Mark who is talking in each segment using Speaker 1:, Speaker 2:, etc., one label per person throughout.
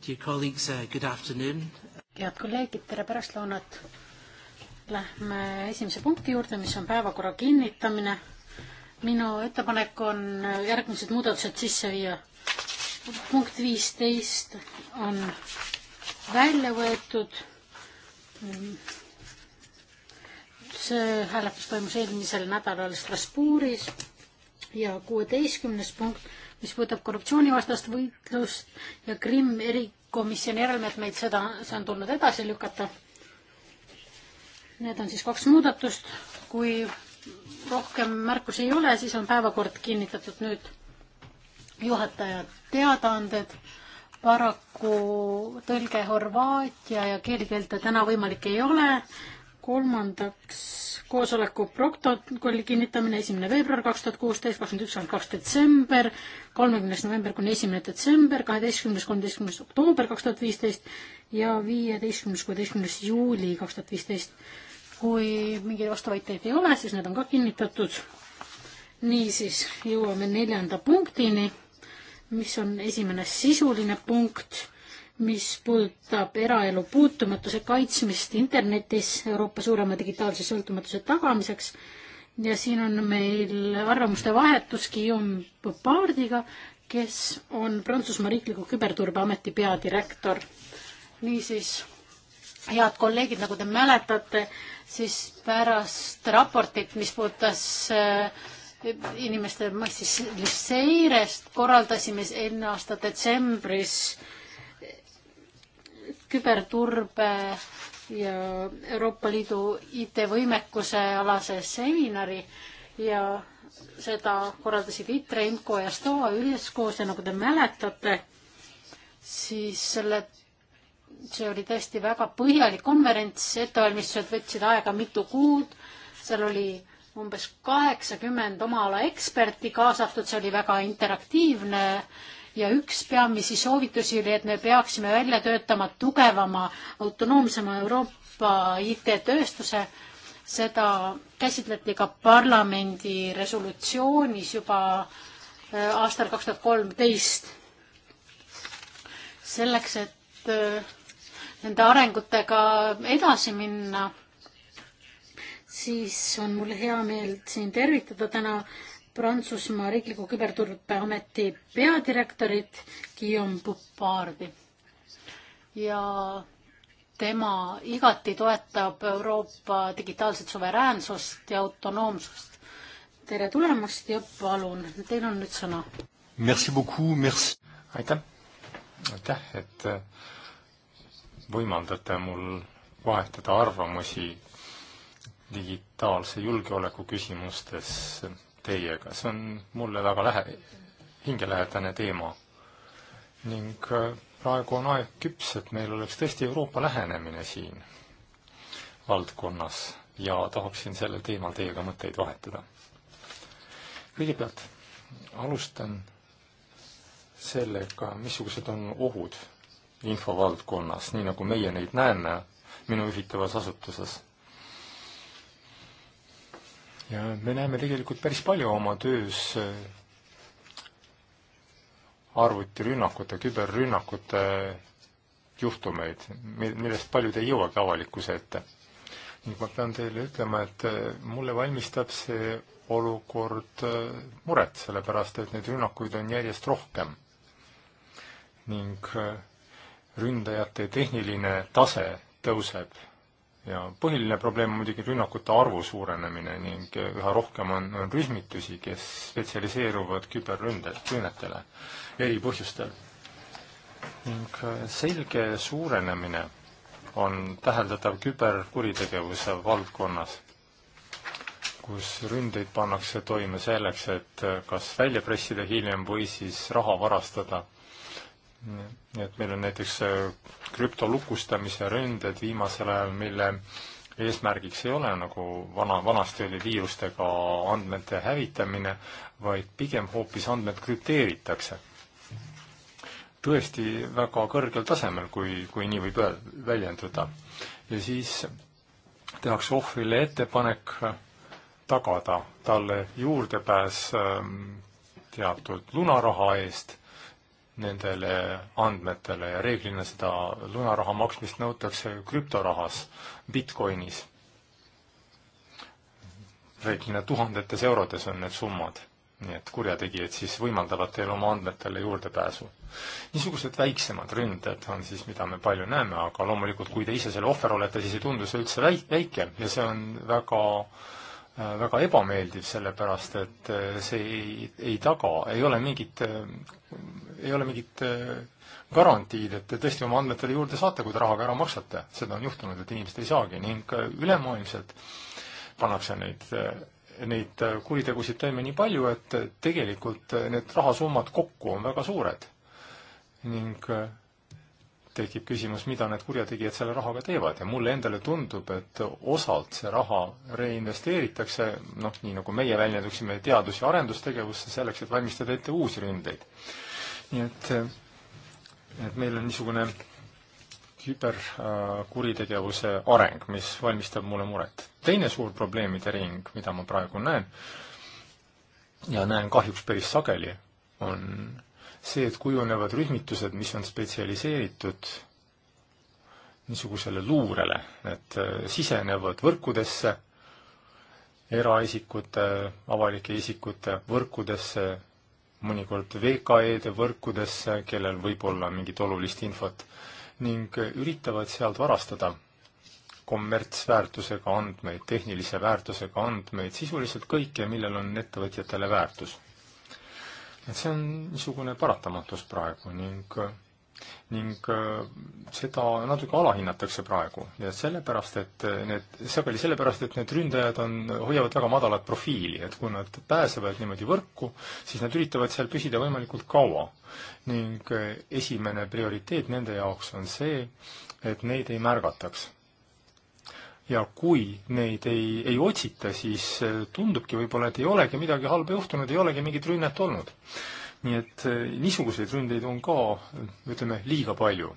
Speaker 1: Dear colleagues, uh, good afternoon.
Speaker 2: head kolleegid, tere pärastlõunat. Lähme esimese punkti juurde, mis on päevakorra kinnitamine. minu ettepanek on järgmised muudatused sisse viia. punkt viisteist on välja võetud. see hääletus toimus eelmisel nädalal Strasbourgis ja kuueteistkümnes punkt, mis puudutab korruptsioonivastast võitlust ja Krimm erikomisjoni järelmeetmeid, seda, see on tulnud edasi lükata. Need on siis kaks muudatust, kui rohkem märkusi ei ole, siis on päevakord kinnitatud nüüd juhataja teadaanded. paraku tõlge horvaatia ja keelikeelte täna võimalik ei ole kolmandaks koosoleku protokolli kinnitamine esimene veebruar kaks tuhat kuusteist, kakskümmend üks, kaks detsember, kolmekümnes november kuni esimene detsember, kaheteistkümnes, kolmeteistkümnes oktoober kaks tuhat viisteist ja viieteistkümnes, kuueteistkümnes juuli kaks tuhat viisteist. kui mingeid vastuväiteid ei ole, siis need on ka kinnitatud. niisiis jõuame neljanda punktini, mis on esimene sisuline punkt mis puudutab eraelu puutumatuse kaitsmist internetis Euroopa suurema digitaalse sõltumatuse tagamiseks ja siin on meil arvamuste vahetus Guillaume Popardiga, kes on Prantsusmaa Riikliku Küberturbeameti peadirektor. niisiis, head kolleegid, nagu te mäletate, siis pärast raportit, mis puudutas äh, inimeste massilist seirest, korraldasime eelmine aasta detsembris küberturbe ja Euroopa Liidu IT-võimekuse alase seminari ja seda korraldasid ITRE, IMCO ja STOA üheskoos ja nagu te mäletate, siis selle, see oli tõesti väga põhjalik konverents, ettevalmistused võtsid aega mitu kuud, seal oli umbes kaheksakümmend oma ala eksperti kaasatud, see oli väga interaktiivne äh, ja üks peamisi soovitusi oli, et me peaksime välja töötama tugevama, autonoomsema Euroopa IT-tööstuse. seda käsitleti ka parlamendi resolutsioonis juba äh, aastal kaks tuhat kolmteist. selleks, et äh, nende arengutega edasi minna, siis on mul hea meel sind tervitada täna Prantsusmaa Riikliku Küberturbeameti peadirektorit Guillaume Pupardi ja tema igati toetab Euroopa digitaalset suveräänsust ja autonoomsust. tere tulemast ja palun, teil on nüüd sõna.
Speaker 1: Merci beaucoup, merci. aitäh, aitäh, et äh, võimaldate mul vahetada arvamusi digitaalse julgeoleku küsimustes teiega, see on mulle väga lähe-, hingelähedane teema. ning äh, praegu on aeg küps, et meil oleks tõesti Euroopa lähenemine siin valdkonnas ja tahaksin sellel teemal teiega mõtteid vahetada. kõigepealt alustan sellega, missugused on ohud infovaldkonnas, nii nagu meie neid näeme minu juhitavas asutuses ja me näeme tegelikult päris palju oma töös äh, arvutirünnakute, küberrünnakute juhtumeid, millest paljud ei jõuagi avalikkuse ette. ning ma pean teile ütlema, et äh, mulle valmistab see olukord äh, muret, sellepärast et neid rünnakuid on järjest rohkem. ning ründajate tehniline tase tõuseb ja põhiline probleem on muidugi rünnakute arvu suurenemine ning üha rohkem on, on rühmitusi, kes spetsialiseeruvad küberrünnetele eri põhjustel. ning äh, selge suurenemine on täheldatav küberkuritegevuse valdkonnas kus ründeid pannakse toime selleks, et äh, kas välja pressida hiljem või siis raha varastada nii et meil on näiteks äh, krüptolukustamise ründed viimasel ajal, mille eesmärgiks ei ole nagu vana, vanasti oli viirustega andmete hävitamine, vaid pigem hoopis andmed krüpteeritakse. tõesti väga kõrgel tasemel, kui, kui nii võib väljenduda. ja siis tehakse ohvrile ettepanek tagada talle juurdepääs ähm, teatud lunaraha eest nendele andmetele ja reeglina seda lunaraha maksmist nõutakse krüptorahas, Bitcoinis. reeglina tuhandetes eurodes on need summad, nii et kurjategijad siis võimaldavad teil oma andmetele juurdepääsu. niisugused väiksemad ründed on siis, mida me palju näeme, aga loomulikult, kui te ise selle ohver olete, siis ei tundu see üldse väike ja see on väga äh, Äh, väga ebameeldiv, sellepärast et äh, see ei, ei taga, ei ole mingit, äh, ei ole mingit garantiid, et te tõesti oma andmetele juurde saate, kui te rahaga ära maksate. seda on juhtunud, et inimesed ei saagi ning ülemaailmselt pannakse neid, neid kuritegusid toime nii palju, et tegelikult need rahasummad kokku on väga suured. ning tekib küsimus, mida need kurjategijad selle rahaga teevad ja mulle endale tundub, et osalt see raha reinvesteeritakse, noh, nii nagu meie väljenduksime, teadus- ja arendustegevusse selleks, et valmistada ette uusi ründeid. nii et, et meil on niisugune küberkuritegevuse areng, mis valmistab mulle muret. teine suur probleemide ring, mida ma praegu näen ja näen kahjuks päris sageli, on see, et kujunevad rühmitused, mis on spetsialiseeritud niisugusele luurele, et äh, sisenevad võrkudesse, eraisikute, avalike isikute võrkudesse, mõnikord VKE-de võrkudesse, kellel võib olla mingit olulist infot, ning äh, üritavad sealt varastada kommertsväärtusega andmeid, tehnilise väärtusega andmeid, sisuliselt kõike, millel on ettevõtjatele väärtus et see on niisugune paratamatus praegu ning, ning äh, seda natuke alahinnatakse praegu ja sellepärast, et need, sageli sellepärast, et need ründajad on, hoiavad väga madalat profiili, et kui nad pääsevad niimoodi võrku, siis nad üritavad seal püsida võimalikult kaua. ning äh, esimene prioriteet nende jaoks on see, et neid ei märgataks ja kui neid ei, ei otsita, siis äh, tundubki võib-olla, et ei olegi midagi halba juhtunud, ei olegi mingit rünnet olnud. nii et äh, niisuguseid ründeid on ka, ütleme, liiga palju.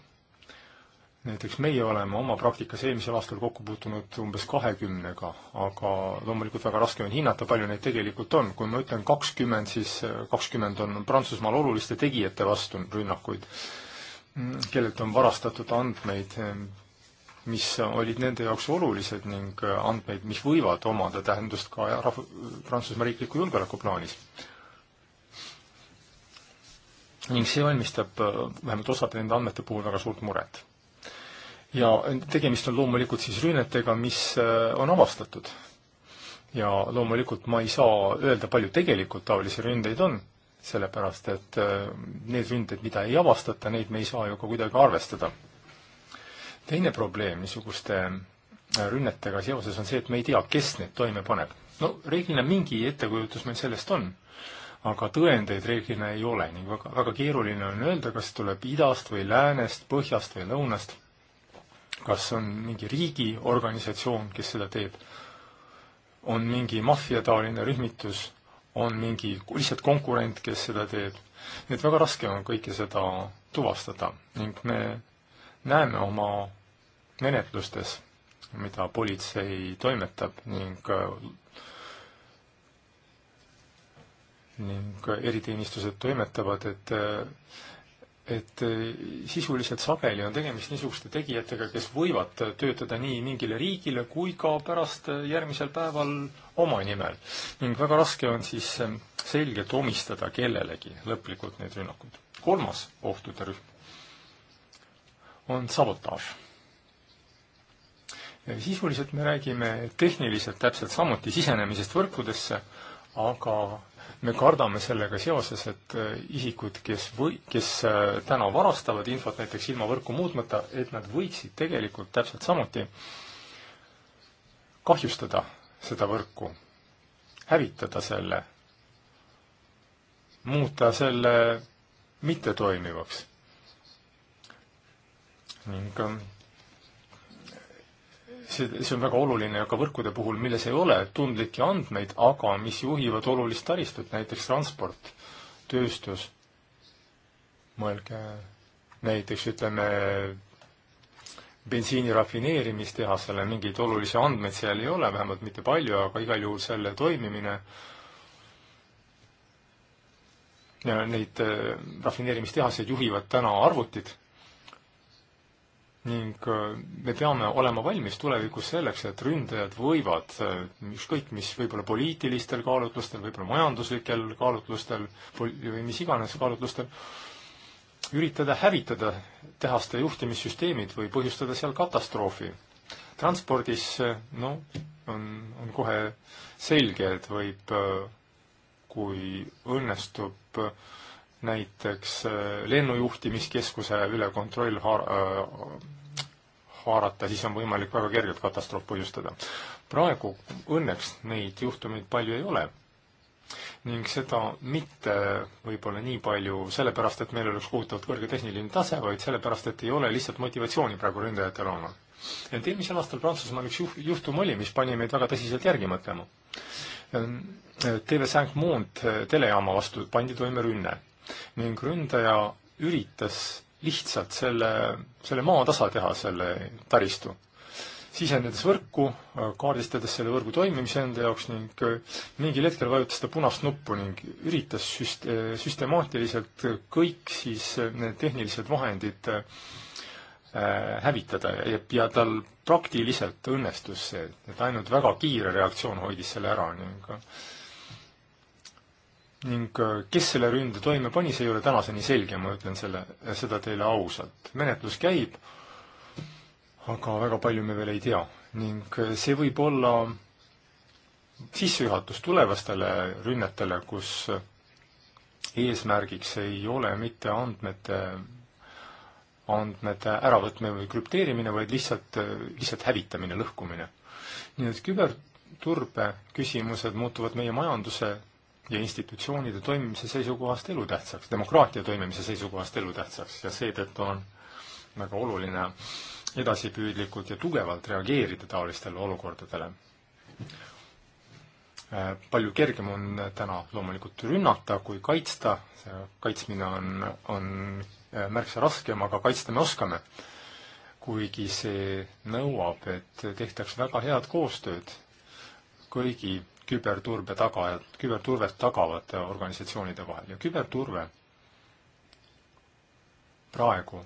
Speaker 1: näiteks meie oleme oma praktikas eelmisel aastal kokku puutunud umbes kahekümnega, aga loomulikult väga raske on hinnata, palju neid tegelikult on. kui ma ütlen kakskümmend, siis äh, kakskümmend on Prantsusmaal oluliste tegijate vastu rünnakuid, mm, kellelt on varastatud andmeid ähm, mis olid nende jaoks olulised ning äh, andmeid, mis võivad omada tähendust ka rahv-, Prantsusmaa riikliku julgeoleku plaanis. ning see valmistab äh, vähemalt osade nende andmete puhul väga suurt muret. ja tegemist on loomulikult siis rünnetega, mis äh, on avastatud. ja loomulikult ma ei saa öelda, palju tegelikult taolisi ründeid on, sellepärast et need ründed, mida ei avastata, neid me ei saa ju ka kuidagi arvestada teine probleem niisuguste äh, rünnetega seoses on see, et me ei tea, kes need toime paneb. no reeglina mingi ettekujutus meil sellest on, aga tõendeid reeglina ei ole ning väga, väga keeruline on öelda, kas tuleb idast või läänest, põhjast või lõunast, kas on mingi riigiorganisatsioon, kes seda teeb, on mingi maffiataoline rühmitus, on mingi lihtsalt konkurent, kes seda teeb. nii et väga raske on kõike seda tuvastada ning me näeme oma menetlustes, mida politsei toimetab ning ning eriteenistused toimetavad, et et sisuliselt sageli on tegemist niisuguste tegijatega, kes võivad töötada nii mingile riigile kui ka pärast järgmisel päeval oma nimel. ning väga raske on siis selgelt omistada kellelegi lõplikult neid rünnakuid. kolmas ohtude rühm on sabotaaž sisuliselt me räägime tehniliselt täpselt samuti sisenemisest võrkudesse, aga me kardame sellega seoses, et äh, isikud, kes või-, kes äh, täna varastavad infot näiteks ilma võrku muutmata, et nad võiksid tegelikult täpselt samuti kahjustada seda võrku, hävitada selle, muuta selle mittetoimivaks. ning ähm, see, see on väga oluline ka võrkude puhul, milles ei ole tundlikke andmeid, aga mis juhivad olulist taristut, näiteks transport, tööstus, mõelge näiteks ütleme, bensiini rafineerimistehasele mingeid olulisi andmeid seal ei ole, vähemalt mitte palju, aga igal juhul selle toimimine ja neid äh, rafineerimistehaseid juhivad täna arvutid ning äh, me peame olema valmis tulevikus selleks, et ründajad võivad äh, ükskõik mis, võib-olla poliitilistel kaalutlustel, võib-olla majanduslikel kaalutlustel või mis iganes kaalutlustel, üritada hävitada tehaste juhtimissüsteemid või põhjustada seal katastroofi. transpordis, noh, on, on kohe selge, et võib, kui õnnestub äh, näiteks äh, lennujuhtimiskeskuse üle kontroll haar-, äh, haarata, siis on võimalik väga kergelt katastroof põhjustada. praegu õnneks neid juhtumeid palju ei ole ning seda mitte võib-olla nii palju sellepärast, et meil oleks kohutavalt kõrge tehniline tase, vaid sellepärast, et ei ole lihtsalt motivatsiooni praegu ründajatel olnud. et eelmisel aastal Prantsusmaal üks juh-, juhtum oli, mis pani meid väga tõsiselt järgi mõtlema. TV5 äh, Mont telejaama vastu pandi toime rünne ning ründaja üritas lihtsalt selle, selle maatasa teha, selle taristu. sisenedes võrku, kaardistades selle võrgu toimimise enda jaoks ning mingil hetkel vajutas ta punast nuppu ning üritas süst-, süstemaatiliselt kõik siis need tehnilised vahendid äh, hävitada ja, ja tal praktiliselt õnnestus see, et ainult väga kiire reaktsioon hoidis selle ära ning ning äh, kes selle ründe toime pani, see ei ole tänaseni selge, ma ütlen selle, seda teile ausalt. menetlus käib, aga väga palju me veel ei tea ning äh, see võib olla sissejuhatus tulevastele rünnetele, kus äh, eesmärgiks ei ole mitte andmete, andmete äravõtmine või krüpteerimine, vaid lihtsalt, lihtsalt hävitamine, lõhkumine. nii et küberturbe küsimused muutuvad meie majanduse ja institutsioonide toimimise seisukohast elutähtsaks, demokraatia toimimise seisukohast elutähtsaks ja seetõttu on väga oluline edasipüüdlikult ja tugevalt reageerida taolistele olukordadele. Äh, palju kergem on täna loomulikult rünnata kui kaitsta, kaitsmine on, on äh, märksa raskem, aga kaitsta me oskame. kuigi see nõuab, et tehtaks väga head koostööd kõigi küberturbe tagajad, küberturvet tagavate organisatsioonide vahel ja küberturve praegu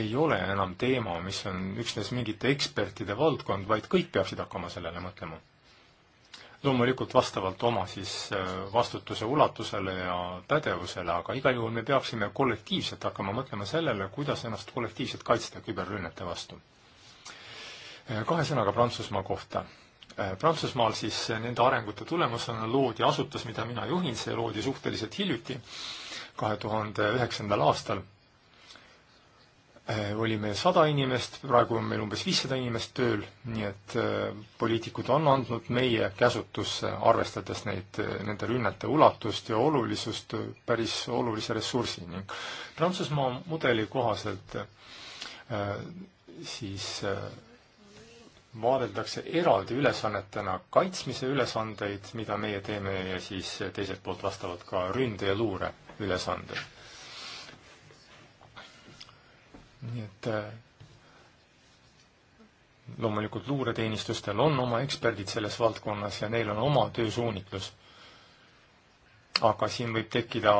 Speaker 1: ei ole enam teema, mis on üksnes mingite ekspertide valdkond, vaid kõik peaksid hakkama sellele mõtlema. loomulikult vastavalt oma siis äh, vastutuse ulatusele ja pädevusele, aga igal juhul me peaksime kollektiivselt hakkama mõtlema sellele, kuidas ennast kollektiivselt kaitsta küberrünnete vastu. Äh, kahe sõnaga Prantsusmaa kohta Äh, Prantsusmaal, siis nende arengute tulemusena loodi asutus, mida mina juhin, see loodi suhteliselt hiljuti, kahe tuhande üheksandal aastal. Äh, oli meil sada inimest, praegu on meil umbes viissada inimest tööl, nii et äh, poliitikud on andnud meie käsutusse, arvestades neid, nende rünnete ulatust ja olulisust, päris olulise ressursi ning Prantsusmaa mudeli kohaselt siis vaadeldakse eraldi ülesannetena kaitsmise ülesandeid, mida meie teeme, ja siis teiselt poolt vastavalt ka ründe ja luure ülesanded. nii et äh, loomulikult luureteenistustel on oma eksperdid selles valdkonnas ja neil on oma töösuunitlus. aga siin võib tekkida,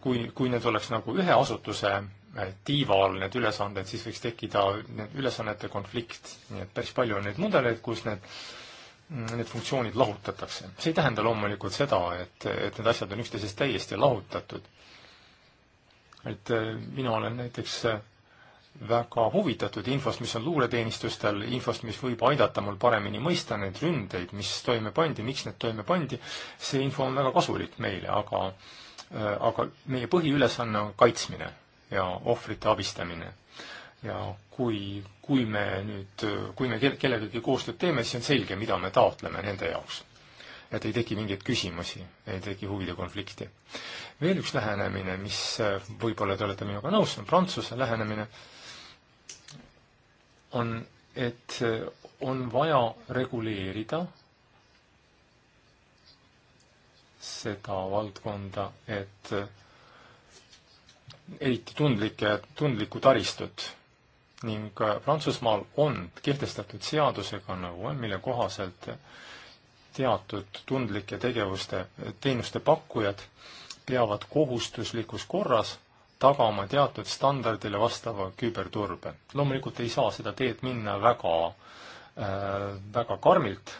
Speaker 1: kui, kui need oleks nagu ühe asutuse Äh, tiiva all need ülesanded, siis võiks tekkida ülesannete konflikt. nii et päris palju on neid mudeleid, kus need, need funktsioonid lahutatakse. see ei tähenda loomulikult seda, et, et need asjad on üksteisest täiesti lahutatud. et äh, mina olen näiteks äh, väga huvitatud infost, mis on luureteenistustel, infost, mis võib aidata mul paremini mõista neid ründeid, mis toime pandi, miks need toime pandi, see info on väga kasulik meile, aga aga meie põhiülesanne on kaitsmine ja ohvrite abistamine. ja kui, kui me nüüd, kui me kellegagi koostööd teeme, siis on selge, mida me taotleme nende jaoks. et ei teki mingeid küsimusi, ei teki huvide konflikti. veel üks lähenemine, mis võib-olla te olete minuga nõus, on Prantsuse lähenemine, on, et on vaja reguleerida seda valdkonda, et eriti tundlikke, tundlikku taristut ning Prantsusmaal on kehtestatud seadusega nõue, mille kohaselt teatud tundlike tegevuste, teenuste pakkujad peavad kohustuslikus korras tagama teatud standardile vastava küberturbe. loomulikult ei saa seda teed minna väga äh,, väga karmilt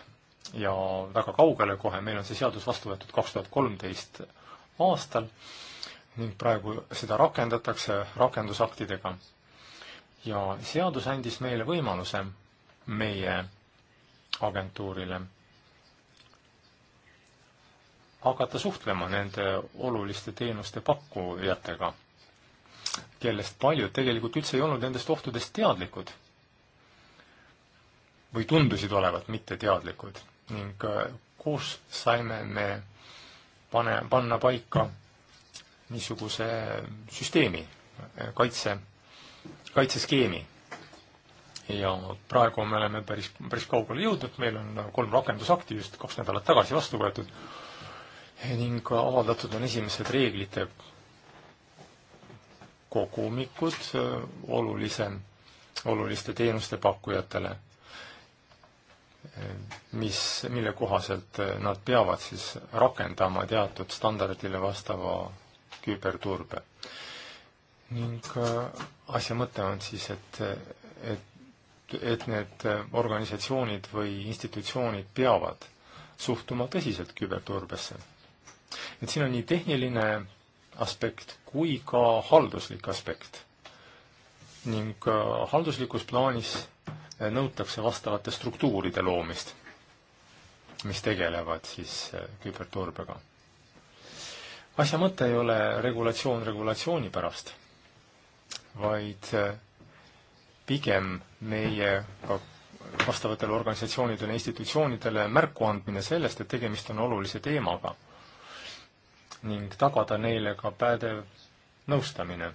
Speaker 1: ja väga kaugele kohe, meil on see seadus vastu võetud kaks tuhat kolmteist aastal ning praegu seda rakendatakse rakendusaktidega. ja seadus andis meile võimaluse, meie agentuurile, hakata suhtlema nende oluliste teenuste pakkujatega, kellest paljud tegelikult üldse ei olnud nendest ohtudest teadlikud või tundusid olevat mitteteadlikud ning äh, koos saime me pane, panna paika niisuguse süsteemi, kaitse, kaitseskeemi. ja praegu me oleme päris, päris kaugele jõudnud, meil on kolm rakendusakti just kaks nädalat tagasi vastu võetud ning avaldatud on esimesed reeglite kogumikud olulise, oluliste teenuste pakkujatele, mis, mille kohaselt nad peavad siis rakendama teatud standardile vastava küberturbe. ning äh, asja mõte on siis, et, et, et need äh, organisatsioonid või institutsioonid peavad suhtuma tõsiselt küberturbesse. et siin on nii tehniline aspekt kui ka halduslik aspekt. ning äh, halduslikus plaanis nõutakse vastavate struktuuride loomist, mis tegelevad siis küberturbega asja mõte ei ole regulatsioon regulatsiooni pärast, vaid äh, pigem meie ka vastavatele organisatsioonidele, institutsioonidele märku andmine sellest, et tegemist on olulise teemaga ning tagada neile ka pädev nõustamine.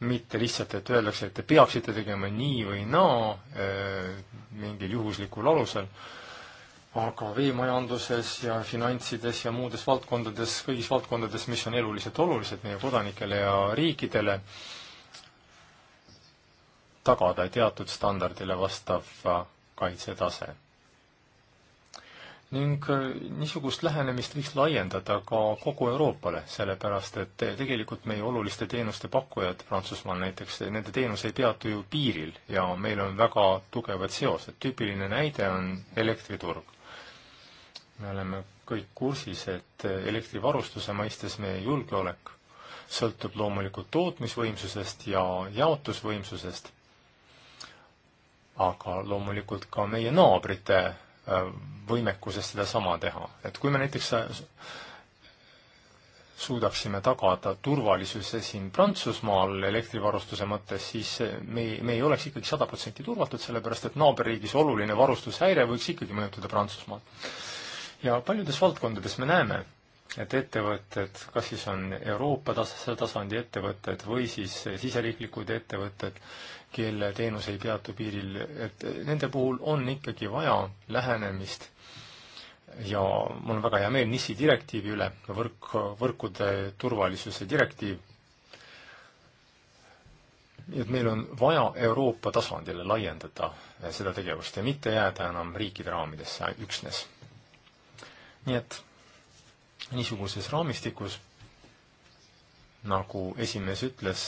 Speaker 1: mitte lihtsalt, et öeldakse, et te peaksite tegema nii või naa äh, mingil juhuslikul alusel AKV majanduses ja finantsides ja muudes valdkondades, kõigis valdkondades, mis on eluliselt olulised meie kodanikele ja riikidele, tagada teatud standardile vastav kaitsetase. ning äh, niisugust lähenemist võiks laiendada ka kogu Euroopale, sellepärast et tegelikult meie oluliste teenuste pakkujad, Prantsusmaal näiteks, nende teenus ei peatu ju piiril ja meil on väga tugevad seosed. tüüpiline näide on elektriturg me oleme kõik kursis, et elektrivarustuse mõistes meie julgeolek sõltub loomulikult tootmisvõimsusest ja jaotusvõimsusest, aga loomulikult ka meie naabrite äh, võimekusest sedasama teha. et kui me näiteks äh, suudaksime tagada turvalisuse siin Prantsusmaal elektrivarustuse mõttes, siis me ei, me ei oleks ikkagi sada protsenti turvatud, sellepärast et naaberriigis oluline varustushäire võiks ikkagi mõjutada Prantsusmaad ja paljudes valdkondades me näeme, et ettevõtted, kas siis on Euroopa tas-, tasandi ettevõtted või siis siseriiklikud ettevõtted, kelle teenus ei peatu piiril, et nende puhul on ikkagi vaja lähenemist ja mul on väga hea meel NIS-i direktiivi üle, võrk, võrkude turvalisuse direktiiv, nii et meil on vaja Euroopa tasandile laiendada seda tegevust ja mitte jääda enam riikide raamidesse üksnes nii et niisuguses raamistikus, nagu esimees ütles,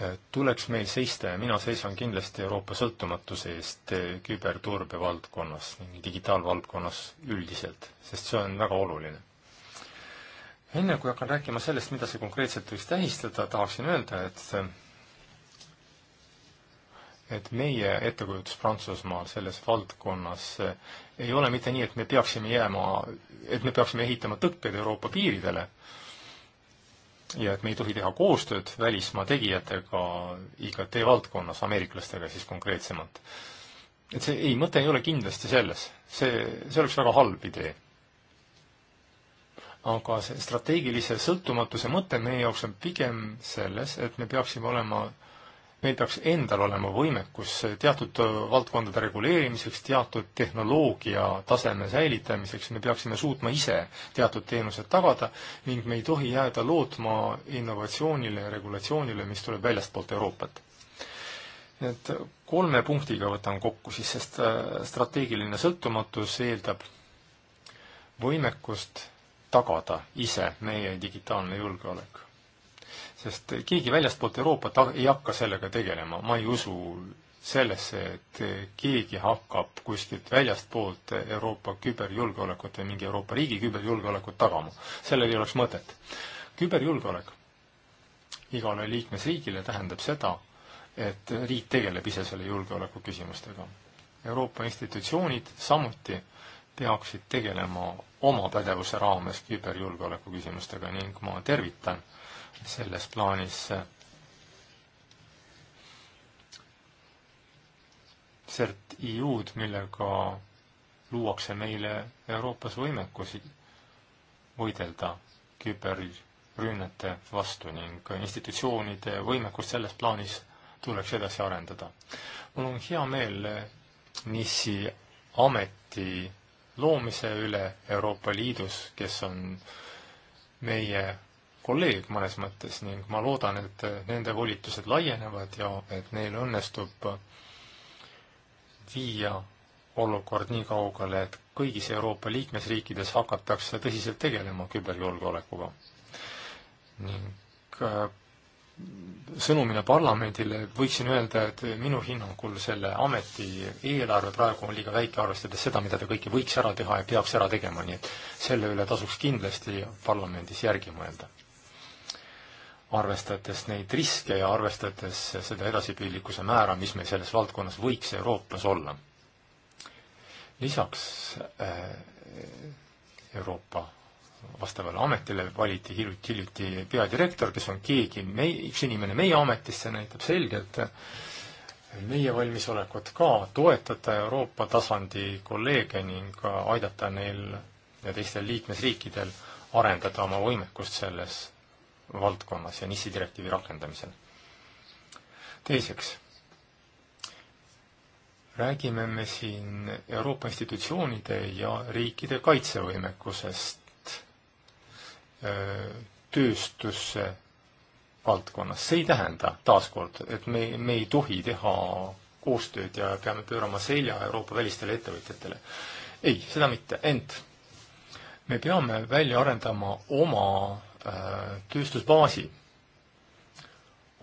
Speaker 1: eh, tuleks meil seista ja mina seisan kindlasti Euroopa sõltumatuse eest eh, küberturbe valdkonnas, digitaalvaldkonnas üldiselt, sest see on väga oluline. enne kui hakkan rääkima sellest, mida see konkreetselt võiks tähistada, tahaksin öelda, et et meie ettekujutus Prantsusmaal selles valdkonnas eh, ei ole mitte nii, et me peaksime jääma, et me peaksime ehitama tõkked Euroopa piiridele ja et me ei tohi teha koostööd välismaa tegijatega IKT valdkonnas, ameeriklastega siis konkreetsemalt. et see, ei, mõte ei ole kindlasti selles. see, see oleks väga halb idee. aga see strateegilise sõltumatuse mõte meie jaoks on pigem selles, et me peaksime olema meil peaks endal olema võimekus teatud valdkondade reguleerimiseks, teatud tehnoloogia taseme säilitamiseks, me peaksime suutma ise teatud teenused tagada ning me ei tohi jääda lootma innovatsioonile ja regulatsioonile, mis tuleb väljastpoolt Euroopat et kolme punktiga võtan kokku siis, sest äh, strateegiline sõltumatus eeldab võimekust tagada ise meie digitaalne julgeolek sest keegi väljastpoolt Euroopat ei hakka sellega tegelema, ma ei usu sellesse, et keegi hakkab kuskilt väljastpoolt Euroopa küberjulgeolekut või mingi Euroopa riigi küberjulgeolekut tagama. sellel ei oleks mõtet. küberjulgeolek igale liikmesriigile tähendab seda, et riik tegeleb ise selle julgeoleku küsimustega. Euroopa institutsioonid samuti peaksid tegelema oma pädevuse raames küberjulgeoleku küsimustega ning ma tervitan selles plaanis äh, CERT-EU-d, millega luuakse meile Euroopas võimekusi võidelda küberrünnete vastu ning institutsioonide võimekust selles plaanis tuleks edasi arendada. mul on hea meel äh, NIS-i ameti loomise üle Euroopa Liidus, kes on meie kolleeg mõnes mõttes ning ma loodan, et nende volitused laienevad ja et neil õnnestub viia olukord nii kaugele, et kõigis Euroopa liikmesriikides hakatakse tõsiselt tegelema küberjulgeolekuga. ning äh, sõnumina parlamendile võiksin öelda, et minu hinnangul selle ameti eelarve praegu on liiga väike, arvestades seda, mida ta kõike võiks ära teha ja peaks ära tegema, nii et selle üle tasuks kindlasti parlamendis järgi mõelda arvestades neid riske ja arvestades seda edasipüüdlikkuse määra, mis meil selles valdkonnas võiks Euroopas olla. lisaks äh, Euroopa vastavale ametile valiti hiljuti, hiljuti peadirektor, kes on keegi mei-, üks inimene meie ametis, see näitab selgelt äh, meie valmisolekut ka toetada Euroopa tasandi kolleege ning aidata neil ja teistel liikmesriikidel arendada oma võimekust selles valdkonnas ja NIS-i direktiivi rakendamisel. teiseks, räägime me siin Euroopa institutsioonide ja riikide kaitsevõimekusest tööstusse valdkonnas. see ei tähenda taaskord, et me, me ei tohi teha koostööd ja peame pöörama selja Euroopa välistele ettevõtjatele. ei, seda mitte, ent me peame välja arendama oma Äh, tööstusbaasi,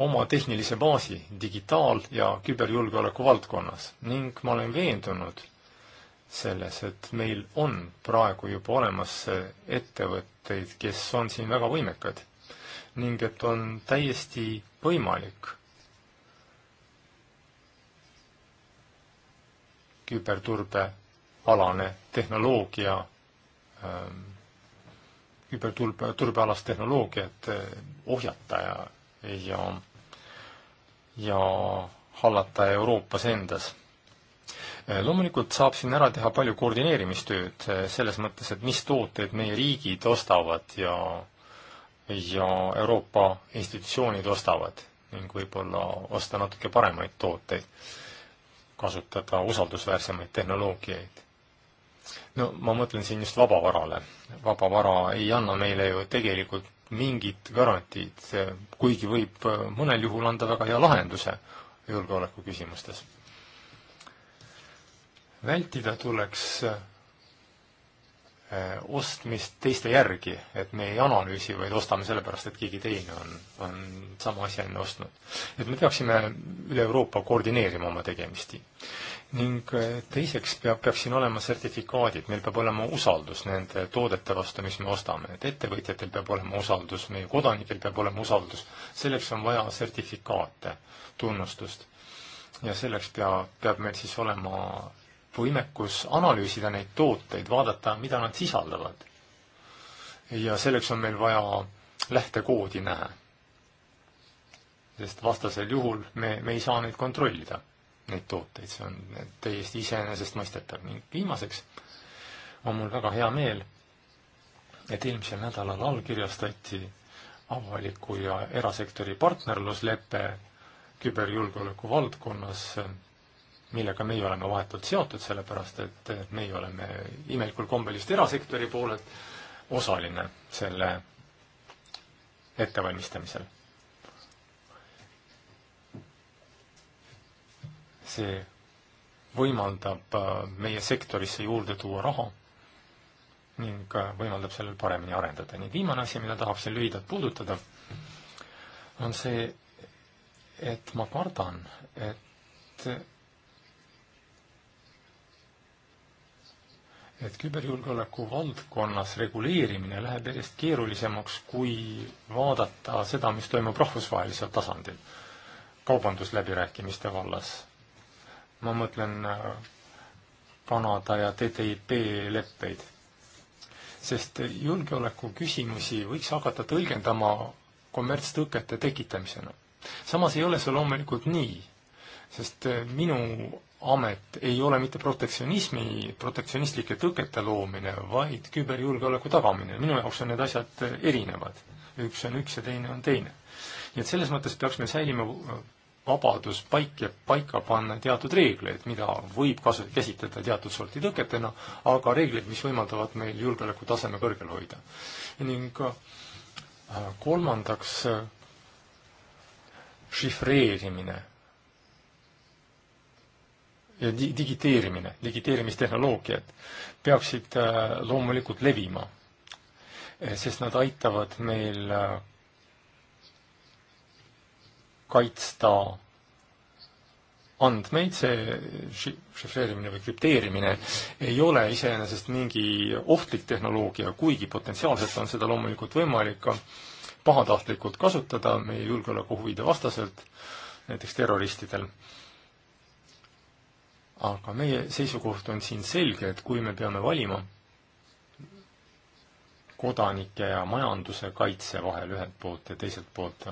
Speaker 1: oma tehnilise baasi digitaal- ja küberjulgeoleku valdkonnas ning ma olen veendunud selles, et meil on praegu juba olemas äh, ettevõtteid, kes on siin väga võimekad ning et on täiesti võimalik küberturbealane tehnoloogia ähm, küberturbe, turbealast tehnoloogiat eh, ohjata ja, ja, ja hallata Euroopas endas eh, loomulikult saab siin ära teha palju koordineerimistööd eh, selles mõttes, et mis tooteid meie riigid ostavad ja, ja Euroopa institutsioonid ostavad ning võib-olla osta natuke paremaid tooteid, kasutada usaldusväärsemaid tehnoloogiaid no ma mõtlen siin just vabavarale. vaba vara ei anna meile ju tegelikult mingit garantiid, kuigi võib äh, mõnel juhul anda väga hea lahenduse julgeoleku küsimustes. vältida tuleks äh, ostmist teiste järgi, et me ei analüüsi, vaid ostame sellepärast, et keegi teine on, on sama asja enne ostnud. et me peaksime üle Euroopa koordineerima oma tegemist ning eh, teiseks peab, peaks siin olema sertifikaadid, meil peab olema usaldus nende toodete vastu, mis me ostame, et ettevõtjatel peab olema usaldus, meie kodanikel peab olema usaldus, selleks on vaja sertifikaate, tunnustust. ja selleks pea, peab meil siis olema võimekus analüüsida neid tooteid, vaadata, mida nad sisaldavad. ja selleks on meil vaja lähtekoodi näha. sest vastasel juhul me, me ei saa neid kontrollida neid tooteid, see on täiesti iseenesestmõistetav ning viimaseks on mul väga hea meel, et eelmisel nädalal allkirjastati avaliku ja erasektori partnerluslepe küberjulgeoleku valdkonnas, millega meie oleme vahetult seotud, sellepärast et meie oleme imelikul kombel just erasektori poolelt osaline selle ettevalmistamisel see võimaldab äh, meie sektorisse juurde tuua raha ning äh, võimaldab sellel paremini arendada. ning viimane asi, mida tahab siin lühidalt puudutada, on see, et ma kardan, et et küberjulgeoleku valdkonnas reguleerimine läheb järjest keerulisemaks, kui vaadata seda, mis toimub rahvusvahelisel tasandil, kaubandusläbirääkimiste vallas ma mõtlen äh, Kanada ja TTIP leppeid. sest julgeoleku küsimusi võiks hakata tõlgendama kommertstõkete tekitamisena. samas ei ole see loomulikult nii, sest äh, minu amet ei ole mitte protektsionismi, protektsionistlike tõkete loomine, vaid küberjulgeoleku tagamine. minu jaoks on need asjad äh, erinevad. üks on üks ja teine on teine. nii et selles mõttes peaks meil säilima vabadus paik-, paika panna teatud reegleid, mida võib kasu-, käsitleda teatud sorti tõketena, aga reegleid, mis võimaldavad meil julgeolekutaseme kõrgel hoida. ning äh, kolmandaks, äh, šifreerimine ja di-, digiteerimine, digiteerimistehnoloogiad peaksid äh, loomulikult levima, sest nad aitavad meil kaitsta andmeid, see šifreerimine või krüpteerimine ei ole iseenesest mingi ohtlik tehnoloogia, kuigi potentsiaalselt on seda loomulikult võimalik ka pahatahtlikult kasutada meie julgeolekuhuvide vastaselt, näiteks terroristidel. aga meie seisukoht on siin selge, et kui me peame valima kodanike ja majanduse kaitse vahel ühelt poolt ja teiselt poolt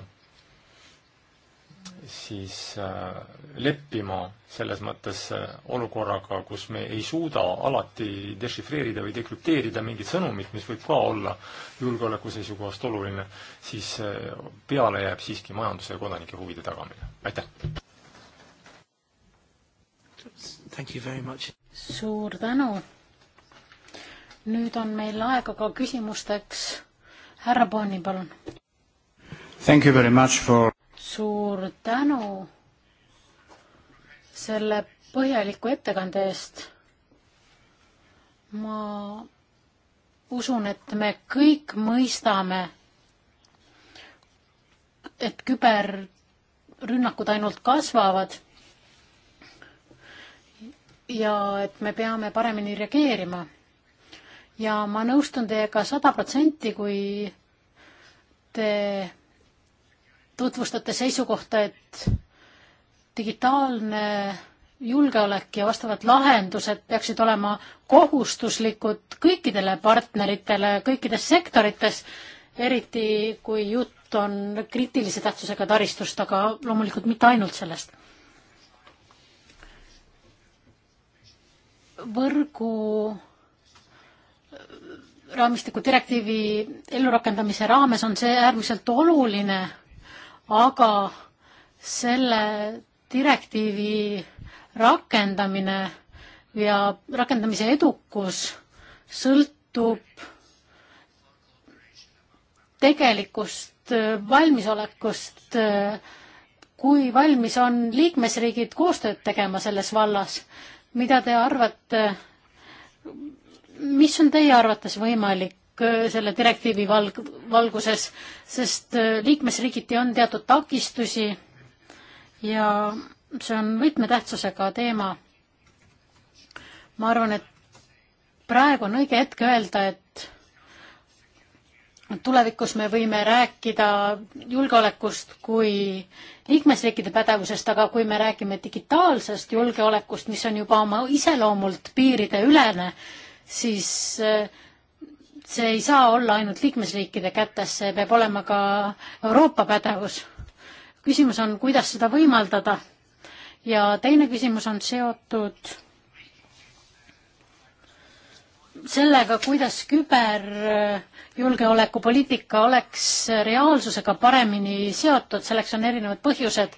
Speaker 1: siis äh, leppima selles mõttes äh, olukorraga, kus me ei suuda alati dešifreerida või dekrüpteerida mingit sõnumit, mis võib ka olla julgeoleku seisukohast oluline, siis äh, peale jääb siiski majanduse ja kodanike huvide tagamine. aitäh!
Speaker 2: suur tänu! nüüd on meil aega ka küsimusteks. härra Bonni, palun! For suur tänu selle põhjaliku ettekande eest. ma usun, et me kõik mõistame, et küberrünnakud ainult kasvavad ja et me peame paremini reageerima. ja ma nõustun teiega sada protsenti, kui te tutvustate seisukohta, et digitaalne julgeolek ja vastavad lahendused peaksid olema kohustuslikud kõikidele partneritele kõikides sektorites, eriti kui jutt on kriitilise tähtsusega taristust, aga loomulikult mitte ainult sellest. võrgu raamistiku direktiivi ellurakendamise raames on see äärmiselt oluline aga selle direktiivi rakendamine ja rakendamise edukus sõltub tegelikust äh, valmisolekust, äh, kui valmis on liikmesriigid koostööd tegema selles vallas. mida te arvate, mis on teie arvates võimalik? Äh, selle direktiivi valg-, valguses, sest äh, liikmesriigiti on teatud takistusi ja see on võtmetähtsusega teema. ma arvan, et praegu on õige hetk öelda, et tulevikus me võime rääkida julgeolekust kui liikmesriikide pädevusest, aga kui me räägime digitaalsest julgeolekust, mis on juba oma iseloomult piirideülene, siis äh, see ei saa olla ainult liikmesriikide kätes, see peab olema ka Euroopa pädevus. küsimus on, kuidas seda võimaldada. ja teine küsimus on seotud sellega, kuidas küberjulgeolekupoliitika oleks reaalsusega paremini seotud, selleks on erinevad põhjused.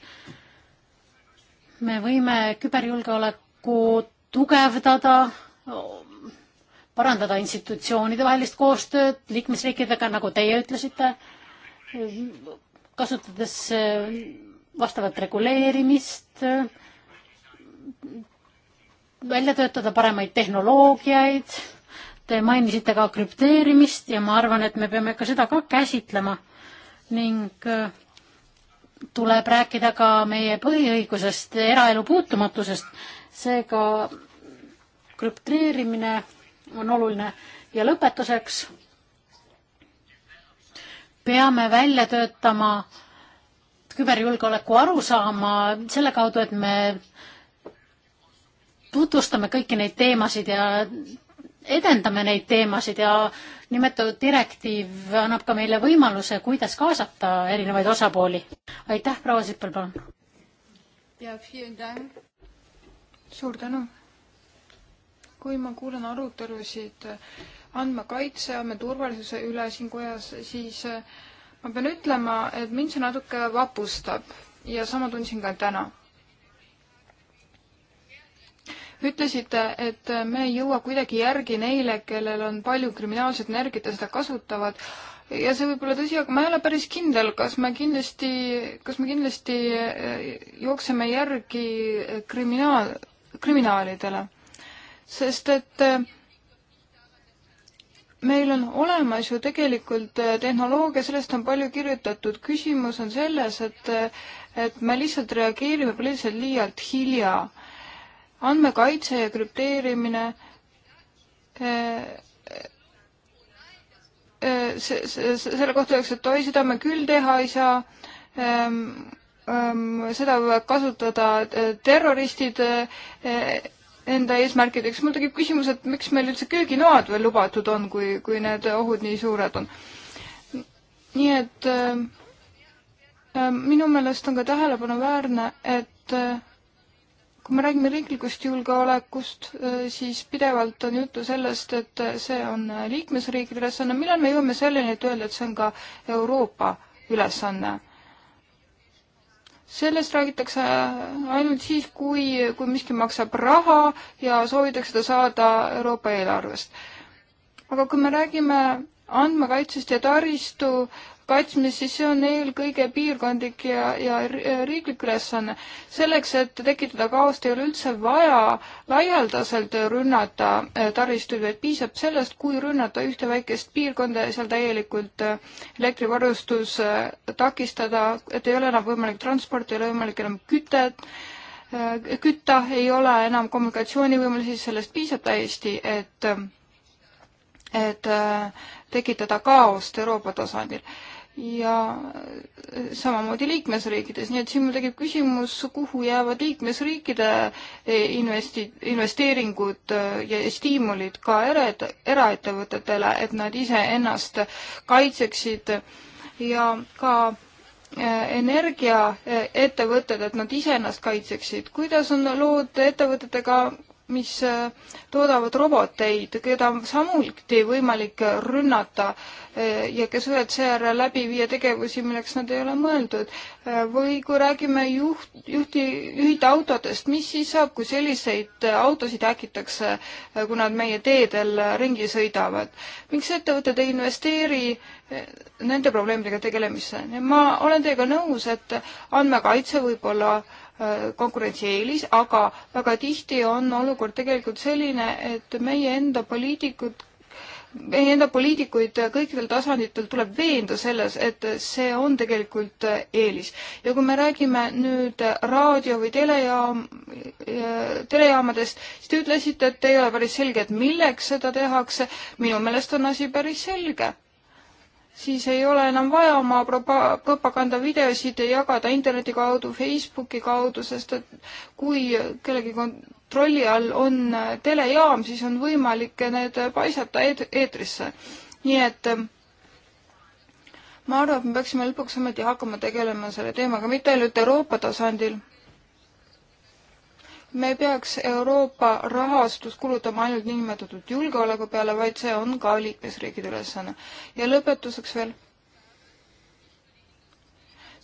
Speaker 2: me võime küberjulgeolekut tugevdada, parandada institutsioonide vahelist koostööd liikmesriikidega, nagu teie ütlesite, kasutades äh, vastavat reguleerimist, äh, välja töötada paremaid tehnoloogiaid, te mainisite ka krüpteerimist ja ma arvan, et me peame ka seda ka käsitlema ning äh, tuleb rääkida ka meie põhiõigusest, eraelu puutumatusest, seega krüpteerimine on oluline. ja lõpetuseks peame välja töötama küberjulgeoleku arusaama selle kaudu, et me tutvustame kõiki neid teemasid ja edendame neid teemasid ja nimetatud direktiiv annab ka meile võimaluse, kuidas kaasata erinevaid osapooli. aitäh, proua Sippel, palun!
Speaker 3: suur tänu! kui ma kuulan arutelusid andmekaitse, andmeturvalisuse üle siin kojas, siis äh, ma pean ütlema, et mind see natuke vapustab ja sama tundsin ka täna. ütlesite, et me ei jõua kuidagi järgi neile, kellel on palju kriminaalset energiat ja seda kasutavad ja see võib olla tõsi, aga ma ei ole päris kindel, kas me kindlasti, kas me kindlasti äh, jookseme järgi kriminaal, kriminaalidele sest et äh, meil on olemas ju tegelikult äh, tehnoloogia, sellest on palju kirjutatud. küsimus on selles, et, äh, et me lihtsalt reageerime poliitiliselt liialt hilja. andmekaitse ja krüpteerimine see, see, selle kohta öeldakse, et oi, seda me küll teha ei saa ehm, ehm, seda võivad kasutada terroristid, enda eesmärkideks. mul tekib küsimus, et miks meil üldse kööginoad veel lubatud on, kui, kui need ohud nii suured on. nii et äh, äh minu meelest on ka tähelepanuväärne, et äh, kui me räägime riiklikust julgeolekust, äh, siis pidevalt on juttu sellest, et see on liikmesriikide ülesanne. millal me jõuame selleni, et öelda, et see on ka Euroopa ülesanne? sellest räägitakse ainult siis, kui, kui miski maksab raha ja soovitakse seda saada Euroopa eelarvest. aga kui me räägime andmekaitsest ja taristu kaitsmist, siis see on eelkõige piirkondlik ja, ja riiklik ülesanne. selleks, et tekitada kaost, ei ole üldse vaja laialdaselt rünnata eh, taristuid, vaid piisab sellest, kui rünnata ühte väikest piirkonda ja seal täielikult eh, elektrivarustus eh, takistada, et ei ole enam võimalik transporti, ei ole võimalik enam kütet kütta, ei ole enam kommunikatsioonivõimalusi, sellest piisab täiesti, et, et tekitada kaost Euroopa tasandil ja äh, samamoodi liikmesriikides, nii et siin mul tekib küsimus, kuhu jäävad liikmesriikide äh, investi-, investeeringud äh, ja stiimulid ka era, eraettevõtetele, et nad iseennast kaitseksid ja ka energiaettevõtted, et nad iseennast kaitseksid, kuidas on lood ettevõtetega, mis äh, toodavad roboteid, keda on samuti võimalik rünnata äh, ja kes võivad seejärel läbi viia tegevusi, milleks nad ei ole mõeldud. Äh, või kui räägime juht, juhti, juhite autodest, mis siis saab, kui selliseid autosid häkitakse, kui nad meie teedel ringi sõidavad? miks ettevõtted ei investeeri nende probleemidega tegelemisse? ma olen teiega nõus, et andmekaitse võib olla äh, konkurentsieelis, aga väga tihti on olukord tegelikult selline, et meie enda poliitikud meie enda poliitikuid kõikidel tasanditel tuleb veenda selles, et see on tegelikult eelis. ja kui me räägime nüüd raadio või telejaam, telejaamadest, siis te ütlesite, et ei ole päris selge, et milleks seda tehakse. minu meelest on asi päris selge siis ei ole enam vaja oma propagandavideosid jagada interneti kaudu, Facebooki kaudu, sest et kui kellegi kontrolli all on telejaam, siis on võimalik need paisata eetrisse. nii et ma arvan, et me peaksime lõpuks ometi hakkama tegelema selle teemaga, mitte ainult Euroopa tasandil me ei peaks Euroopa rahastust kulutama ainult niinimetatud julgeoleku peale, vaid see on ka liikmesriikide ülesanne. ja lõpetuseks veel.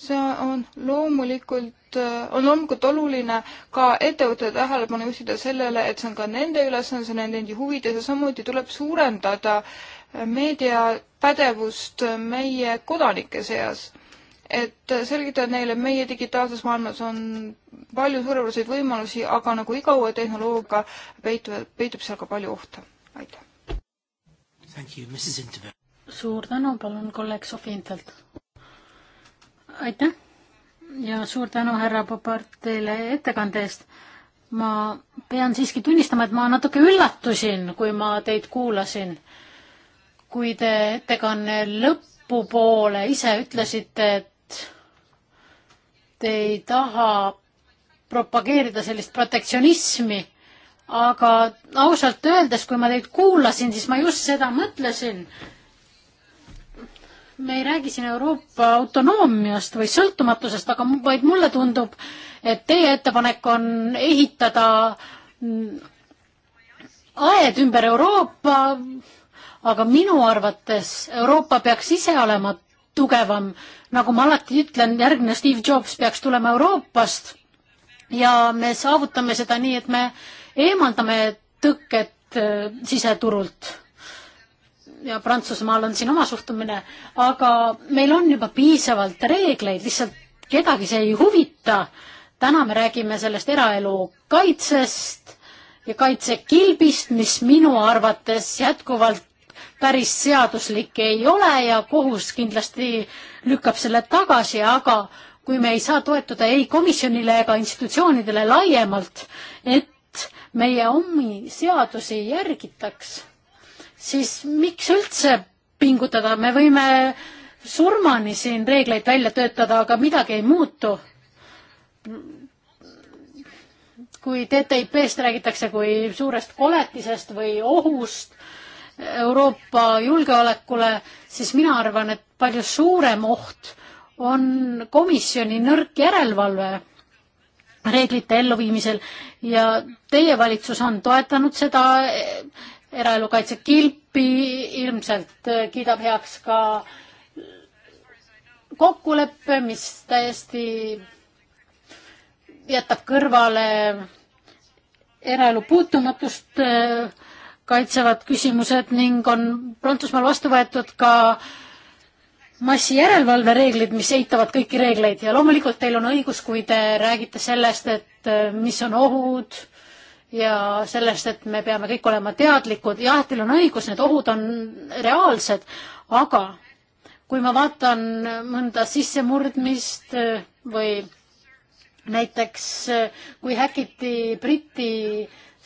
Speaker 3: see on loomulikult, on loomulikult oluline ka ettevõtete tähelepanu juhtida sellele, et see on ka nende ülesanne, see on nende endi huvides ja samuti tuleb suurendada meediapädevust meie kodanike seas et selgitada neile, et meie digitaalses maailmas on palju suurepäraseid võimalusi, aga nagu iga uue tehnoloogia peitub, peitub seal ka palju ohte. aitäh!
Speaker 2: suur tänu, palun kolleeg Sofi Intelt. aitäh ja suur tänu, härra Popart, teile ettekande eest. ma pean siiski tunnistama, et ma natuke üllatusin, kui ma teid kuulasin. kui te ettekanne lõpp lõpupoole ise ütlesite, et te ei taha propageerida sellist protektsionismi, aga ausalt öeldes, kui ma teid kuulasin, siis ma just seda mõtlesin. me ei räägi siin Euroopa autonoomiast või sõltumatusest, aga vaid mulle tundub, et teie ettepanek on ehitada aed ümber Euroopa, aga minu arvates Euroopa peaks ise olema tugevam. nagu ma alati ütlen, järgmine Steve Jobs peaks tulema Euroopast ja me saavutame seda nii, et me eemaldame tõkked äh, siseturult. ja Prantsusmaal on siin oma suhtumine, aga meil on juba piisavalt reegleid, lihtsalt kedagi see ei huvita. täna me räägime sellest eraelu kaitsest ja kaitsekilbist, mis minu arvates jätkuvalt päris seaduslik ei ole ja kohus kindlasti lükkab selle tagasi, aga kui me ei saa toetuda ei komisjonile ega institutsioonidele laiemalt, et meie omi seadusi järgitaks, siis miks üldse pingutada, me võime surmani siin reegleid välja töötada, aga midagi ei muutu. kui TTIP-st räägitakse kui suurest koletisest või ohust, Euroopa julgeolekule, siis mina arvan, et palju suurem oht on komisjoni nõrk järelevalve reeglite elluviimisel ja teie valitsus on toetanud seda eraelukaitse kilpi, ilmselt kiidab heaks ka kokkuleppe, mis täiesti jätab kõrvale eraelu puutumatust kaitsevad küsimused ning on Prantsusmaal vastu võetud ka massijärelevalve reeglid, mis eitavad kõiki reegleid ja loomulikult teil on õigus, kui te räägite sellest, et äh, mis on ohud ja sellest, et me peame kõik olema teadlikud. jah, teil on õigus, need ohud on reaalsed, aga kui ma vaatan mõnda sissemurdmist äh, või näiteks äh, kui häkiti Briti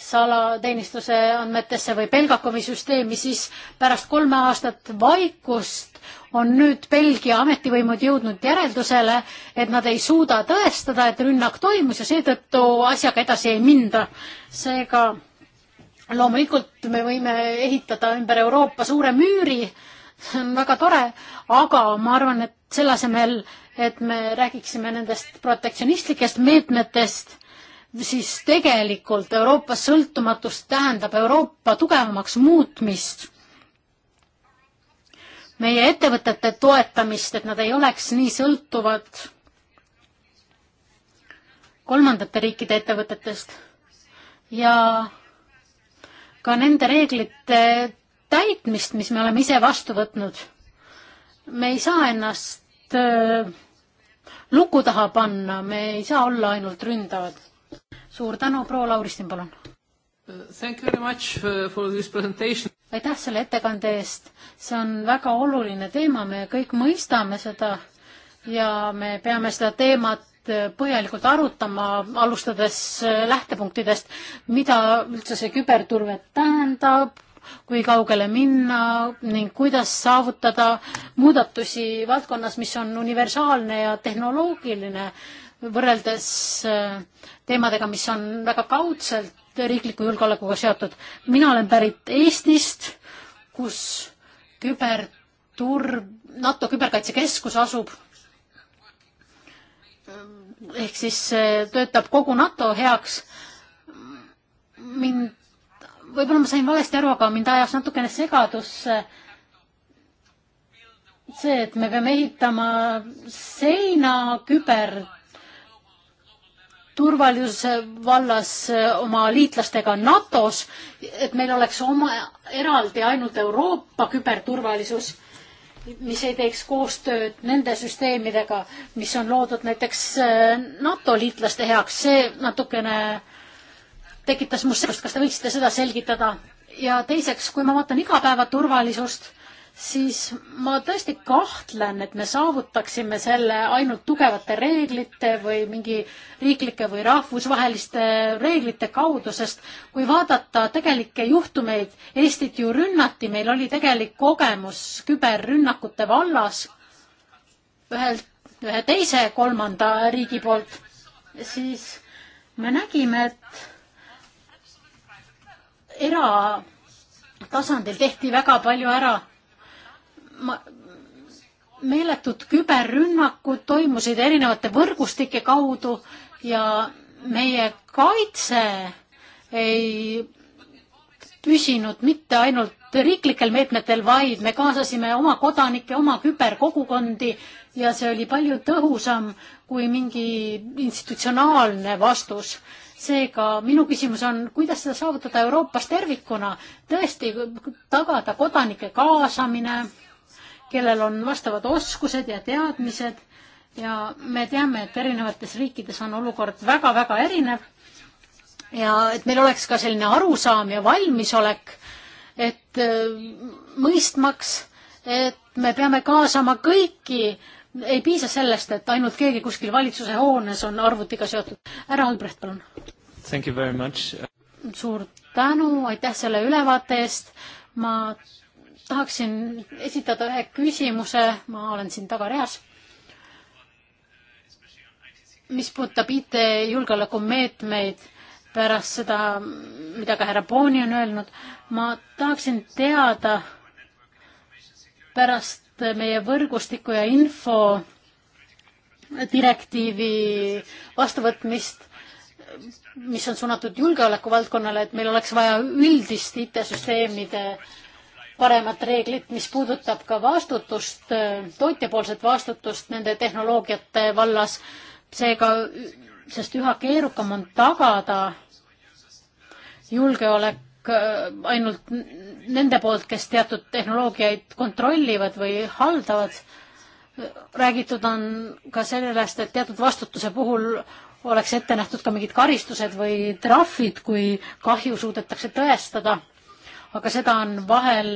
Speaker 2: salateenistuse andmetesse või Belgakomi süsteemi, siis pärast kolme aastat vaikust on nüüd Belgia ametivõimud jõudnud järeldusele, et nad ei suuda tõestada, et rünnak toimus ja seetõttu asjaga edasi ei minda. seega loomulikult me võime ehitada ümber Euroopa suure müüri, see on väga tore, aga ma arvan, et selle asemel, et me räägiksime nendest protektsionistlikest meetmetest siis tegelikult Euroopas sõltumatus tähendab Euroopa tugevamaks muutmist, meie ettevõtete toetamist, et nad ei oleks nii sõltuvad kolmandate riikide ettevõtetest ja ka nende reeglite täitmist, mis me oleme ise vastu võtnud. me ei saa ennast äh, luku taha panna, me ei saa olla ainult ründavad suur tänu, proua Lauristin, palun!
Speaker 3: Uh,
Speaker 2: aitäh selle ettekande eest, see on väga oluline teema, me kõik mõistame seda ja me peame seda teemat põhjalikult arutama, alustades äh, lähtepunktidest, mida üldse see küberturve tähendab, kui kaugele minna ning kuidas saavutada muudatusi valdkonnas, mis on universaalne ja tehnoloogiline võrreldes äh, teemadega, mis on väga kaudselt riikliku julgeolekuga seotud. mina olen pärit Eestist, kus küberturb, NATO küberkaitsekeskus asub. ehk siis äh, töötab kogu NATO heaks. mind, võib-olla ma sain valesti aru, aga mind ajas natukene segadusse see, et me peame ehitama seina küber turvalisuse vallas eh, oma liitlastega NATO-s, et meil oleks oma eraldi ainult Euroopa küberturvalisus, mis ei teeks koostööd nende süsteemidega, mis on loodud näiteks eh, NATO liitlaste heaks, see natukene tekitas must segadust, kas te võiksite seda selgitada? ja teiseks, kui ma vaatan igapäevaturvalisust, siis ma tõesti kahtlen, et me saavutaksime selle ainult tugevate reeglite või mingi riiklike või rahvusvaheliste reeglite kaudu, sest kui vaadata tegelikke juhtumeid, Eestit ju rünnati, meil oli tegelik kogemus küberrünnakute vallas ühelt, ühe teise kolmanda riigi poolt, siis me nägime, et era tasandil tehti väga palju ära ma, meeletud küberrünnakud toimusid erinevate võrgustike kaudu ja meie kaitse ei püsinud mitte ainult riiklikel meetmetel, vaid me kaasasime oma kodanikke, oma küberkogukondi ja see oli palju tõhusam kui mingi institutsionaalne vastus. seega minu küsimus on, kuidas seda saavutada Euroopas tervikuna, tõesti tagada kodanike kaasamine kellel on vastavad oskused ja teadmised ja me teame, et erinevates riikides on olukord väga-väga erinev ja et meil oleks ka selline arusaam ja valmisolek, et äh, mõistmaks, et me peame kaasama kõiki, ei piisa sellest, et ainult keegi kuskil valitsuse hoones on arvutiga seotud. härra Albrecht, palun. suur tänu, aitäh selle ülevaate eest. ma tahaksin esitada ühe küsimuse, ma olen siin tagareas. mis puudutab IT-julgeolekumeetmeid pärast seda, mida ka härra Booni on öelnud, ma tahaksin teada pärast meie võrgustiku ja info direktiivi vastuvõtmist, mis on suunatud julgeolekuvaldkonnale, et meil oleks vaja üldist IT-süsteemide äh, paremat reeglit, mis puudutab ka vastutust, tootjapoolset vastutust nende tehnoloogiate vallas. seega, sest üha keerukam on tagada julgeolek äh, ainult nende poolt, kes teatud tehnoloogiaid kontrollivad või haldavad. räägitud on ka sellest, et teatud vastutuse puhul oleks ette nähtud ka mingid karistused või trahvid, kui kahju suudetakse tõestada aga seda on vahel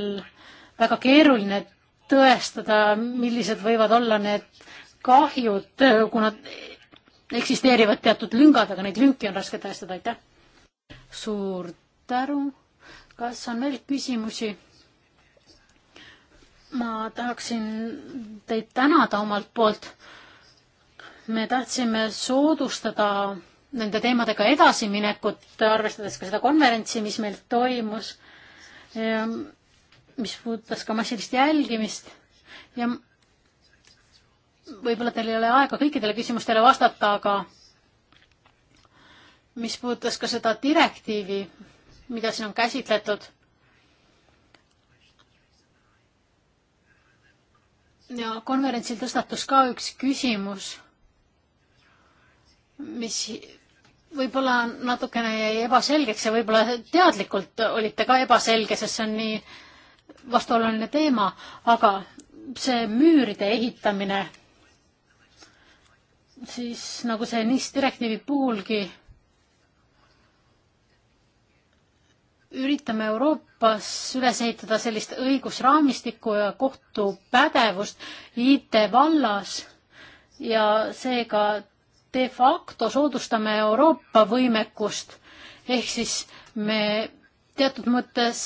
Speaker 2: väga keeruline tõestada, millised võivad olla need kahjud, kuna eksisteerivad teatud lüngad, aga neid lünki on raske tõestada, aitäh. suur tänu. kas on veel küsimusi? ma tahaksin teid tänada omalt poolt. me tahtsime soodustada nende teemadega edasiminekut, arvestades ka seda konverentsi, mis meil toimus mis puudutas ka massilist jälgimist ja võib-olla teil ei ole aega kõikidele küsimustele vastata, aga mis puudutas ka seda direktiivi, mida siin on käsitletud. ja konverentsil tõstatus ka üks küsimus, mis võib-olla natukene jäi ebaselgeks ja võib-olla teadlikult olite ka ebaselge, sest see on nii vastuoluline teema, aga see müüride ehitamine, siis nagu see NIS direktiivi puhulgi, üritame Euroopas üles ehitada sellist õigusraamistikku ja kohtupädevust IT vallas ja seega de facto soodustame Euroopa võimekust, ehk siis me teatud mõttes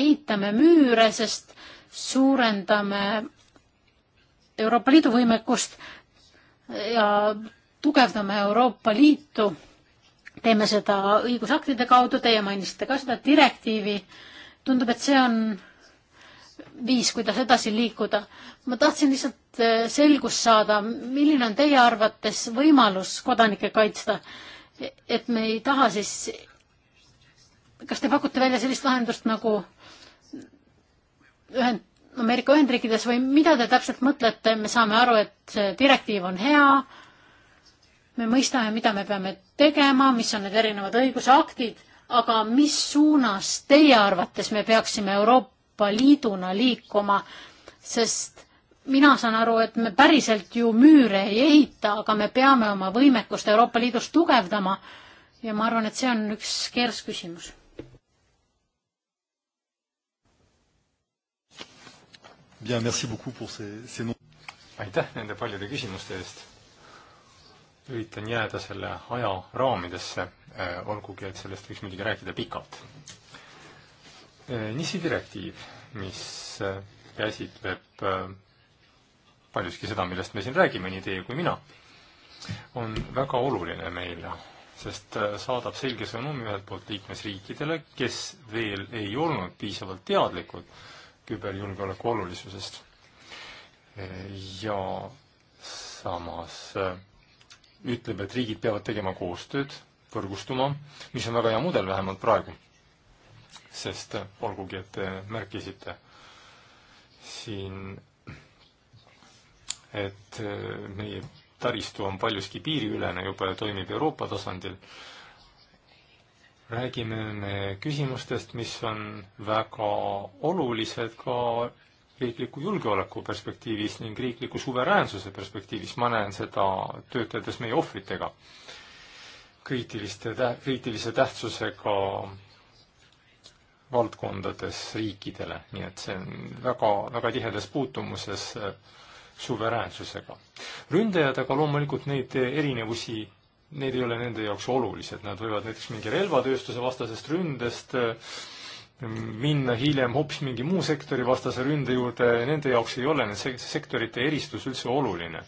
Speaker 2: ehitame müüre, sest suurendame Euroopa Liidu võimekust ja tugevdame Euroopa Liitu. teeme seda õigusaktide kaudu, teie mainisite ka seda direktiivi. tundub, et see on viis, kuidas edasi liikuda. ma tahtsin lihtsalt äh, selgust saada, milline on teie arvates võimalus kodanikke kaitsta, et me ei taha siis, kas te pakute välja sellist lahendust nagu ühend, Ameerika Ühendriikides või mida te täpselt mõtlete, me saame aru, et see direktiiv on hea, me mõistame, mida me peame tegema, mis on need erinevad õigusaktid, aga mis suunas teie arvates me peaksime Euroopa Euroopa Liiduna liikuma, sest mina saan aru, et me päriselt ju müüre ei ehita, aga me peame oma võimekust Euroopa Liidus tugevdama ja ma arvan, et see on üks keeras küsimus.
Speaker 1: Bien, merci beaucoup pour ces, ces noms. aitäh nende paljude küsimuste eest. üritan jääda selle aja raamidesse, eh, olgugi et sellest võiks muidugi rääkida pikalt Äh, NIS-i direktiiv, mis äh, käsitleb äh, paljuski seda, millest me siin räägime, nii teie kui mina, on väga oluline meile, sest saadab selge sõnumi ühelt poolt liikmesriikidele, kes veel ei olnud piisavalt teadlikud küberjulgeoleku olulisusest. ja samas ütleb, et riigid peavad tegema koostööd, võrgustuma, mis on väga hea mudel vähemalt praegu sest äh, olgugi, et te märkisite siin, et äh, meie taristu on paljuski piiriülene juba ja toimib Euroopa tasandil, räägime me küsimustest, mis on väga olulised ka riikliku julgeoleku perspektiivis ning riikliku suveräänsuse perspektiivis, ma näen seda töötades meie ohvritega. kriitiliste, kriitilise tähtsusega valdkondades riikidele, nii et see on väga, väga tihedas puutumuses äh, suveräänsusega. ründajad aga loomulikult neid erinevusi, need ei ole nende jaoks olulised, nad võivad näiteks mingi relvatööstuse vastasest ründest äh, minna hiljem hoopis mingi muu sektori vastase ründe juurde, nende jaoks ei ole need sektorite eristus üldse oluline,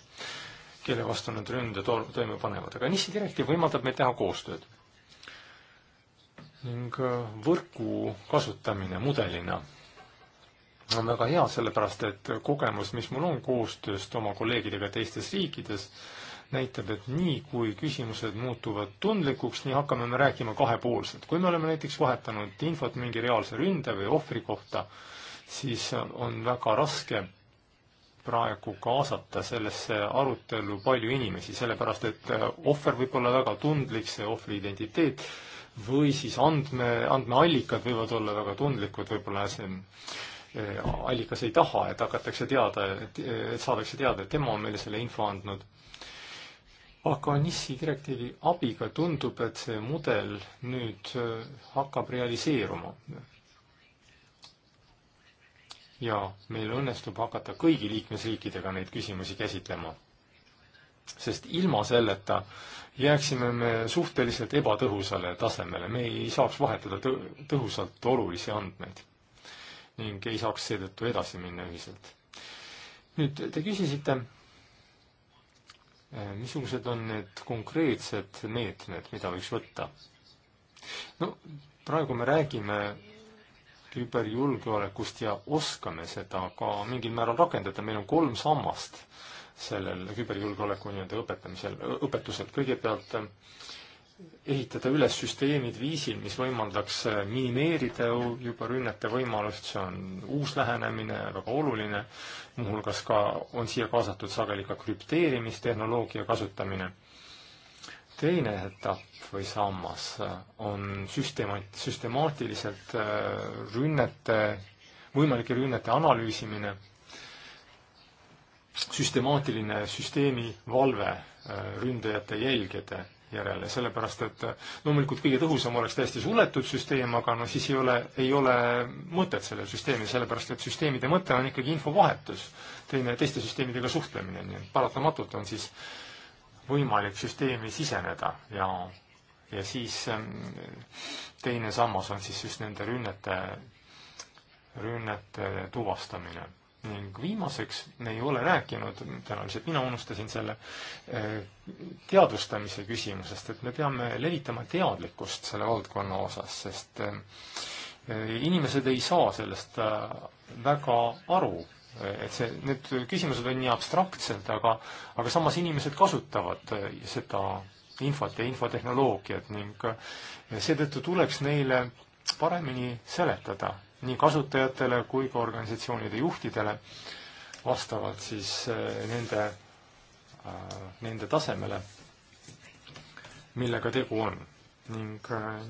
Speaker 1: kelle vastu nad ründe toime panevad, aga NIS-i direktiiv võimaldab meil teha koostööd ning äh, võrgu kasutamine mudelina on väga hea, sellepärast et kogemus, mis mul on koostööst oma kolleegidega teistes riikides, näitab, et nii kui küsimused muutuvad tundlikuks, nii hakkame me rääkima kahepoolselt. kui me oleme näiteks vahetanud infot mingi reaalse ründe või ohvri kohta, siis on väga raske praegu kaasata sellesse arutellu palju inimesi, sellepärast et äh, ohver võib olla väga tundlik, see ohvri identiteet või siis andme, andmeallikad võivad olla väga tundlikud, võib-olla see e, allikas ei taha, et hakatakse teada, et e, saadakse teada, et tema on meile selle info andnud. aga NIS-i direktiivi abiga tundub, et see mudel nüüd e, hakkab realiseeruma. ja meil õnnestub hakata kõigi liikmesriikidega neid küsimusi käsitlema. sest ilma selleta äh, jääksime me suhteliselt ebatõhusale tasemele, me ei saaks vahetada tõ-, tõhusalt olulisi andmeid ning ei saaks seetõttu edasi minna ühiselt. nüüd te küsisite, eh, missugused on need konkreetsed meetmed, mida võiks võtta? no praegu me räägime küberjulgeolekust ja oskame seda ka mingil määral rakendada, meil on kolm sammast sellel küberjulgeoleku nii-öelda õpetamisel, õpetusel. kõigepealt eh, ehitada üles süsteemid viisil, mis võimaldaks eh, minimeerida juba rünnete võimalust, see on uus lähenemine, väga oluline, muuhulgas ka on siia kaasatud sageli ka krüpteerimistehnoloogia kasutamine. teine etapp või sammas eh, on süstemat-, süstemaatiliselt rünnete, võimalike rünnete analüüsimine süstemaatiline süsteemi valve äh, ründajate jälgede järele, sellepärast et äh, loomulikult kõige tõhusam oleks täiesti suletud süsteem, aga no siis ei ole, ei ole mõtet sellel süsteemil, sellepärast et süsteemide mõte on ikkagi infovahetus, teine, teiste süsteemidega suhtlemine, nii et paratamatult on siis võimalik süsteemi siseneda ja, ja siis ähm, teine sammas on siis just nende rünnete, rünnete tuvastamine ning viimaseks ei ole rääkinud, tõenäoliselt mina unustasin selle, eh, teadvustamise küsimusest, et me peame levitama teadlikkust selle valdkonna osas, sest eh, eh, inimesed ei saa sellest väga aru et see, need küsimused on nii abstraktsed, aga, aga samas inimesed kasutavad seda infot ja infotehnoloogiat ning seetõttu tuleks neile paremini seletada, nii kasutajatele kui ka organisatsioonide juhtidele vastavalt siis eh, nende, eh, nende tasemele, millega tegu on. ning eh,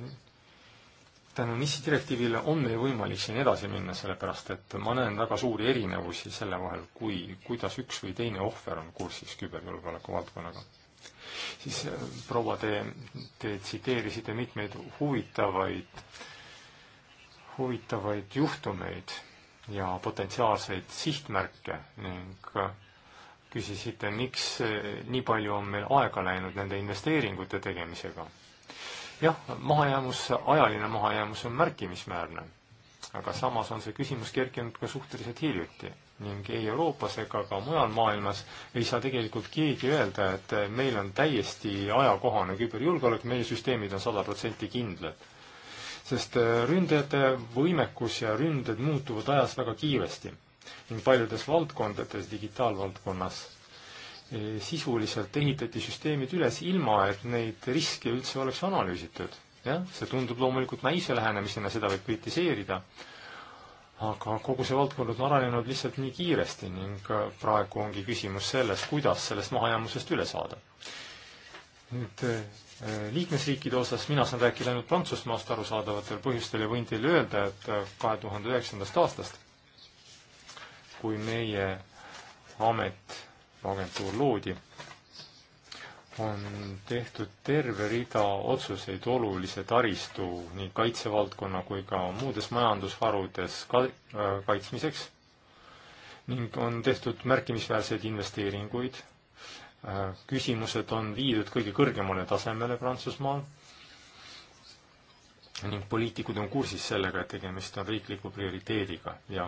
Speaker 1: tänu NIS-i direktiivile on meil võimalik siin edasi minna, sellepärast et ma näen väga suuri erinevusi selle vahel, kui, kuidas üks või teine ohver on kursis küberjulgeoleku valdkonnaga. siis proua, te, te tsiteerisite mitmeid huvitavaid äh, huvitavaid juhtumeid ja potentsiaalseid sihtmärke ning äh, küsisite, miks äh, nii palju on meil aega läinud nende investeeringute tegemisega. jah, mahajäämus, ajaline mahajäämus on märkimisväärne, aga samas on see küsimus kerkinud ka suhteliselt hiljuti ning ei Euroopas ega ka mujal maailmas ei saa tegelikult keegi öelda, et meil on täiesti ajakohane küberjulgeolek, meie süsteemid on sada protsenti kindlad sest äh, ründajate võimekus ja ründed muutuvad ajas väga kiiresti ning paljudes valdkondades, digitaalvaldkonnas, e, sisuliselt ehitati süsteemid üles, ilma et neid riske üldse oleks analüüsitud. jah, see tundub loomulikult naise lähenemisena, seda võib kritiseerida, aga kogu see valdkond on arenenud lihtsalt nii kiiresti ning äh, praegu ongi küsimus selles, kuidas sellest mahajäämusest üle saada. nüüd äh, Äh, liikmesriikide osas, mina saan rääkida ainult Prantsusmaast arusaadavatel põhjustel ja võin teile öelda, et äh, kahe tuhande üheksandast aastast, kui meie amet, agentuur loodi, on tehtud terve rida otsuseid olulise taristu nii kaitsevaldkonna kui ka muudes majandusharudes ka, äh, kaitsmiseks ning on tehtud märkimisväärseid investeeringuid Äh, küsimused on viidud kõige kõrgemale tasemele Prantsusmaal ning poliitikud on kursis sellega, et tegemist on riikliku prioriteediga ja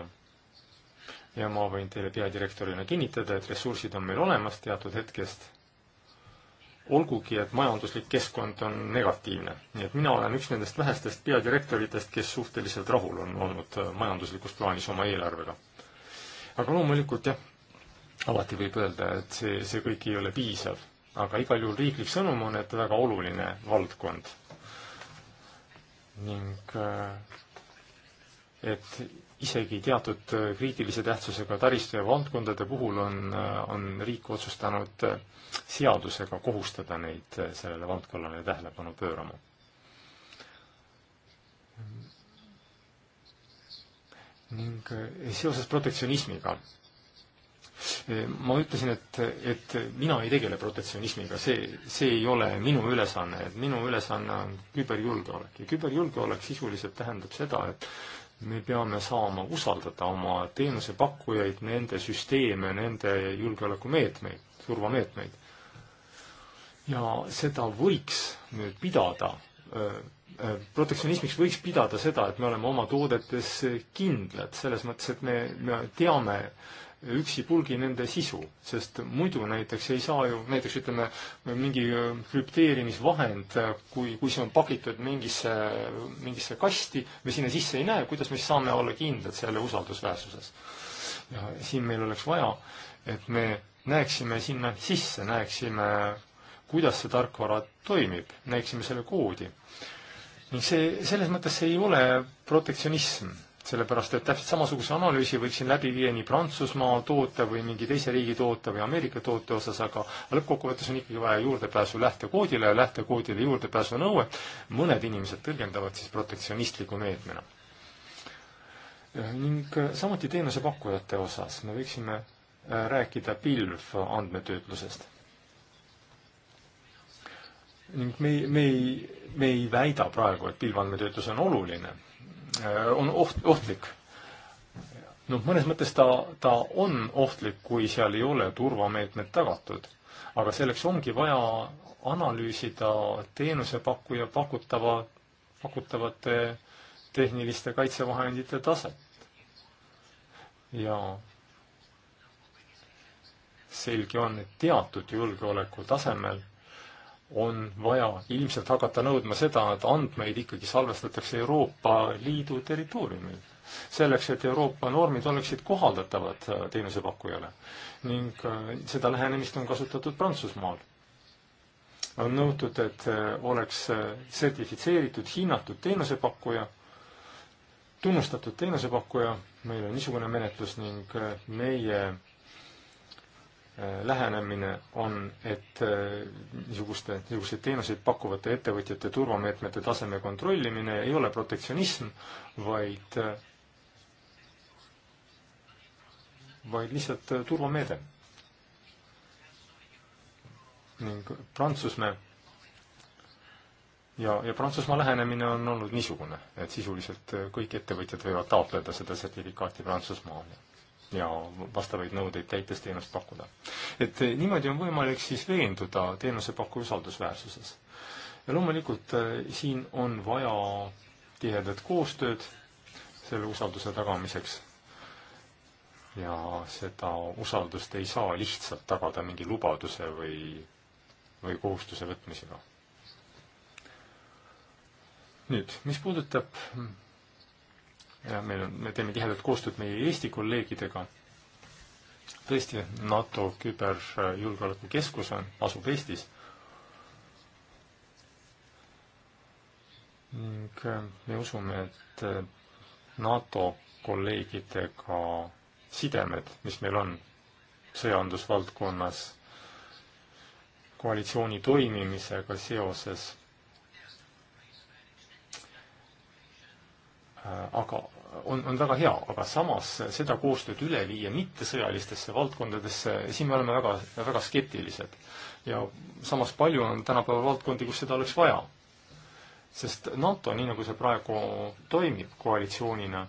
Speaker 1: ja ma võin teile peadirektorina kinnitada, et ressursid on meil olemas teatud hetkest, olgugi et majanduslik keskkond on negatiivne. nii et mina olen üks nendest vähestest peadirektoritest, kes suhteliselt rahul on olnud äh, majanduslikus plaanis oma eelarvega. aga loomulikult jah, alati võib öelda, et see, see kõik ei ole piisav, aga igal juhul riiklik sõnum on, et väga oluline valdkond. ning äh, et isegi teatud kriitilise tähtsusega taristu ja valdkondade puhul on, on riik otsustanud äh, seadusega kohustada neid äh, sellele valdkonnale tähelepanu pöörama. ning seoses protektsionismiga ma ütlesin, et, et mina ei tegele protektsionismiga, see, see ei ole minu ülesanne, et minu ülesanne on küberjulgeolek ja küberjulgeolek sisuliselt tähendab seda, et me peame saama usaldada oma teenusepakkujaid, nende süsteeme, nende julgeolekumeetmeid, turvameetmeid. ja seda võiks nüüd pidada protektsionismiks võiks pidada seda, et me oleme oma toodetes kindlad, selles mõttes, et me, me teame, üksipulgi nende sisu, sest muidu näiteks ei saa ju, näiteks ütleme, mingi äh, krüpteerimisvahend, äh, kui, kui see on pakitud mingisse, mingisse kasti, me sinna sisse ei näe, kuidas me siis saame olla kindlad selle usaldusväärsuses? ja siin meil oleks vaja, et me näeksime sinna sisse, näeksime, kuidas see tarkvara toimib, näeksime selle koodi. ning see, selles mõttes see ei ole protektsionism sellepärast et täpselt samasuguse analüüsi võiksin läbi viia nii Prantsusmaa toote või mingi teise riigi toote või Ameerika toote osas, aga lõppkokkuvõttes on ikkagi vaja juurdepääsu lähtekoodile ja lähtekoodile juurdepääsu nõue mõned inimesed tõlgendavad siis protektsionistliku meetmena. ning äh, samuti teenusepakkujate osas me võiksime äh, rääkida pilv andmetöötlusest ning me ei, me ei, me ei väida praegu, et pilvandmetöötlus on oluline Äh, on oht, ohtlik. noh, mõnes mõttes ta, ta on ohtlik, kui seal ei ole turvameetmed tagatud. aga selleks ongi vaja analüüsida teenusepakkuja pakutava, pakutavate tehniliste kaitsevahendite taset. ja selge on, et teatud julgeoleku tasemel on vaja ilmselt hakata nõudma seda, et andmeid ikkagi salvestatakse Euroopa Liidu territooriumil. selleks, et Euroopa normid oleksid kohaldatavad äh, teenusepakkujale. ning äh, seda lähenemist on kasutatud Prantsusmaal. on nõutud, et äh, oleks sertifitseeritud, hinnatud teenusepakkuja, tunnustatud teenusepakkuja, meil on niisugune menetlus ning meie Äh, lähenemine on, et äh, niisuguste, niisuguseid teenuseid pakkuvate ettevõtjate turvameetmete taseme kontrollimine ei ole protektsionism, vaid, äh, vaid lihtsalt turvameede. ning Prantsusmaa ja, ja Prantsusmaa lähenemine on olnud niisugune, et sisuliselt kõik ettevõtjad võivad taotleda seda sertifikaati Prantsusmaal ja vastavaid nõudeid täites teenust pakkuda. et niimoodi on võimalik siis veenduda teenusepakkuja usaldusväärsuses. ja loomulikult eh, siin on vaja tihedat koostööd selle usalduse tagamiseks. ja seda usaldust ei saa lihtsalt tagada mingi lubaduse või, või kohustuse võtmisega. nüüd, mis puudutab ja meil on, me teeme tihedat koostööd meie Eesti kolleegidega. tõesti, NATO küberjulgeolekukeskus on, asub Eestis. ning äh, me usume, et äh, NATO kolleegidega sidemed, mis meil on sõjandusvaldkonnas koalitsiooni toimimisega seoses Äh, aga on, on väga hea, aga samas seda koostööd üle viia mittesõjalistesse valdkondadesse, siin me oleme väga, väga skeptilised. ja samas palju on tänapäeval valdkondi, kus seda oleks vaja. sest NATO, nii nagu see praegu toimib koalitsioonina,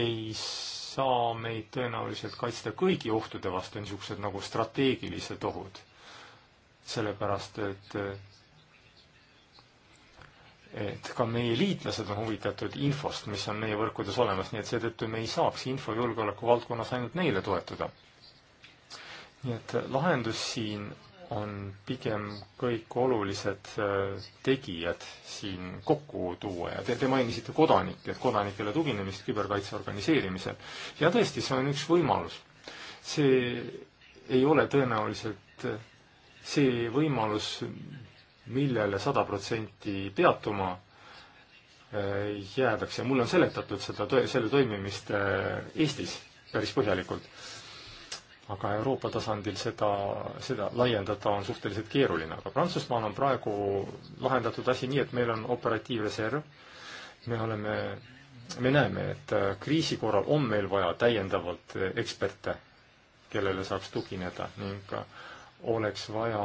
Speaker 1: ei saa meid tõenäoliselt kaitsta kõigi ohtude vastu, niisugused nagu strateegilised ohud. sellepärast, et et ka meie liitlased on huvitatud infost, mis on meie võrkudes olemas, nii et seetõttu me ei saaks infojulgeoleku valdkonnas ainult neile toetuda. nii et lahendus siin on pigem kõik olulised äh, tegijad siin kokku tuua ja te, te mainisite kodanikke, et kodanikele tuginemist küberkaitse organiseerimisel. ja tõesti, see on üks võimalus. see ei ole tõenäoliselt see võimalus, millele sada protsenti peatuma eh, jäädakse. mulle on seletatud seda, selle toimimist eh, Eestis päris põhjalikult. aga Euroopa tasandil seda, seda laiendada on suhteliselt keeruline, aga Prantsusmaal on praegu lahendatud asi nii, et meil on operatiivreserv, me oleme, me näeme, et eh, kriisi korral on meil vaja täiendavalt eksperte, kellele saaks tugineda ning oleks vaja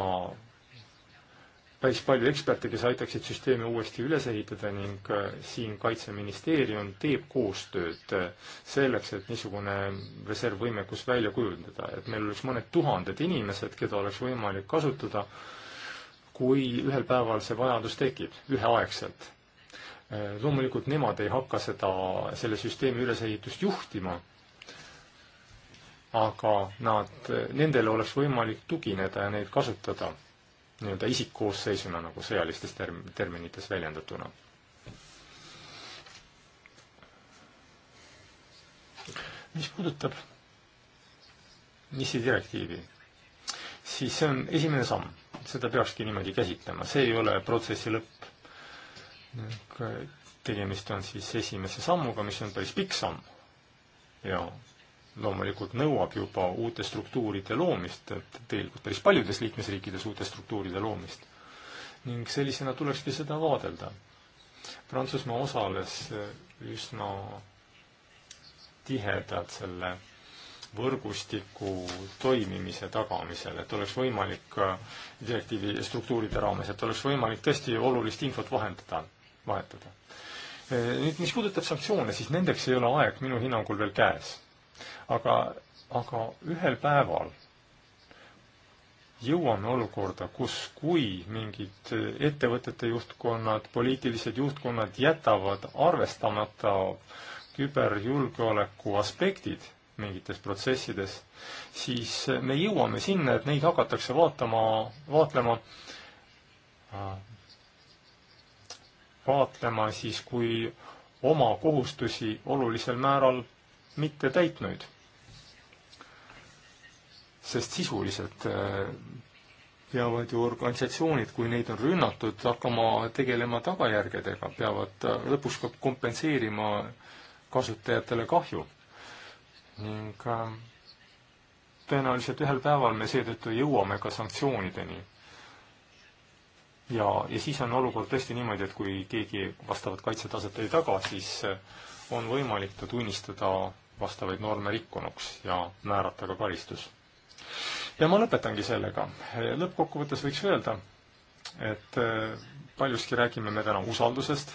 Speaker 1: päris palju eksperte, kes aitaksid süsteemi uuesti üles ehitada ning äh, siin Kaitseministeerium teeb koostööd äh, selleks, et niisugune reservvõimekus välja kujundada, et meil oleks mõned tuhanded inimesed, keda oleks võimalik kasutada, kui ühel päeval see vajadus tekib, üheaegselt. Äh, loomulikult nemad ei hakka seda, selle süsteemi ülesehitust juhtima, aga nad, nendele oleks võimalik tugineda ja neid kasutada nii-öelda isikkoosseisuna nagu sõjalistes term-, terminites väljendatuna. mis puudutab NIS-i direktiivi, siis see on esimene samm, seda peakski niimoodi käsitlema, see ei ole protsessi lõpp. tegemist on siis esimese sammuga, mis on päris pikk samm ja loomulikult nõuab juba uute struktuuride loomist, et tegelikult päris paljudes liikmesriikides uute struktuuride loomist. ning sellisena tulekski seda vaadelda. Prantsusmaa osales üsna tihedalt selle võrgustiku toimimise tagamisel, et oleks võimalik direktiivi struktuuride raames, et oleks võimalik tõesti olulist infot vahendada, vahetada. nüüd, mis puudutab sanktsioone, siis nendeks ei ole aeg minu hinnangul veel käes aga, aga ühel päeval jõuame olukorda, kus, kui mingid ettevõtete juhtkonnad, poliitilised juhtkonnad jätavad arvestamata küberjulgeoleku aspektid mingites protsessides, siis me jõuame sinna, et neid hakatakse vaatama, vaatlema, vaatlema siis kui oma kohustusi olulisel määral mitte täitnud. sest sisuliselt äh, peavad ju organisatsioonid, kui neid on rünnatud, hakkama tegelema tagajärgedega, peavad äh, lõpuks ka kompenseerima kasutajatele kahju. ning äh, tõenäoliselt ühel päeval me seetõttu jõuame ka sanktsioonideni. ja, ja siis on olukord tõesti niimoodi, et kui keegi vastavat kaitsetaset ei taga, siis on võimalik ta tunnistada vastavaid norme rikkunuks ja määrata ka karistus. ja ma lõpetangi sellega. lõppkokkuvõttes võiks öelda, et äh, paljuski räägime me täna usaldusest,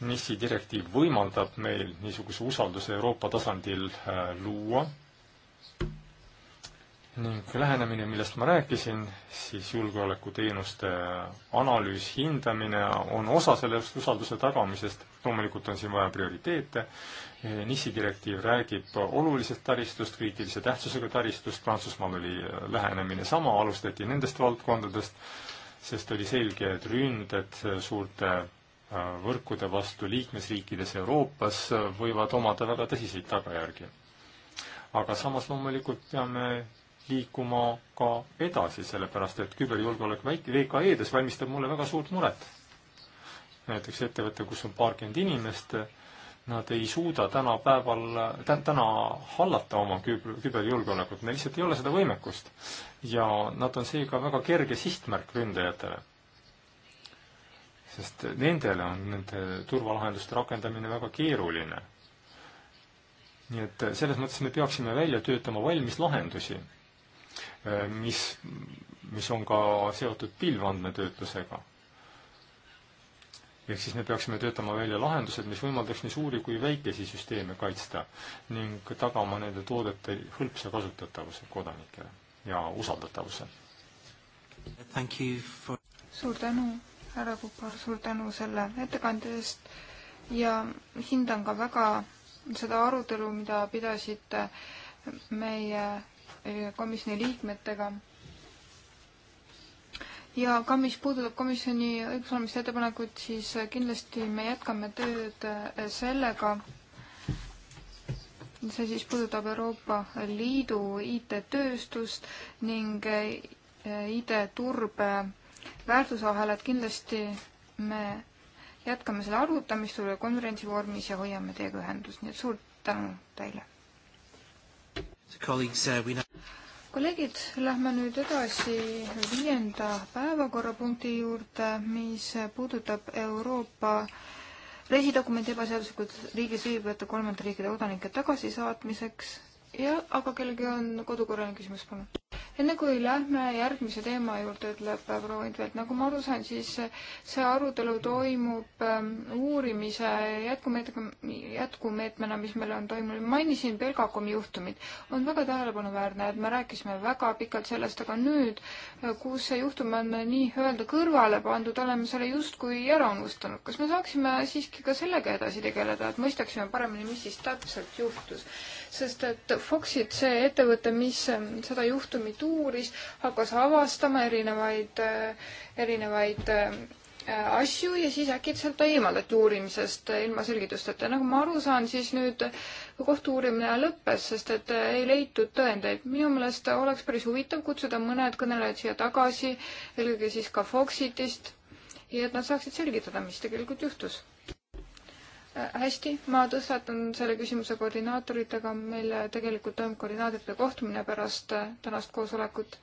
Speaker 1: NIS-i direktiiv võimaldab meil niisuguse usalduse Euroopa tasandil äh, luua ning lähenemine, millest ma rääkisin, siis julgeolekuteenuste analüüs, hindamine on osa sellest usalduse tagamisest, loomulikult on siin vaja prioriteete, eh, NIS-i direktiiv räägib olulisest taristust, kriitilise tähtsusega taristust, Prantsusmaal oli eh, lähenemine sama, alustati nendest valdkondadest, sest oli selge, et ründed suurte eh, võrkude vastu liikmesriikides Euroopas võivad omada väga tõsiseid tagajärgi. aga samas loomulikult peame liikuma ka edasi, sellepärast et küberjulgeolek väike, VKE-des valmistab mulle väga suurt muret. näiteks ettevõte, kus on paarkümmend inimest, nad ei suuda tänapäeval, täna hallata oma küber, küberjulgeolekut, neil lihtsalt ei ole seda võimekust. ja nad on seega väga kerge sihtmärk ründajatele. sest nendele on nende turvalahenduste rakendamine väga keeruline. nii et selles mõttes me peaksime välja töötama valmis lahendusi Äh, mis, mis on ka seotud pilvandmetöötlusega. ehk siis me peaksime töötama välja lahendused, mis võimaldaks nii suuri kui väikesi süsteeme kaitsta ning tagama nende toodete hõlpsa kasutatavuse kodanikele ja usaldatavuse. For...
Speaker 3: suur tänu, härra Kupar, suur tänu selle ettekande eest ja hindan ka väga seda arutelu, mida pidasite meie Eh, komisjoni liikmetega. ja ka, mis puudutab komisjoni õigusloomelist ettepanekut, siis kindlasti me jätkame tööd eh, sellega, see siis puudutab Euroopa Liidu IT-tööstust ning eh, IT-turbe väärtusahelat, kindlasti me jätkame selle arutamist konverentsi vormis ja hoiame teiega ühendust, nii et suur tänu teile! Uh, kolleegid, lähme nüüd edasi viienda päevakorrapunkti juurde, mis puudutab Euroopa reisidokumendi ebaseaduslikult riigis viibivate kolmandate riikide kodanike tagasisaatmiseks jah, aga kellelgi on kodukorraline küsimus, palun. enne kui lähme järgmise teema juurde, ütleb äh, proua Intvelt, nagu ma aru sain, siis äh, see arutelu toimub ähm, uurimise jätkumeetmega, jätkumeetmena, mis meil on toimunud. mainisin Belgakomi juhtumit. on väga tähelepanuväärne, et me rääkisime väga pikalt sellest, aga nüüd, äh, kus see juhtum on nii-öelda kõrvale pandud, oleme selle justkui ära unustanud. kas me saaksime siiski ka sellega edasi tegeleda, et mõistaksime paremini, mis siis täpselt juhtus? sest et Foxit, see ettevõte, mis ähm, seda juhtumit uuris, hakkas avastama erinevaid, äh, erinevaid ähm, äh, asju ja siis äkitselt ta eemaldati uurimisest ilma selgitusteta. nagu ma aru saan, siis nüüd kohtu uurimine lõppes, sest et äh, ei leitud tõendeid. minu meelest oleks päris huvitav kutsuda mõned kõnelejad siia tagasi, eelkõige siis ka Foxitist, ja et nad saaksid selgitada, mis tegelikult juhtus Äh, hästi, ma tõstatan selle küsimuse koordinaatoritega, meil tegelikult toimub koordinaatorite kohtumine pärast äh, tänast koosolekut.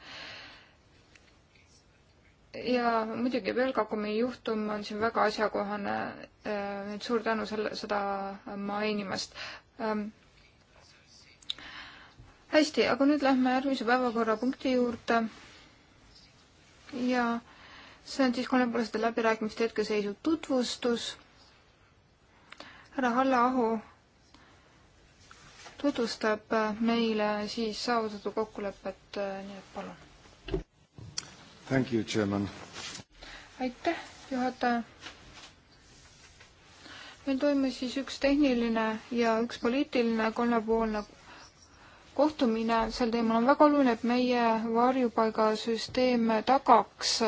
Speaker 3: ja muidugi Belgakumi juhtum on siin väga asjakohane, et äh, suur tänu selle, seda mainimast ähm.. hästi, aga nüüd lähme järgmise päevakorrapunkti juurde ja see on siis kolmepoolsete läbirääkimiste hetkeseisu tutvustus härra Halla Aho tutvustab meile siis saavutatud kokkulepet, nii et palun.
Speaker 1: Thank you, chairman.
Speaker 3: aitäh, juhataja. meil toimus siis üks tehniline ja üks poliitiline kolmepoolne kohtumine sel teemal on väga oluline, et meie varjupaigasüsteem tagaks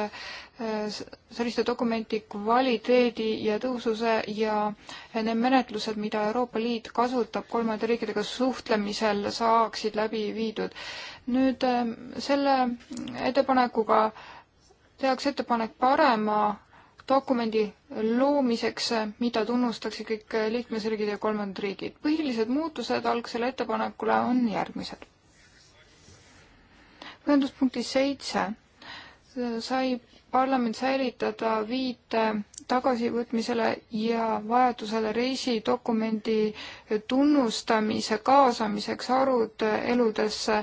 Speaker 3: Äh, selliste dokumenti kvaliteedi ja tõhususe ja need menetlused, mida Euroopa Liit kasutab kolmandate riikidega suhtlemisel, saaksid läbi viidud. nüüd ähm, selle ettepanekuga tehakse ettepanek parema dokumendi loomiseks, mida tunnustaksid kõik liikmesriigid ja kolmandad riigid. põhilised muutused algsele ettepanekule on järgmised. põhjenduspunktis seitse sai parlament säilitada viite tagasivõtmisele ja vajadusele reisidokumendi tunnustamise kaasamiseks aruteludesse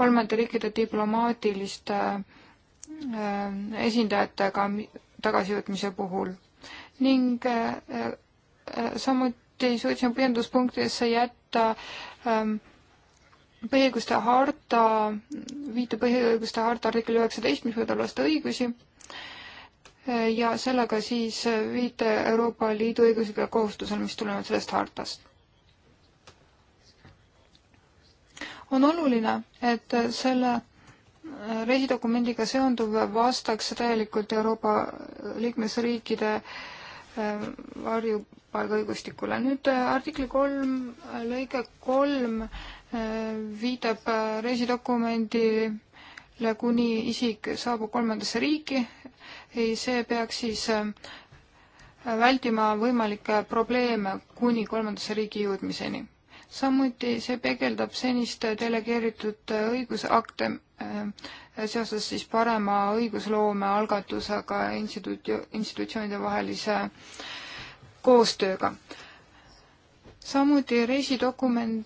Speaker 3: kolmandate riikide diplomaatiliste äh, esindajatega tagasivõtmise puhul ning äh, äh, samuti suutsime põhjenduspunktidesse jätta ähm, põhiõiguste harta, viite põhiõiguste harta artikli üheksateist, mis puudutab laste õigusi ja sellega siis viite Euroopa Liidu õigusega kohustusel, mis tulenevad sellest hartast. on oluline, et selle reisidokumendiga seonduv vastaks täielikult Euroopa liikmesriikide äh, varjupaigaõigustikule. nüüd äh, artikli kolm, lõige kolm äh, viitab reisidokumendi kuni isik saabub kolmandasse riiki. see peaks siis äh, vältima võimalikke probleeme kuni kolmandasse riigi jõudmiseni. samuti see peegeldab senist delegeeritud õigusakte äh, seoses siis parema õigusloome algatusega instituut, institutsioonide vahelise koostööga. samuti reisidokument,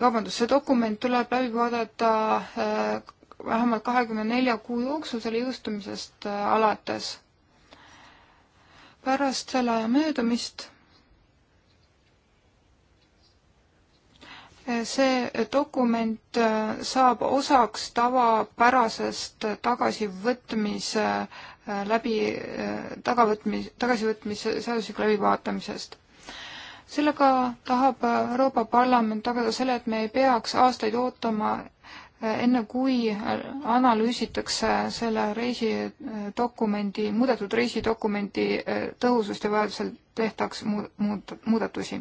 Speaker 3: vabandust, see dokument tuleb läbi vaadata äh, vähemalt kahekümne nelja kuu jooksul selle jõustumisest äh, alates. pärast selle aja möödumist äh, see dokument äh, saab osaks tavapärasest tagasivõtmise läbi, tagavõtmis, tagasivõtmise seadusega läbivaatamisest. sellega tahab Euroopa Parlament tagada selle, et me ei peaks aastaid ootama enne kui analüüsitakse selle reisidokumendi, muudetud reisidokumendi eh, tõhusust ja vajadusel tehtaks muud, muudatusi.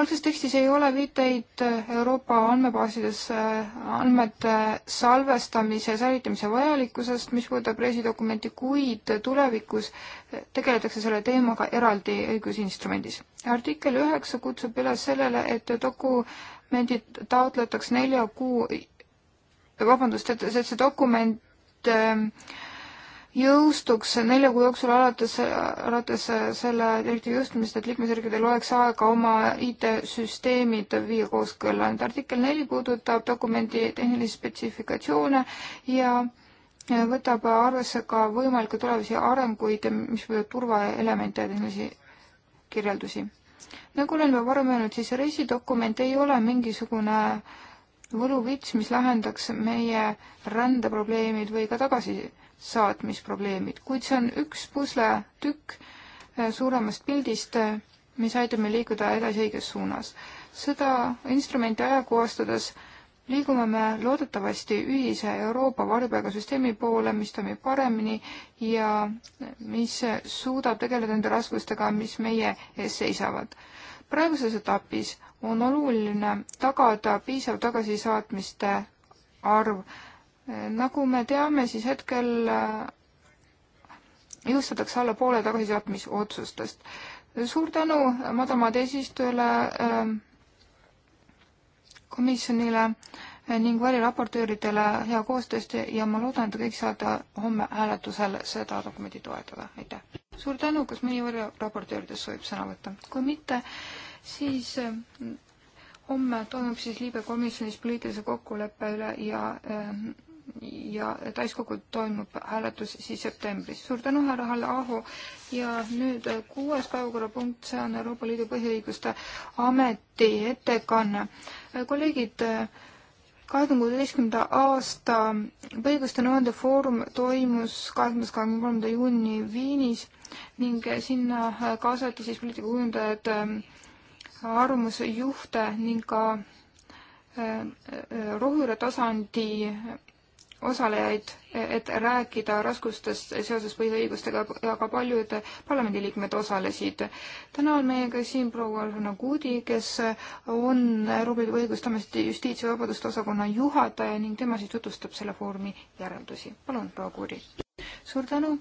Speaker 3: algses tekstis ei ole viiteid Euroopa andmebaasides eh, andmete salvestamise ja säilitamise vajalikkusest, mis puudutab reisidokumenti, kuid tulevikus tegeletakse selle teemaga eraldi õigusinstrumendis. artikkel üheksa kutsub üles sellele, et doku- dokumendid taotletakse nelja kuu, vabandust, et see dokument ähm, jõustuks nelja kuu jooksul alates, alates selle direktiivi jõustumisest, et liikmesriikidel oleks aega oma IT-süsteemid viia kooskõlla. nüüd artikkel neli puudutab dokumendi tehnilisi spetsifikatsioone ja võtab arvesse ka võimalikke tulevasi arenguid, mis võivad turvaelemente ja tehnilisi kirjeldusi nagu olen juba varem öelnud, siis reisidokument ei ole mingisugune võluvits, mis lahendaks meie rändeprobleemid või ka tagasisaatmisprobleemid, kuid see on üks pusletükk eh, suuremast pildist, eh, mis aitab meil liikuda edasi õiges suunas. seda instrumenti ajakohastades äh, liigume me loodetavasti ühise Euroopa varjupaigasüsteemi poole, mis toimib paremini ja mis suudab tegeleda nende raskustega, mis meie ees seisavad. praeguses etapis on oluline tagada piisav tagasisaatmiste arv. nagu me teame, siis hetkel jõustatakse alla poole tagasisaatmisotsustest. suur tänu madalamaade eesistujale äh, komisjonile ning variraportööridele hea koostööst ja ma loodan, et te kõik saate homme hääletusel seda dokumendi toetada, aitäh. suur tänu, kas mõni variraportööridest soovib sõna võtta? kui mitte, siis mm, homme toimub siis Liibe komisjonis poliitilise kokkuleppe üle ja eh, ja täiskogul toimub hääletus siis septembris. suur tänu, härra Halle Aho ja nüüd eh, kuues päevakorrapunkt, see on Euroopa Liidu põhiõiguste ameti ettekanne kolleegid, kahe tuhande kuueteistkümnenda aasta põhiõiguste nõuandefoorum toimus kahekümnendast kahekümne kolmanda juuni Viinis ning sinna kaasati siis poliitikakujundajad, arvamusjuhte ning ka äh, äh, rohujuure tasandi osalejaid, et rääkida raskustest seoses põhiõigustega ja ka paljud parlamendiliikmed osalesid. täna on meiega siin proua Alfana Kuudi, kes on Euroopa Liidu õiguste ameti justiits- ja vabaduste osakonna juhataja ning tema siis tutvustab selle foorumi järeldusi. palun, proua Kuudi. suur tänu.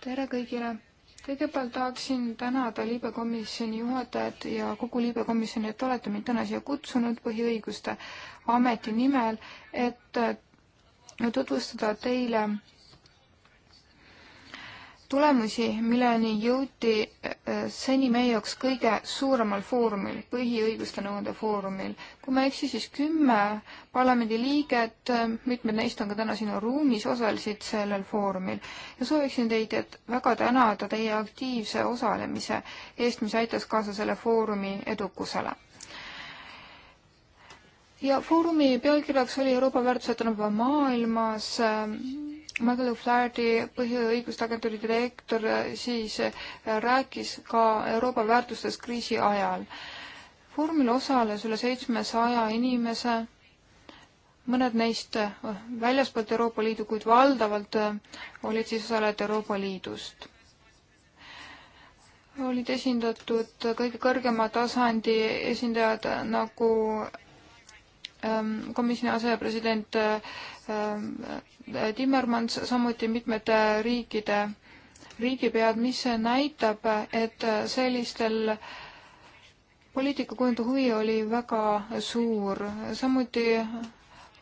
Speaker 3: tere kõigile kõigepealt tahaksin tänada liibekomisjoni juhatajat ja kogu liibekomisjoni, et olete mind täna siia kutsunud põhiõiguste ameti nimel, et tutvustada teile tulemusi, milleni jõuti äh, seni meie jaoks kõige suuremal foorumil, põhiõiguste nõuande foorumil. kui ma ei eksi, siis kümme parlamendiliiget, äh, mitmed neist on ka täna sinu ruumis, osalesid sellel foorumil. ja sooviksin teid, et väga tänada teie aktiivse osalemise eest, mis aitas kaasa selle foorumi edukusele ja foorumi pealkirjaks oli Euroopa väärtused tänapäeva maailmas. Äh, Michael Flaherty, põhiõiguste agentuuri direktor, äh, siis äh, rääkis ka Euroopa väärtustest kriisi ajal. Foorumil osales üle seitsmesaja inimese, mõned neist väljaspoolt Euroopa Liidu, kuid valdavalt olid siis osalejad Euroopa Liidust olid esindatud kõige kõrgema tasandi esindajad nagu Ähm, komisjoni asepresident ähm, äh, Timmermans, samuti mitmete äh, riikide riigipead, mis näitab, et äh, sellistel poliitikakujundu huvi oli väga suur. samuti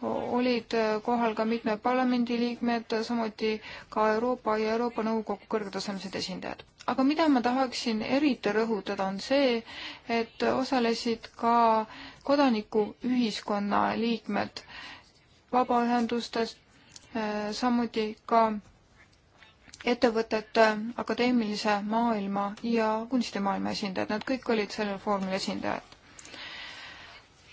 Speaker 3: olid kohal ka mitmed parlamendiliikmed, samuti ka Euroopa ja Euroopa Nõukogu kõrgetasemelised esindajad. aga mida ma tahaksin eriti rõhutada, on see, et osalesid ka kodanikuühiskonna liikmed vabaühendustest, eh, samuti ka ettevõtete, akadeemilise maailma ja kunstimaailma esindajad, nad kõik olid sellel foorumil esindajad.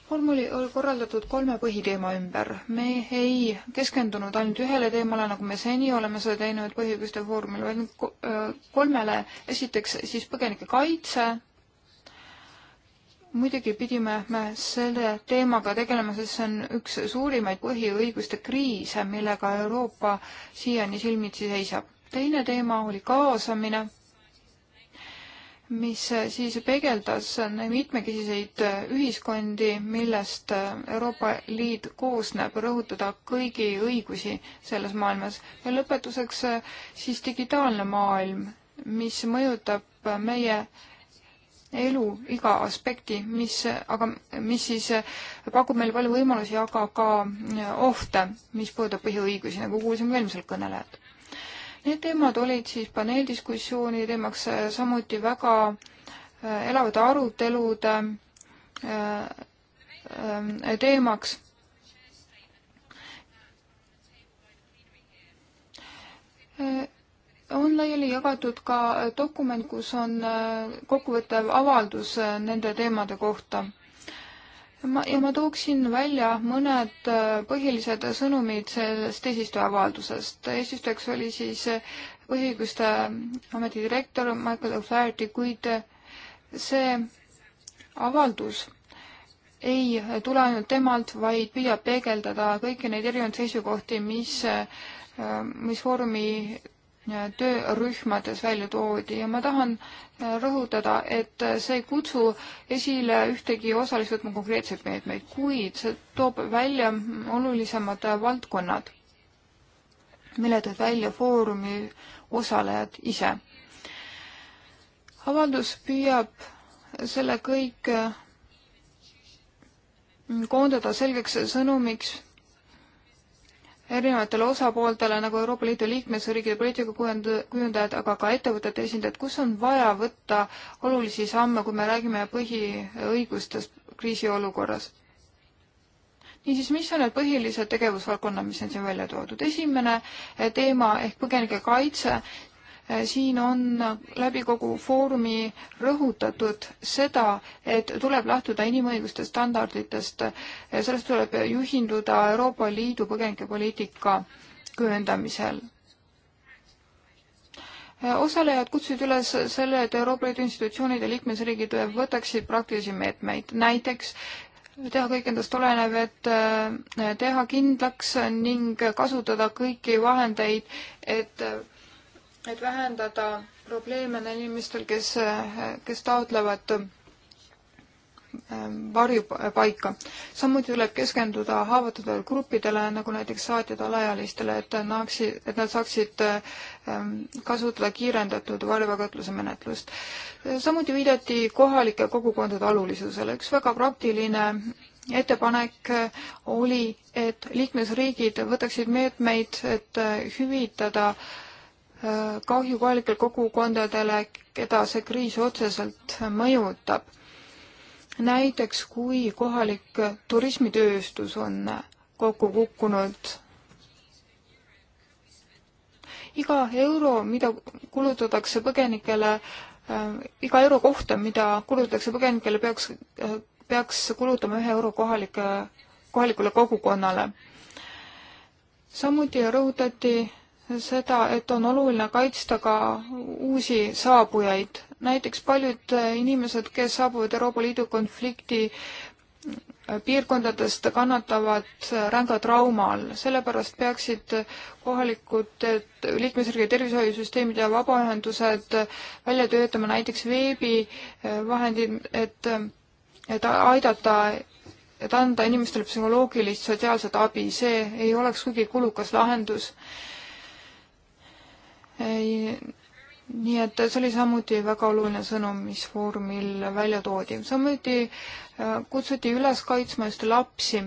Speaker 3: Forum oli korraldatud kolme põhiteema ümber. me ei keskendunud ainult ühele teemale, nagu me seni oleme seda teinud põhiõiguste foorumil, vaid kolmele. esiteks siis põgenike kaitse muidugi pidime me selle teemaga tegelema, sest see on üks suurimaid põhiõiguste kriise, millega Euroopa siiani silmitsi seisab. teine teema oli kaasamine, mis siis peegeldas mitmekesiseid ühiskondi, millest Euroopa Liit koosneb, rõhutada kõigi õigusi selles maailmas. ja lõpetuseks siis digitaalne maailm, mis mõjutab meie elu iga aspekti, mis, aga mis siis pakub meile palju võimalusi, aga ka ohte, mis puudutab põhiõigusi, nagu kuulsime ka eelmiselt kõnelejalt. Need teemad olid siis paneeldiskussiooni teemaks, samuti väga äh, elavate arutelude äh, äh, teemaks laiali jagatud ka dokument, kus on äh, kokkuvõttev avaldus äh, nende teemade kohta. ma, ja ma tooksin välja mõned äh, põhilised sõnumid sellest eesistuja avaldusest. eesistujaks oli siis põhiõiguste ameti direktor Michael O'Flaherty, kuid see avaldus ei tule ainult temalt, vaid püüab peegeldada kõiki neid erinevaid seisukohti, mis, mis Foorumi töörühmades välja toodi ja ma tahan äh, rõhutada, et äh, see ei kutsu esile ühtegi osalist võtma konkreetseid meetmeid, kuid see toob välja olulisemad äh, valdkonnad, mille tõid välja Foorumi osalejad ise. avaldus püüab selle kõik koondada selgeks sõnumiks erinevatele osapooltele nagu Euroopa Liidu liikmesriigid, poliitikakujundajad, aga ka ettevõtete esindajad, kus on vaja võtta olulisi samme, kui me räägime põhiõigustest kriisiolukorras? niisiis, mis on need põhilised tegevusvaldkonnad, mis on siin välja toodud? esimene teema ehk põgenike kaitse, Äh, siin on läbi kogu foorumi rõhutatud seda, et tuleb lähtuda inimõiguste standarditest, äh, sellest tuleb juhinduda Euroopa Liidu põgenikepoliitika kujundamisel äh, osalejad kutsusid üles selle, et Euroopa Liidu institutsioonid ja liikmesriigid võtaksid praktilisi meetmeid, näiteks teha kõik endast olenev, et teha kindlaks ning kasutada kõiki vahendeid, et et vähendada probleeme neil inimestel, kes, kes taotlevad ähm, varjupaika. samuti tuleb keskenduda haavatavatele gruppidele, nagu näiteks saatjad alaealistele, et naksi, et nad saaksid ähm, kasutada kiirendatud varjupaigatluse menetlust. samuti viidati kohalike kogukondade olulisusele. üks väga praktiline ettepanek oli, et liikmesriigid võtaksid meetmeid, et hüvitada äh, kahju kohalikele kogukondadele, keda see kriis otseselt mõjutab. näiteks kui kohalik turismitööstus on kokku kukkunud. iga euro, mida kulutatakse põgenikele, iga euro kohta, mida kulutatakse põgenikele, peaks, peaks kulutama ühe euro kohalike, kohalikule kogukonnale. samuti rõhutati seda, et on oluline kaitsta ka uusi saabujaid. näiteks paljud inimesed, kes saabuvad Euroopa Liidu konflikti piirkondadest, kannatavad ränga trauma all. sellepärast peaksid kohalikud liikmesriigi tervishoiusüsteemid ja vabaühendused välja töötama näiteks veebivahendid, et, et aidata et anda inimestele psühholoogilist sotsiaalset abi, see ei oleks kuigi kulukas lahendus nii et see oli samuti väga oluline sõnum, mis Foorumil välja toodi. samuti äh, kutsuti üles kaitsma just lapsi.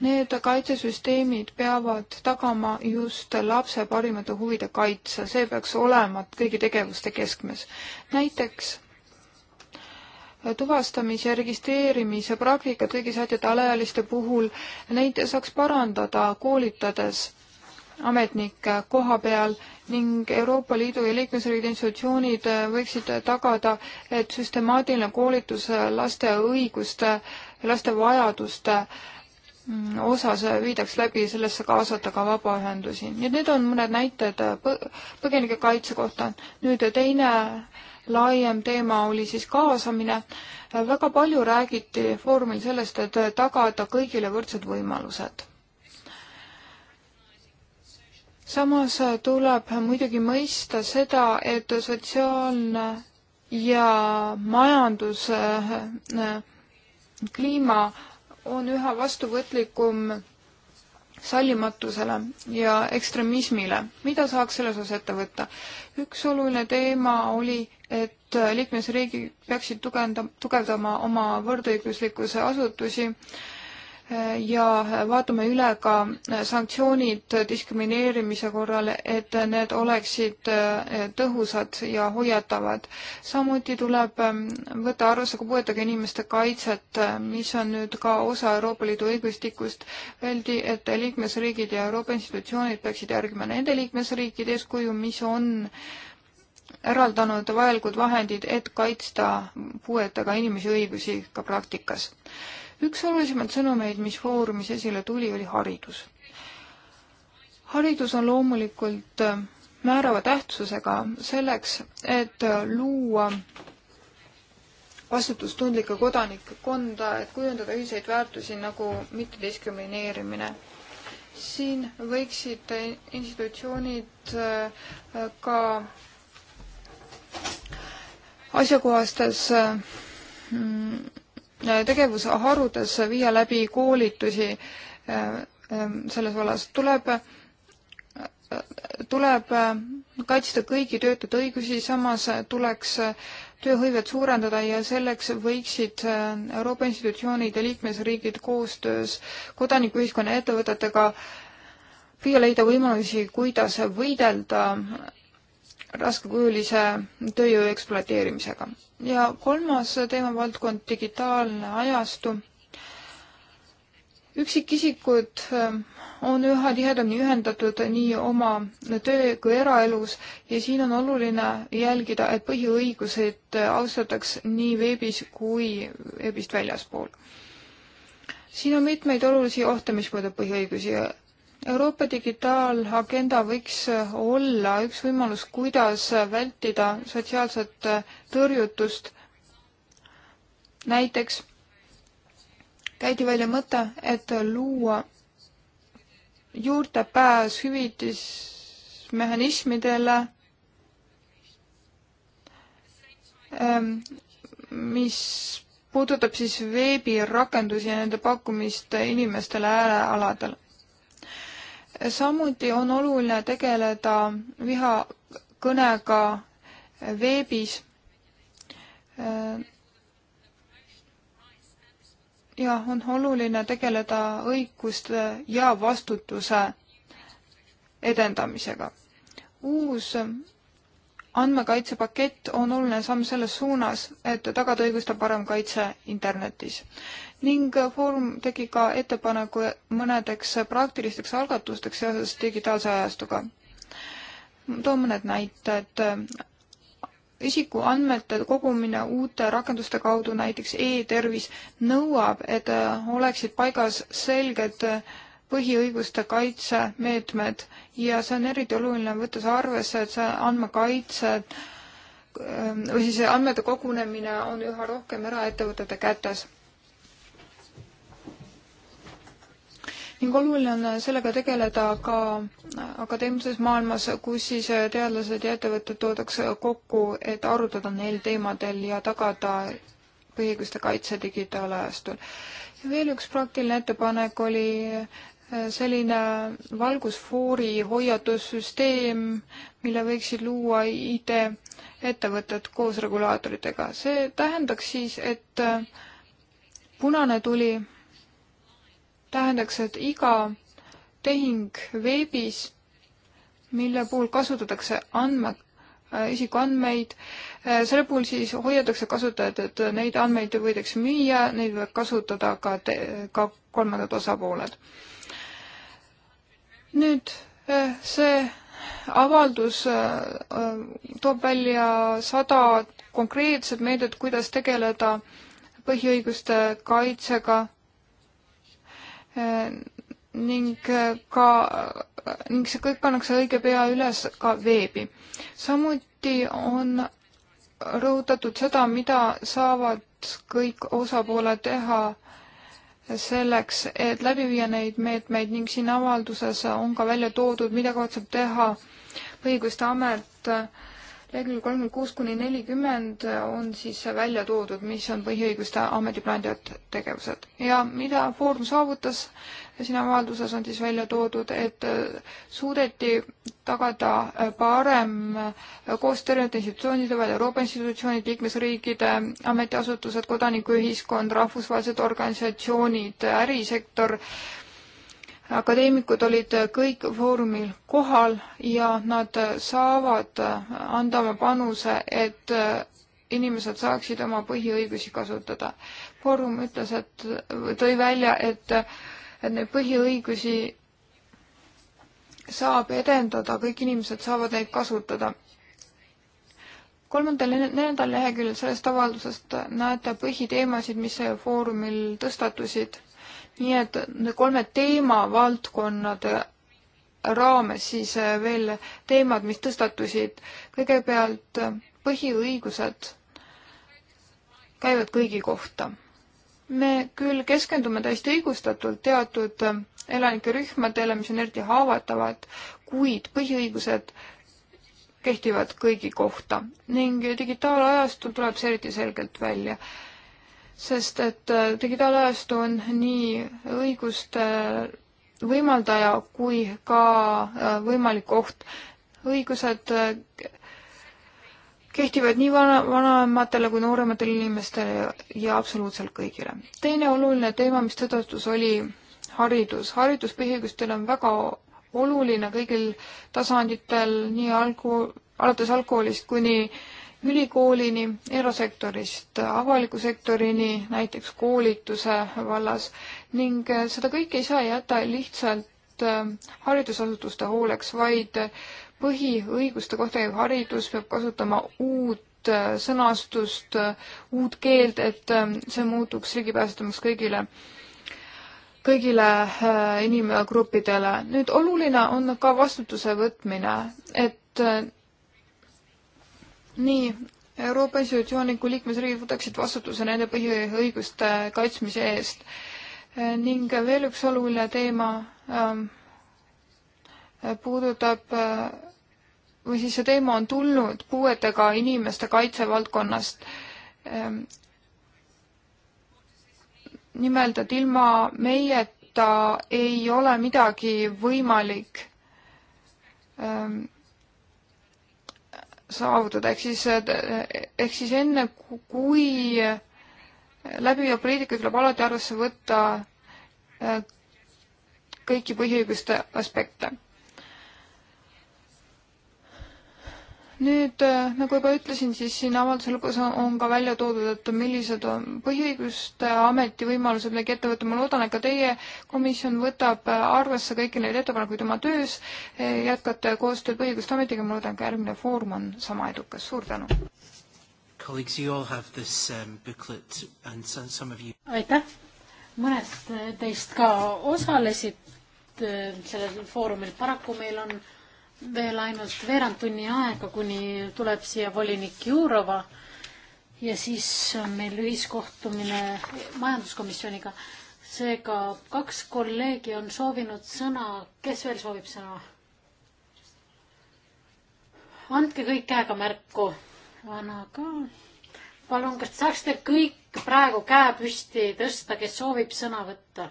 Speaker 3: Need kaitsesüsteemid peavad tagama just lapse parimate huvide kaitse, see peaks olema kõigi tegevuste keskmes. näiteks äh, tuvastamise ja registreerimise praktikat kõigi saatjate alaealiste puhul, neid saaks parandada koolitades ametnikke koha peal ning Euroopa Liidu ja liikmesriigi institutsioonid võiksid tagada, et süstemaatiline koolitus laste õiguste, laste vajaduste mm, osas viidaks läbi, sellesse kaasata ka vabaühendusi. nii et need on mõned näited põgenike kaitse kohta. nüüd teine laiem teema oli siis kaasamine. väga palju räägiti Foorumil sellest, et tagada kõigile võrdsed võimalused samas äh, tuleb muidugi mõista seda, et sotsiaalne ja majanduse äh, äh, kliima on üha vastuvõtlikum sallimatusele ja ekstremismile. mida saaks selles osas ette võtta? üks oluline teema oli, et liikmesriigid peaksid tugevda, tugevdama oma võrdõiguslikkuse asutusi äh, ja vaatame üle ka sanktsioonid diskrimineerimise korral, et need oleksid eh, tõhusad ja hoiatavad. samuti tuleb mm, võtta arvesse ka puuetega inimeste kaitset, mis on nüüd ka osa Euroopa Liidu õigustikust. Öeldi, et liikmesriigid ja Euroopa institutsioonid peaksid järgima nende liikmesriikide eeskuju, mis on eraldanud vajalikud vahendid, et kaitsta puuetega inimesi õigusi ka praktikas üks olulisemaid sõnumeid, mis Foorumis esile tuli, oli haridus. haridus on loomulikult äh, määrava tähtsusega selleks, et äh, luua vastutustundlikke kodanikkonda, et kujundada ühiseid väärtusi nagu mittediskrimineerimine. siin võiksid institutsioonid äh, ka asjakohastes mm, tegevusharudes viia läbi koolitusi äh, äh, selles vallas. tuleb, äh, tuleb kaitsta kõigi töötute õigusi, samas tuleks tööhõivet suurendada ja selleks võiksid Euroopa institutsioonid ja liikmesriigid koostöös kodanikuühiskonna ettevõtetega püüa leida võimalusi, kuidas võidelda raskekujulise tööjõu ekspluateerimisega. ja kolmas teemavaldkond, digitaalne ajastu. üksikisikud äh, on üha tihedamini ühendatud nii oma töö kui eraelus ja siin on oluline jälgida, et põhiõiguseid austataks nii veebis kui veebist väljaspool. siin on mitmeid olulisi ohte, mis puudutab põhiõigusi Euroopa digitaalagenda võiks äh, olla üks võimalus, kuidas äh, vältida sotsiaalset äh, tõrjutust. näiteks käidi välja mõte, et luua juurdepääs hüvitismehhanismidele, ähm, mis puudutab siis veebirakendusi ja nende pakkumist inimestele äärealadel samuti on oluline tegeleda vihakõnega veebis. ja on oluline tegeleda õiguste ja vastutuse edendamisega. uus andmekaitsepakett on oluline samm selles suunas, et tagada õiguste parem kaitse internetis ning Foorum tegi ka ettepaneku mõnedeks praktilisteks algatusteks seoses digitaalse ajastuga. toon mõned näited. isikuandmete kogumine uute rakenduste kaudu, näiteks e-tervis, nõuab, et oleksid paigas selged põhiõiguste kaitsemeetmed ja see on eriti oluline, võttes arvesse, et see andmekaitse ähm, või siis andmete kogunemine on üha rohkem eraettevõtete kätes ning oluline on sellega tegeleda ka akadeemilises maailmas, kus siis teadlased ja ettevõtted toodakse kokku, et arutada neil teemadel ja tagada põhiõiguste kaitse digitaalajastul. ja veel üks praktiline ettepanek oli eh, selline valgusfoori hoiatussüsteem, mille võiksid luua IT-ettevõtted koos regulaatoritega. see tähendaks siis, et eh, punane tuli tähendaks, et iga tehing veebis, mille puhul kasutatakse andme, äh, isikuandmeid, äh, selle puhul siis hoiatakse kasutajat, et neid andmeid võidakse müüa, neid võivad kasutada ka, ka kolmandad osapooled. nüüd äh, see avaldus toob välja sada konkreetset meedet, kuidas tegeleda põhiõiguste kaitsega Äh, ning äh, ka, äh, ning see kõik pannakse õige pea üles ka veebi. samuti on rõhutatud seda, mida saavad kõik osapooled teha selleks, et läbi viia neid meetmeid ning siin avalduses on ka välja toodud, mida kavatseb teha õiguste amet äh, lehekülg kolmkümmend kuus kuni nelikümmend on siis välja toodud, mis on põhiõiguste ametiplaanijad tegevused. ja mida Foorum saavutas siin avalduses on siis välja toodud, et suudeti tagada parem koostöö erinevate institutsioonide vahel, Euroopa institutsioonid, liikmesriikide ametiasutused, kodanikuühiskond, rahvusvahelised organisatsioonid, ärisektor akadeemikud olid kõik foorumil kohal ja nad saavad anda oma panuse, et inimesed saaksid oma põhiõigusi kasutada. Foorum ütles, et, tõi välja, et, et neid põhiõigusi saab edendada, kõik inimesed saavad neid kasutada. kolmandal ja neljandal leheküljel sellest avaldusest näete põhiteemasid, mis Foorumil tõstatusid nii et kolme teemavaldkonnade raames siis äh, veel teemad, mis tõstatusid. kõigepealt äh, põhiõigused käivad kõigi kohta. me küll keskendume täiesti õigustatult teatud äh, elanike rühmadele, mis on eriti haavatavad, kuid põhiõigused kehtivad kõigi kohta ning digitaalajastul tuleb see eriti selgelt välja sest et äh, digitaalajastu on nii õiguste äh, võimaldaja kui ka äh, võimalik oht. õigused kehtivad nii vana, vanematele kui noorematele inimestele ja absoluutselt kõigile. teine oluline teema, mis tõstatus, oli haridus. haridus põhiõigustel on väga oluline kõigil tasanditel, nii algu-, alates algkoolist kuni äh, ülikoolini, erasektorist avaliku sektorini, näiteks koolituse vallas ning äh, seda kõike ei saa jätta lihtsalt äh, haridusasutuste hooleks, vaid äh, põhiõiguste kohta käiv haridus peab kasutama uut sõnastust, uut keelt, et see muutuks ligipääsetavaks kõigile kõigile inimgruppidele. nüüd oluline on ka vastutuse võtmine, et nii, Euroopa institutsioonid kui liikmesriigid võtaksid vastutuse nende põhiõiguste kaitsmise eest. Äh, ning veel üks oluline teema ähm, äh, puudutab äh, või siis see teema on tulnud puuetega inimeste kaitsevaldkonnast ähm,. nimelt, et ilma meieta ei ole midagi võimalik ähm, saavutada, ehk siis, ehk siis enne, kui läbiviiva poliitika tuleb alati arvesse võtta eh, kõiki põhiõiguste aspekte nüüd äh, nagu juba ütlesin, siis siin avalduse lõpus on, on ka välja toodud, et millised on põhiõiguste ameti võimalused midagi ette võtta. ma loodan, et ka teie komisjon võtab äh, arvesse kõiki neid ettepanekuid oma töös, äh, jätkate koostööd põhiõiguste ametiga, ma loodan, et ka järgmine foorum on sama edukas. suur tänu!
Speaker 2: Um, aitäh! mõned teist ka osalesid sellel foorumil, paraku meil on veel ainult veerand tunni aega, kuni tuleb siia volinik Jurova ja siis on meil ühiskohtumine majanduskomisjoniga. seega kaks kolleegi on soovinud sõna, kes veel soovib sõna? andke kõik käega märku. Anna ka. palun, kas saaksite kõik praegu käe püsti tõsta, kes soovib sõna võtta?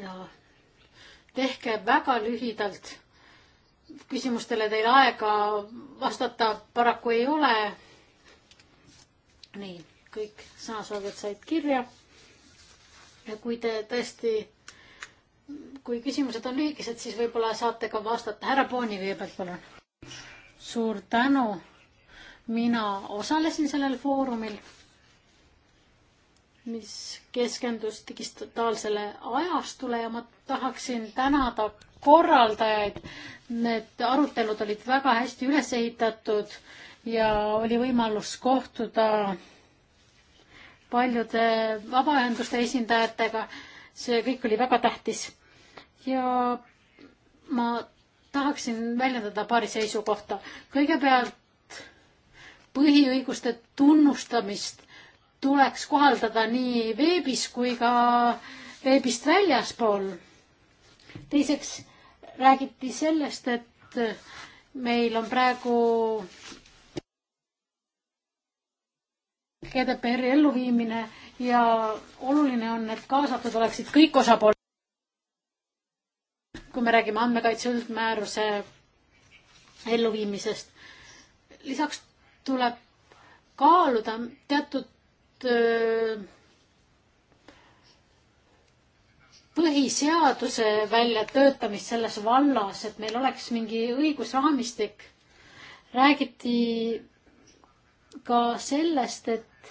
Speaker 2: jaa tehke väga lühidalt. küsimustele teil aega vastata paraku ei ole. nii, kõik sõnasoovijad said kirja. ja kui te tõesti, kui küsimused on lühikesed, siis võib-olla saate ka vastata. härra Pooni kõigepealt, palun. suur tänu. mina osalesin sellel foorumil mis keskendus digitaalsele ajastule ja ma tahaksin tänada korraldajaid. Need arutelud olid väga hästi üles ehitatud ja oli võimalus kohtuda paljude vabaühenduste esindajatega. see kõik oli väga tähtis. ja ma tahaksin väljendada paari seisukohta. kõigepealt põhiõiguste tunnustamist tuleks kohaldada nii veebis kui ka veebist väljaspool teiseks räägiti sellest, et meil on praegu GDPR-i elluviimine ja oluline on, et kaasatud oleksid kõik osapooled. kui me räägime andmekaitse üldmääruse elluviimisest, lisaks tuleb kaaluda teatud öö, põhiseaduse väljatöötamist selles vallas, et meil oleks mingi õigusraamistik. räägiti ka sellest, et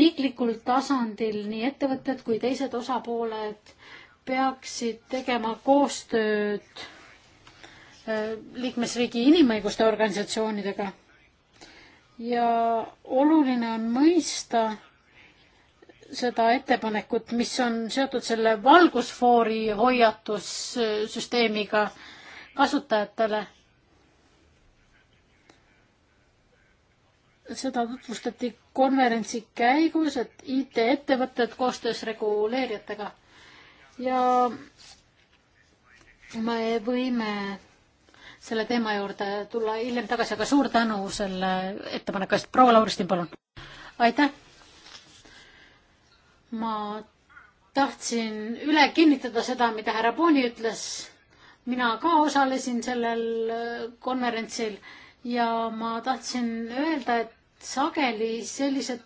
Speaker 2: riiklikul tasandil nii ettevõtted kui teised osapooled peaksid tegema koostööd äh, liikmesriigi inimõiguste organisatsioonidega. ja oluline on mõista, seda ettepanekut, mis on seotud selle valgusfoori hoiatussüsteemiga kasutajatele. seda tutvustati konverentsi käigus, et IT-ettevõtted koostöös reguleerijatega ja me võime selle teema juurde tulla hiljem tagasi, aga suur tänu selle ettepaneku eest. proua Lauristin, palun. aitäh ma tahtsin üle kinnitada seda, mida härra Booni ütles. mina ka osalesin sellel äh, konverentsil ja ma tahtsin öelda, et sageli sellised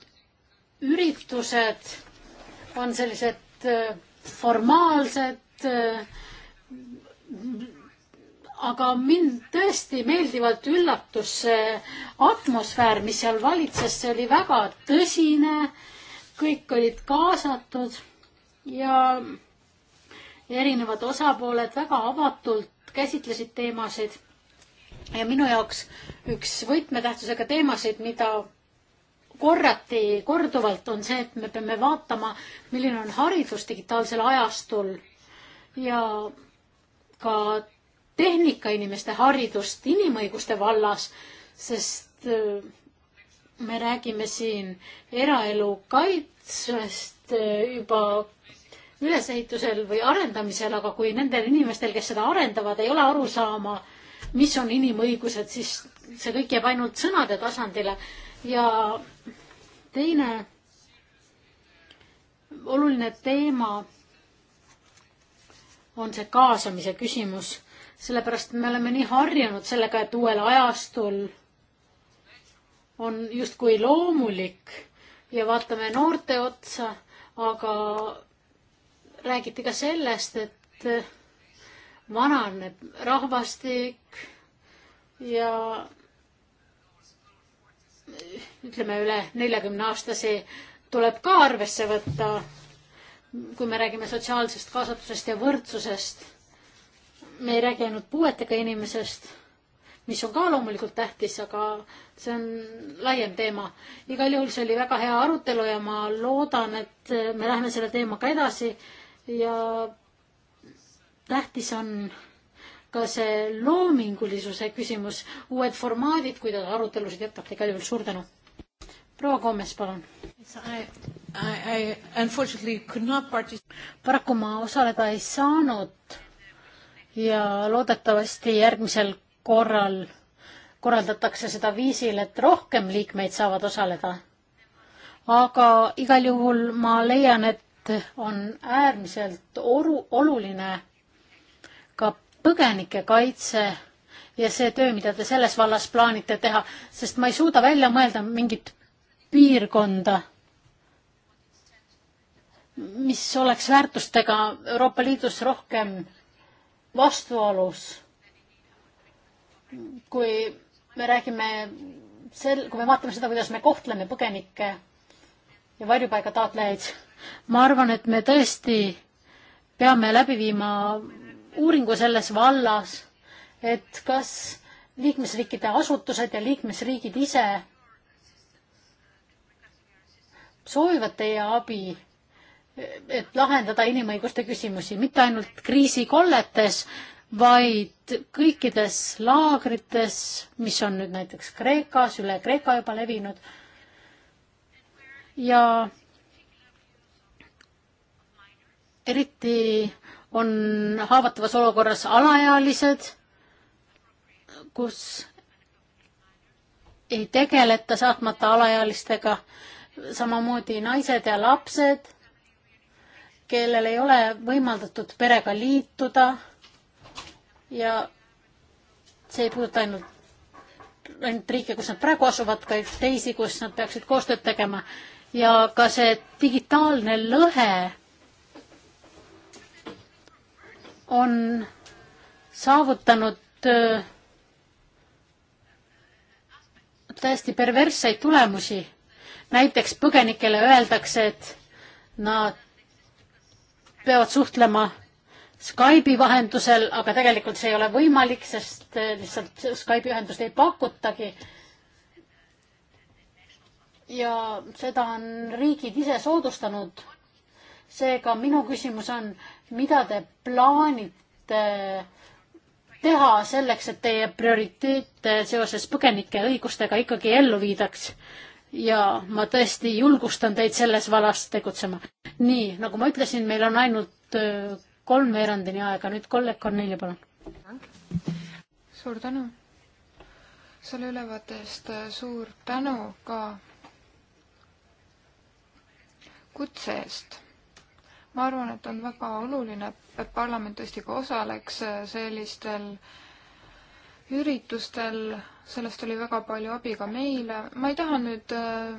Speaker 2: üritused on sellised äh, formaalsed. Äh, aga mind tõesti meeldivalt üllatus see atmosfäär, mis seal valitses, see oli väga tõsine kõik olid kaasatud ja erinevad osapooled väga avatult käsitlesid teemasid. ja minu jaoks üks võtmetähtsusega teemasid, mida korrati korduvalt, on see, et me peame vaatama, milline on haridus digitaalsel ajastul ja ka tehnikainimeste haridust inimõiguste vallas, sest me räägime siin eraelu kaitsest äh, juba ülesehitusel või arendamisel, aga kui nendel inimestel, kes seda arendavad, ei ole aru saama, mis on inimõigused, siis see kõik jääb ainult sõnade tasandile. ja teine oluline teema on see kaasamise küsimus, sellepärast me oleme nii harjunud sellega, et uuel ajastul on justkui loomulik ja vaatame noorte otsa, aga räägiti ka sellest, et vananeb rahvastik ja ütleme, üle neljakümne aastasi tuleb ka arvesse võtta, kui me räägime sotsiaalsest kaasatusest ja võrdsusest. me ei räägi ainult puuetega inimesest, mis on ka loomulikult tähtis, aga see on laiem teema. igal juhul see oli väga hea arutelu ja ma loodan, et me läheme selle teemaga edasi ja tähtis on ka see loomingulisuse küsimus, uued formaadid, kuidas arutelusid jätkata, igal juhul suur tänu. proua Koomes, palun. paraku ma osaleda ei saanud ja loodetavasti järgmisel korral korraldatakse seda viisil, et rohkem liikmeid saavad osaleda. aga igal juhul ma leian, et on äärmiselt oru-, oluline ka põgenike kaitse ja see töö, mida te selles vallas plaanite teha, sest ma ei suuda välja mõelda mingit piirkonda, mis oleks väärtustega Euroopa Liidus rohkem vastuolus kui me räägime sel, kui me vaatame seda, kuidas me kohtleme põgenikke ja varjupaiga taotlejaid, ma arvan, et me tõesti peame läbi viima uuringu selles vallas, et kas liikmesriikide asutused ja liikmesriigid ise soovivad teie abi, et lahendada inimõiguste küsimusi, mitte ainult kriisikolletes, vaid kõikides laagrites, mis on nüüd näiteks Kreekas, üle Kreeka juba levinud. ja eriti on haavatavas olukorras alaealised, kus ei tegeleta saatmata alaealistega, samamoodi naised ja lapsed, kellel ei ole võimaldatud perega liituda ja see ei puuduta ainult, ainult riike, kus nad praegu asuvad, ka teisi, kus nad peaksid koostööd tegema. ja ka see digitaalne lõhe on saavutanud äh, täiesti perversseid tulemusi. näiteks põgenikele öeldakse, et nad peavad suhtlema Skype'i vahendusel, aga tegelikult see ei ole võimalik, sest eh, lihtsalt Skype'i ühendust ei pakutagi. ja seda on riigid ise soodustanud. seega minu küsimus on, mida te plaanite teha selleks, et teie prioriteete seoses põgenike õigustega ikkagi ellu viidaks? ja ma tõesti julgustan teid selles vallas tegutsema. nii, nagu ma ütlesin, meil on ainult eh, kolmveerandini aega, nüüd kolleeg Kornelia, palun.
Speaker 3: suur tänu selle ülevaate eest, äh, suur tänu ka kutse eest. ma arvan, et on väga oluline, et parlament tõesti ka osaleks äh, sellistel üritustel, sellest oli väga palju abi ka meile. ma ei taha nüüd äh,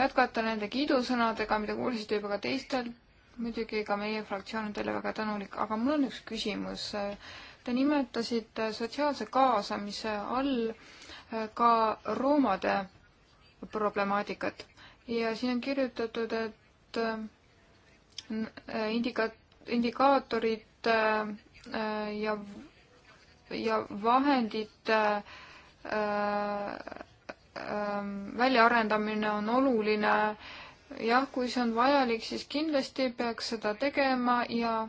Speaker 3: jätkata nende kiidusõnadega, mida kuulsite juba ka teistelt muidugi ka meie fraktsioon on teile väga tänulik, aga mul on üks küsimus. Te nimetasite sotsiaalse kaasamise all äh, ka roomade problemaatikat ja siin on kirjutatud, et äh, indika-, indikaatorid äh, ja, ja vahendid väljaarendamine on oluline äh, jah, kui see on vajalik, siis kindlasti peaks seda tegema ja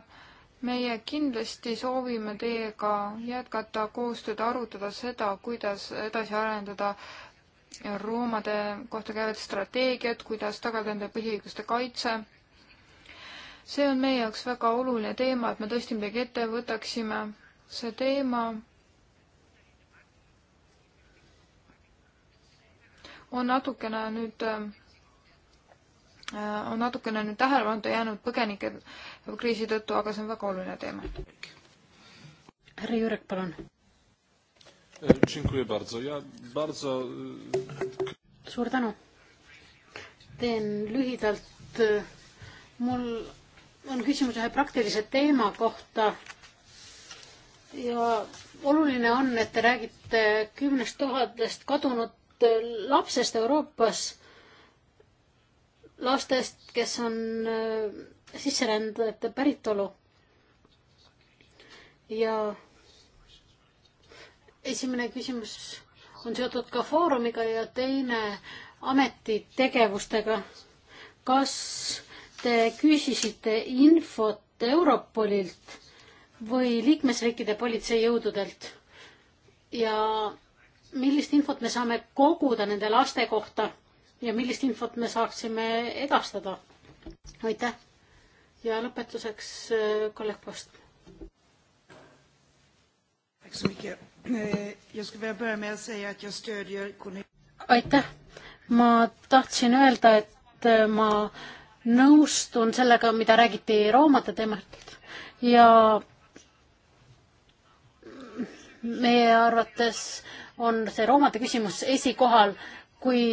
Speaker 3: meie kindlasti soovime teiega jätkata koostööd, arutada seda, kuidas edasi arendada roomade kohta käivat strateegiat, kuidas tagada nende põhiõiguste kaitse. see on meie jaoks väga oluline teema, et me tõesti midagi ette võtaksime. see teema on natukene nüüd ähm, Äh, on natukene nüüd tähelepanuta jäänud põgenike kriisi tõttu, aga see on väga oluline teema.
Speaker 2: härra Jurek, palun.
Speaker 1: Äh,
Speaker 2: suur tänu. teen lühidalt. mul on küsimus ühe praktilise teema kohta. ja oluline on, et te räägite kümnest tuhandest kadunud lapsest Euroopas lastest, kes on äh, sisserändajate päritolu. ja esimene küsimus on seotud ka foorumiga ja teine ametitegevustega. kas te küsisite infot Europolilt või liikmesriikide politseijõududelt ja millist infot me saame koguda nende laste kohta? ja millist infot me saaksime edastada. aitäh ja lõpetuseks äh, kolleeg Post.
Speaker 3: Eh,
Speaker 2: aitäh, ma tahtsin öelda, et äh, ma nõustun sellega, mida räägiti roomade teemalt ja meie arvates on see roomade küsimus esikohal, kui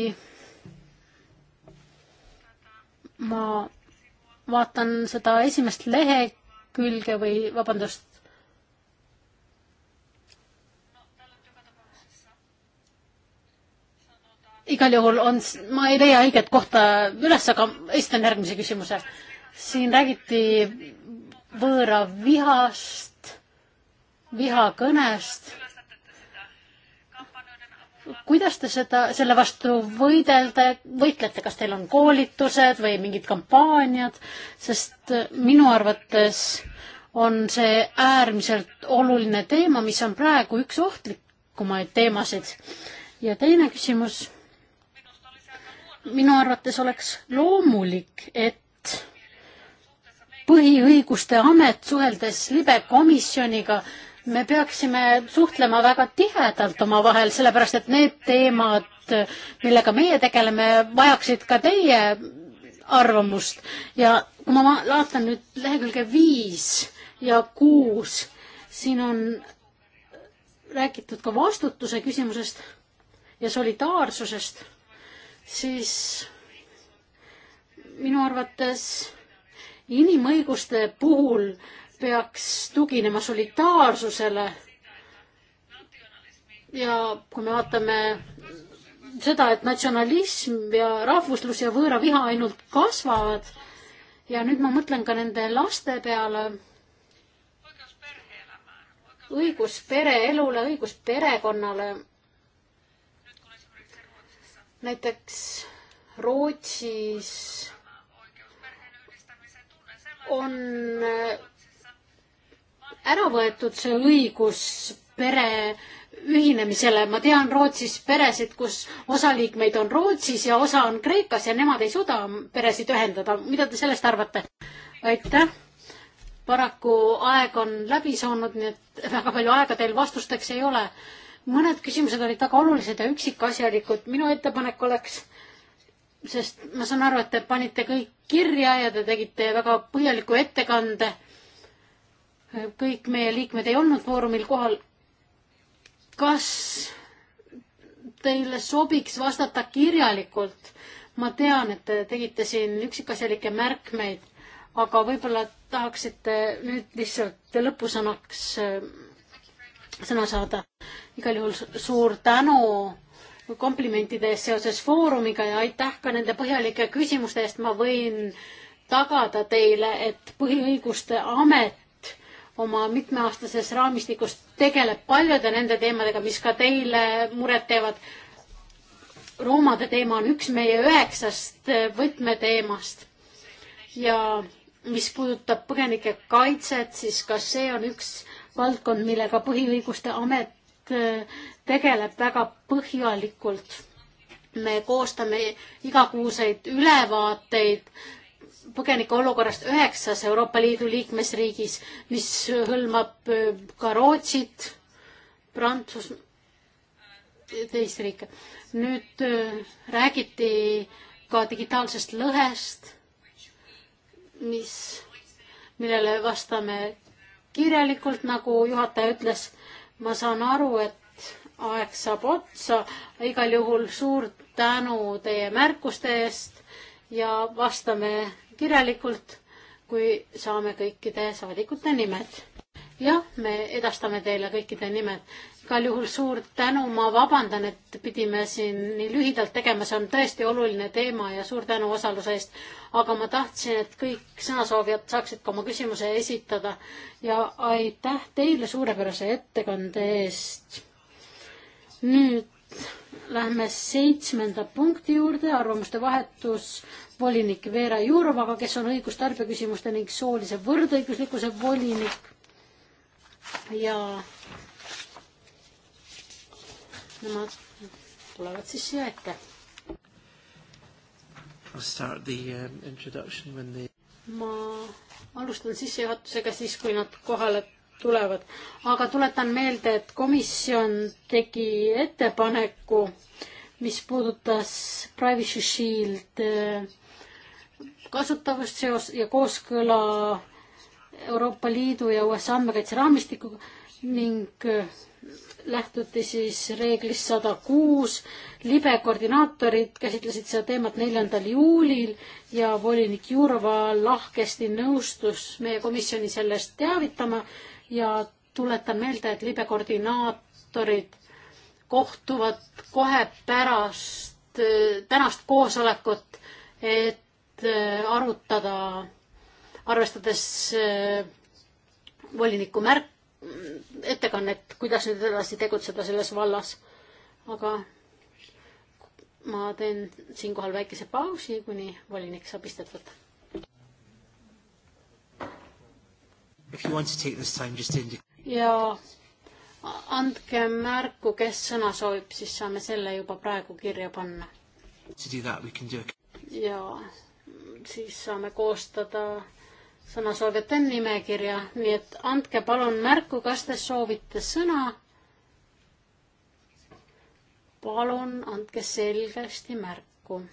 Speaker 2: ma vaatan seda esimest lehekülge või vabandust, igal juhul on, ma ei leia õiget kohta üles, aga esitan järgmise küsimuse. siin räägiti võõra vihast, vihakõnest kuidas te seda, selle vastu võidelda, võitlete, kas teil on koolitused või mingid kampaaniad, sest äh, minu arvates on see äärmiselt oluline teema, mis on praegu üks ohtlikumaid teemasid. ja teine küsimus. minu arvates oleks loomulik, et põhiõiguste amet suheldes libekomisjoniga me peaksime suhtlema väga tihedalt omavahel, sellepärast et need teemad, millega meie tegeleme, vajaksid ka teie arvamust ja kui ma vaatan nüüd lehekülge viis ja kuus, siin on räägitud ka vastutuse küsimusest ja solidaarsusest, siis minu arvates inimõiguste puhul äh, peaks tuginema solidaarsusele. ja kui me vaatame seda, et natsionalism ja rahvuslus ja võõra viha ainult kasvavad ja nüüd ma mõtlen ka nende laste peale. õigus pereelule, õigus perekonnale. näiteks Rootsis on ära võetud see õigus pere ühinemisele. ma tean Rootsis peresid, kus osa liikmeid on Rootsis ja osa on Kreekas ja nemad ei suuda peresid ühendada. mida te sellest arvate? aitäh. paraku aeg on läbi saanud, nii et väga palju aega teil vastusteks ei ole. mõned küsimused olid väga olulised ja üksikasjalikud. minu ettepanek oleks, sest ma saan aru, et te panite kõik kirja ja te tegite väga põhjaliku ettekande kõik meie liikmed ei olnud foorumil kohal. kas teile sobiks vastata kirjalikult? ma tean, et te tegite siin üksikasjalikke märkmeid, aga võib-olla tahaksite nüüd lihtsalt lõpusõnaks äh, sõna saada. igal juhul suur tänu komplimentide eest seoses foorumiga ja aitäh ka nende põhjalike küsimuste eest. ma võin tagada teile, et Põhiõiguste Amet oma mitmeaastases raamistikus tegeleb paljude nende teemadega, mis ka teile muret teevad. roomade teema on üks meie üheksast võtmeteemast ja mis puudutab põgenike kaitset, siis kas see on üks valdkond, millega Põhiõiguste Amet äh, tegeleb väga põhjalikult. me koostame igakuuseid ülevaateid põgenike olukorrast üheksas Euroopa Liidu liikmesriigis, mis hõlmab äh, ka Rootsit, Prantsus-, teist riike. nüüd äh, räägiti ka digitaalsest lõhest, mis, millele vastame kirjalikult, nagu juhataja ütles. ma saan aru, et aeg saab otsa, igal juhul suur tänu teie märkuste eest ja vastame kirjalikult, kui saame kõikide saadikute nimed. jah, me edastame teile kõikide nimed. igal juhul suur tänu, ma vabandan, et pidime siin nii lühidalt tegema, see on tõesti oluline teema ja suur tänu osaluse eest. aga ma tahtsin, et kõik sõnasoovijad saaksid ka oma küsimuse esitada ja aitäh teile suurepärase ettekande eest. nüüd Lähme seitsmenda punkti juurde, arvamuste vahetus volinik Veera Jurovaga, kes on õigus tarbeküsimuste ning soolise võrdõiguslikkuse volinik. ja nemad tulevad siis siia ette. Um, ma alustan sissejuhatusega siis, kui nad kohale tulevad. aga tuletan meelde, et komisjon tegi ettepaneku, mis puudutas Privacy Shield äh, kasutavust seos ja kooskõla Euroopa Liidu ja USA andmekaitseraamistikuga ning äh, lähtuti siis reeglist sada kuus. libe koordinaatorid käsitlesid seda teemat neljandal juulil ja volinik Jurva lahkesti nõustus meie komisjoni sellest teavitama ja tuletan meelde, et libe koordinaatorid kohtuvad kohe pärast eh, tänast koosolekut, et eh, arutada, arvestades eh, voliniku märk-, ettekannet, kuidas nüüd edasi tegutseda selles vallas. aga ma teen siinkohal väikese pausi, kuni volinik saab istetud
Speaker 1: If you want to take this time just to indicate.
Speaker 2: ja andke märku, kes sõna soovib, siis saame selle juba praegu kirja panna.
Speaker 1: To do that we can do it.
Speaker 2: ja siis saame koostada sõnasoovijate nimekirja, nii et andke palun märku, kas te soovite sõna. palun andke selgesti märku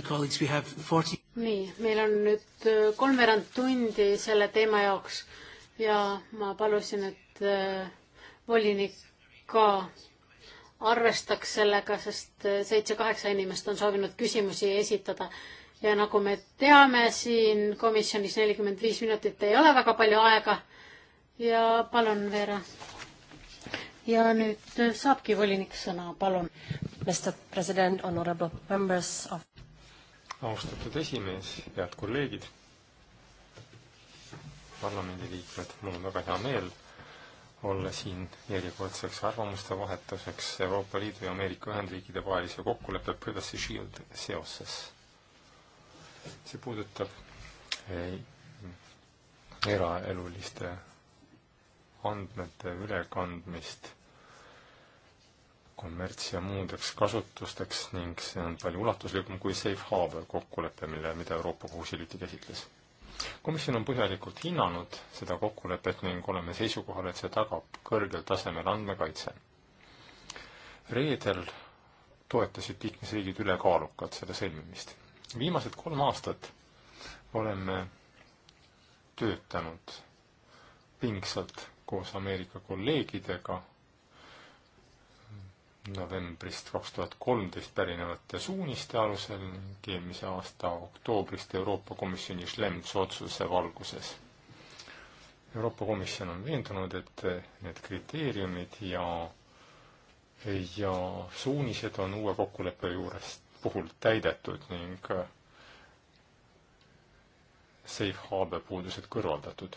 Speaker 2: nii, meil on nüüd äh, kolmveerand tundi selle teema jaoks ja ma palusin, et äh, volinik ka arvestaks sellega, sest äh, seitse-kaheksa inimest on soovinud küsimusi esitada. ja nagu me teame, siin komisjonis nelikümmend viis minutit ei ole väga palju aega. ja palun, Veera. ja nüüd saabki volinik sõna, palun. Mr President, honorable members of
Speaker 1: austatud esimees, head kolleegid, parlamendiliikmed, mul on väga hea meel olla siin erikordseks arvamuste vahetuseks Euroopa Liidu ja Ameerika Ühendriikide vahelise kokkuleppe Privacy Shield seoses. see puudutab eh, eraeluliste andmete ülekandmist kommerts- ja muudeks kasutusteks ning see on palju ulatuslikum kui Safe Harbor kokkulepe, mille, mida Euroopa Kohus hiljuti käsitles. komisjon on põhjalikult hinnanud seda kokkulepet ning oleme seisukohal, et see tagab kõrgel tasemel andmekaitse. reedel toetasid liikmesriigid ülekaalukalt selle sõlmimist. viimased kolm aastat oleme töötanud pingsalt koos Ameerika kolleegidega novembrist kaks tuhat kolmteist pärinevate suuniste alusel ning eelmise aasta oktoobrist Euroopa Komisjoni Schlems otsuse valguses. Euroopa Komisjon on veendunud, et need kriteeriumid ja, ja suunised on uue kokkuleppe juures, puhul täidetud ning safe harbor puudused kõrvaldatud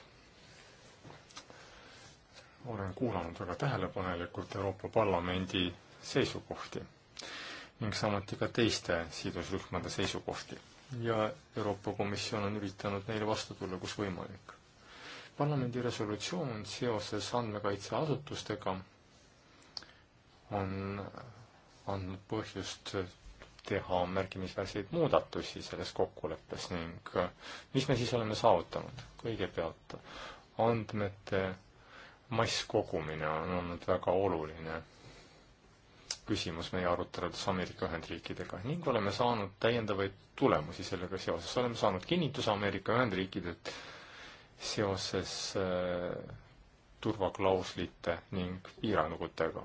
Speaker 1: olen kuulanud väga tähelepanelikult Euroopa Parlamendi seisukohti ning samuti ka teiste sidusrühmade seisukohti ja Euroopa Komisjon on üritanud neile vastu tulla, kus võimalik. parlamendi resolutsioon seoses andmekaitseasutustega on andnud põhjust teha märkimisväärseid muudatusi selles kokkuleppes ning mis me siis oleme saavutanud? kõigepealt andmete masskogumine on olnud väga oluline küsimus meie aruteludes Ameerika Ühendriikidega ning oleme saanud täiendavaid tulemusi sellega seoses. oleme saanud kinnituse Ameerika Ühendriikidelt seoses äh, turvaklauslite ning piirangutega.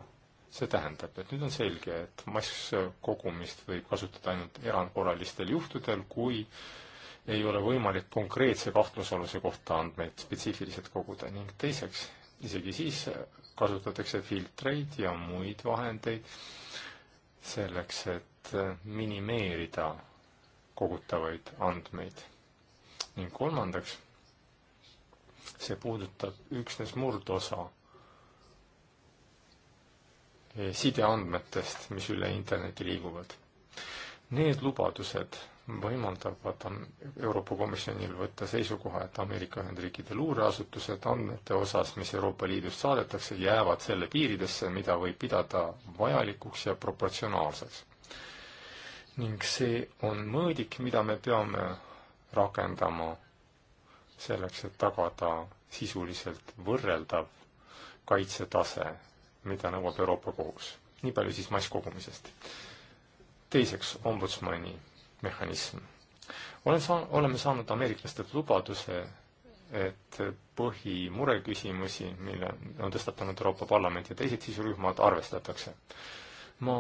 Speaker 1: see tähendab, et nüüd on selge, et masskogumist võib kasutada ainult erandkorralistel juhtudel, kui ei ole võimalik konkreetse kahtlusaluse kohta andmeid spetsiifiliselt koguda ning teiseks isegi siis kasutatakse filtreid ja muid vahendeid selleks, et minimeerida kogutavaid andmeid. ning kolmandaks, see puudutab üksnes murdosa sideandmetest, mis üle interneti liiguvad. Need lubadused võimaldavad Euroopa Komisjonil võtta seisukoha, et Ameerika Ühendriikide luureasutused andmete osas, mis Euroopa Liidust saadetakse, jäävad selle piiridesse, mida võib pidada vajalikuks ja proportsionaalseks. ning see on mõõdik, mida me peame rakendama selleks, et tagada sisuliselt võrreldav kaitsetase, mida nõuab Euroopa Kohus. nii palju siis masskogumisest. teiseks, ombudsmani mehhanism. olen saa-, oleme saanud ameeriklastelt lubaduse, et põhimureküsimusi, mille on tõstatanud Euroopa Parlament ja teised sisurühmad, arvestatakse. ma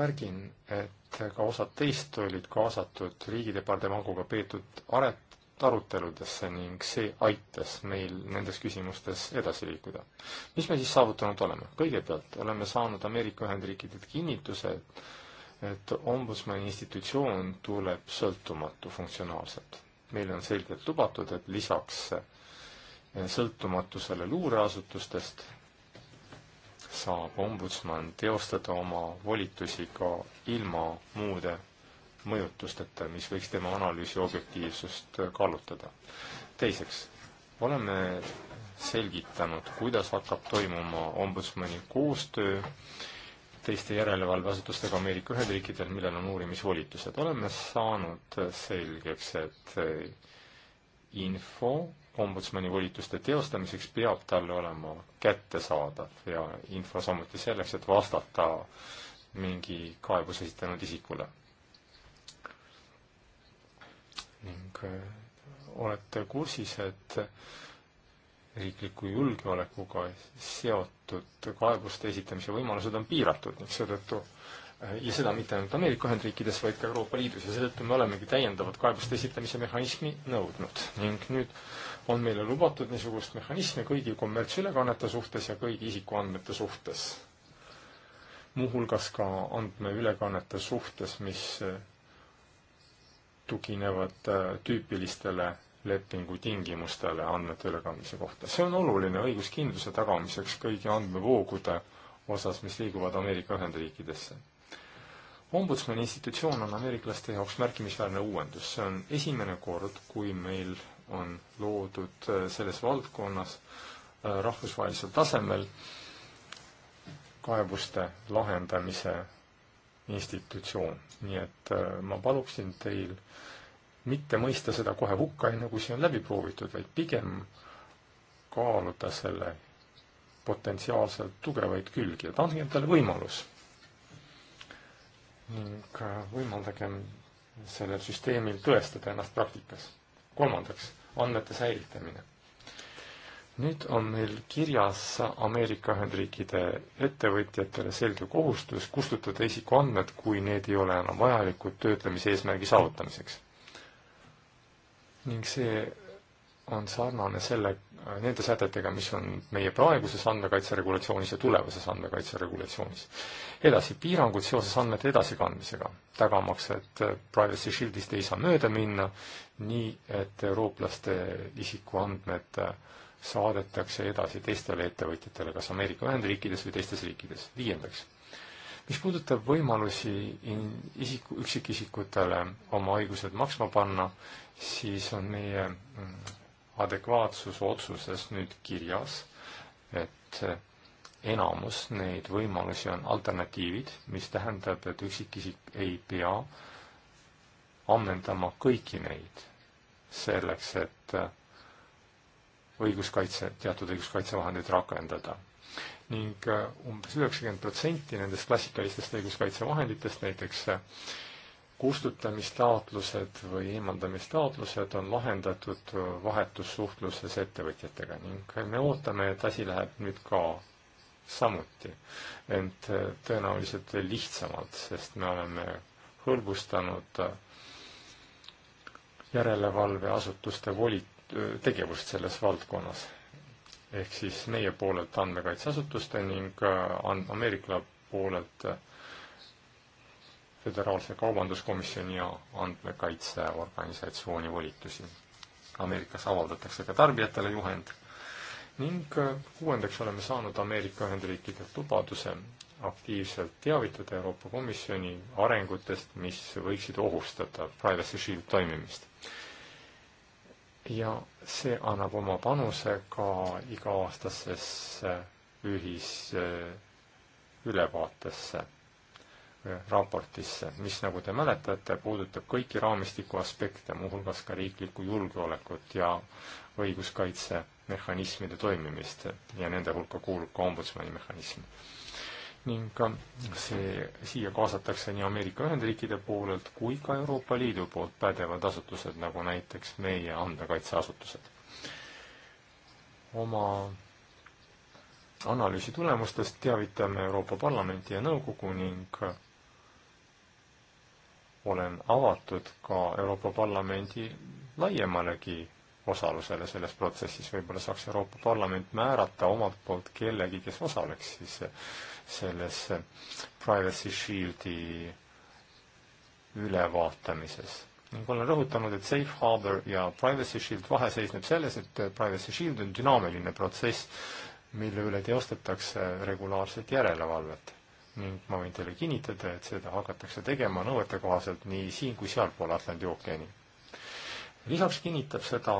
Speaker 1: märgin, et ka osad teist olid kaasatud Riigidepartemanguga peetud aret-, aruteludesse ning see aitas meil nendes küsimustes edasi liikuda. mis me siis saavutanud oleme? kõigepealt oleme saanud Ameerika Ühendriikidelt kinnituse, et et ombudsmani institutsioon tuleb sõltumatu funktsionaalselt. meile on selgelt lubatud, et lisaks eh, sõltumatusele luureasutustest saab ombudsman teostada oma volitusi ka ilma muude mõjutusteta, mis võiks tema analüüsi objektiivsust kallutada. teiseks, oleme selgitanud, kuidas hakkab toimuma ombudsmani koostöö äh, teiste järelevalveasutustega Ameerika Ühendriikidel, millel on uurimisvolitused. oleme saanud selgeks, et eh, info ombudsmani volituste teostamiseks peab talle olema kättesaadav ja info samuti selleks, et vastata mingi kaebuse esitanud isikule. ning eh, olete kursis, et riikliku julgeolekuga seotud kaebuste esitamise võimalused on piiratud ning seetõttu eh, ja seda mitte ainult Ameerika Ühendriikides, vaid ka Euroopa Liidus ja seetõttu me olemegi täiendavat kaebuste esitamise mehhanismi nõudnud ning nüüd on meile lubatud niisugust mehhanismi kõigi kommertsülekannete suhtes ja kõigi isikuandmete suhtes. muuhulgas ka andmeülekannete suhtes, mis eh, tuginevad eh, tüüpilistele lepingu tingimustele andmete ülekandmise kohta. see on oluline õiguskindluse tagamiseks kõigi andmevoogude osas, mis liiguvad Ameerika Ühendriikidesse. ombudsmani institutsioon on ameeriklaste jaoks märkimisväärne uuendus, see on esimene kord, kui meil on loodud äh, selles valdkonnas äh, rahvusvahelisel tasemel kaebuste lahendamise institutsioon. nii et äh, ma paluksin teil äh, mitte mõista seda kohe hukka, enne kui see on läbi proovitud, vaid pigem kaaluda selle potentsiaalselt tugevaid külgi, et andke endale võimalus. ning äh, võimaldagem sellel süsteemil tõestada ennast praktikas. kolmandaks, andmete säilitamine. nüüd on meil kirjas Ameerika Ühendriikide ettevõtjatele selge kohustus kustutada isikuandmed, kui need ei ole enam vajalikud töötlemise eesmärgi saavutamiseks ning see on sarnane selle, nende sätetega, mis on meie praeguses andmekaitse regulatsioonis ja tulevases andmekaitse regulatsioonis. edasi, piirangud seoses andmete edasikandmisega, tagamaks, et äh, Privacy Shieldist ei saa mööda minna, nii et eurooplaste isikuandmed äh, saadetakse edasi teistele ettevõtjatele, kas Ameerika Ühendriikides või teistes riikides. viiendaks mis puudutab võimalusi isiku, üksikisikutele oma õigused maksma panna, siis on meie mm, adekvaatsuse otsuses nüüd kirjas, et enamus neid võimalusi on alternatiivid, mis tähendab, et üksikisik ei pea ammendama kõiki neid selleks, et õiguskaitse, teatud õiguskaitsevahendeid rakendada ning äh, umbes üheksakümmend protsenti nendest klassikalistest õiguskaitsevahenditest, näiteks äh, kustutamistaotlused või eemaldamistaotlused on lahendatud äh, vahetussuhtluses ettevõtjatega ning me ootame, et asi läheb nüüd ka samuti, ent tõenäoliselt veel lihtsamalt, sest me oleme hõlbustanud järelevalveasutuste voli-, tegevust selles valdkonnas ehk siis meie poolelt andmekaitseasutuste ning äh, and-, Ameerika poolelt äh, Föderaalse Kaubanduskomisjoni ja Andmekaitseorganisatsiooni volitusi. Ameerikas avaldatakse ka tarbijatele juhend ning äh, kuuendaks oleme saanud Ameerika Ühendriikidelt lubaduse aktiivselt teavitada Euroopa Komisjoni arengutest, mis võiksid ohustada Privacy Shield toimimist ja see annab oma panuse ka iga-aastasesse ühisülevaatesse, äh, äh, raportisse, mis, nagu te mäletate, puudutab kõiki raamistiku aspekte, muuhulgas ka riiklikku julgeolekut ja õiguskaitsemehhanismide toimimist ja nende hulka kuulub ka ombudsmani mehhanism ning see, siia kaasatakse nii Ameerika Ühendriikide poolelt kui ka Euroopa Liidu poolt pädevad asutused, nagu näiteks meie andmekaitseasutused. oma analüüsi tulemustest teavitame Euroopa Parlamenti ja Nõukogu ning olen avatud ka Euroopa Parlamendi laiemalegi osalusele selles protsessis, võib-olla saaks Euroopa Parlament määrata omalt poolt kellegi, kes osaleks siis selles Privacy Shieldi ülevaatamises. ning olen rõhutanud, et Safe Harbor ja Privacy Shield vahe seisneb selles, et Privacy Shield on dünaamiline protsess, mille üle teostatakse regulaarset järelevalvet. ning ma võin teile kinnitada, et seda hakatakse tegema nõuetekohaselt nii siin kui sealpool Atlandi ookeani lisaks kinnitab seda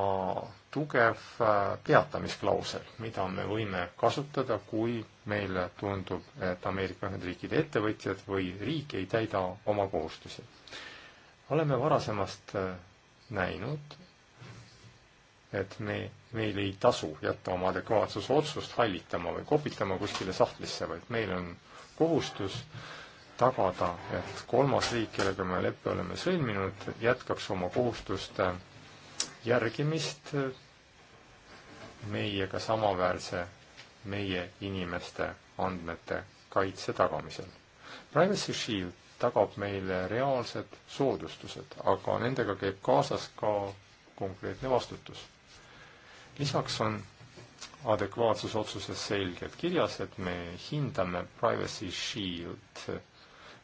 Speaker 1: tugev äh, peatamisklausel, mida me võime kasutada, kui meile tundub, et Ameerika Ühendriikide ettevõtjad või riik ei täida oma kohustusi. oleme varasemast äh, näinud, et me, meil ei tasu jätta oma adekvaatsuse otsust hallitama või kopitama kuskile sahtlisse, vaid meil on kohustus tagada, et kolmas riik, kellega me leppe oleme sõlminud, jätkaks oma kohustuste äh, järgimist meiega samaväärse meie inimeste andmete kaitse tagamisel. Privacy Shield tagab meile reaalsed soodustused, aga nendega käib kaasas ka konkreetne vastutus. lisaks on adekvaatsusotsuses selgelt kirjas, et me hindame Privacy Shield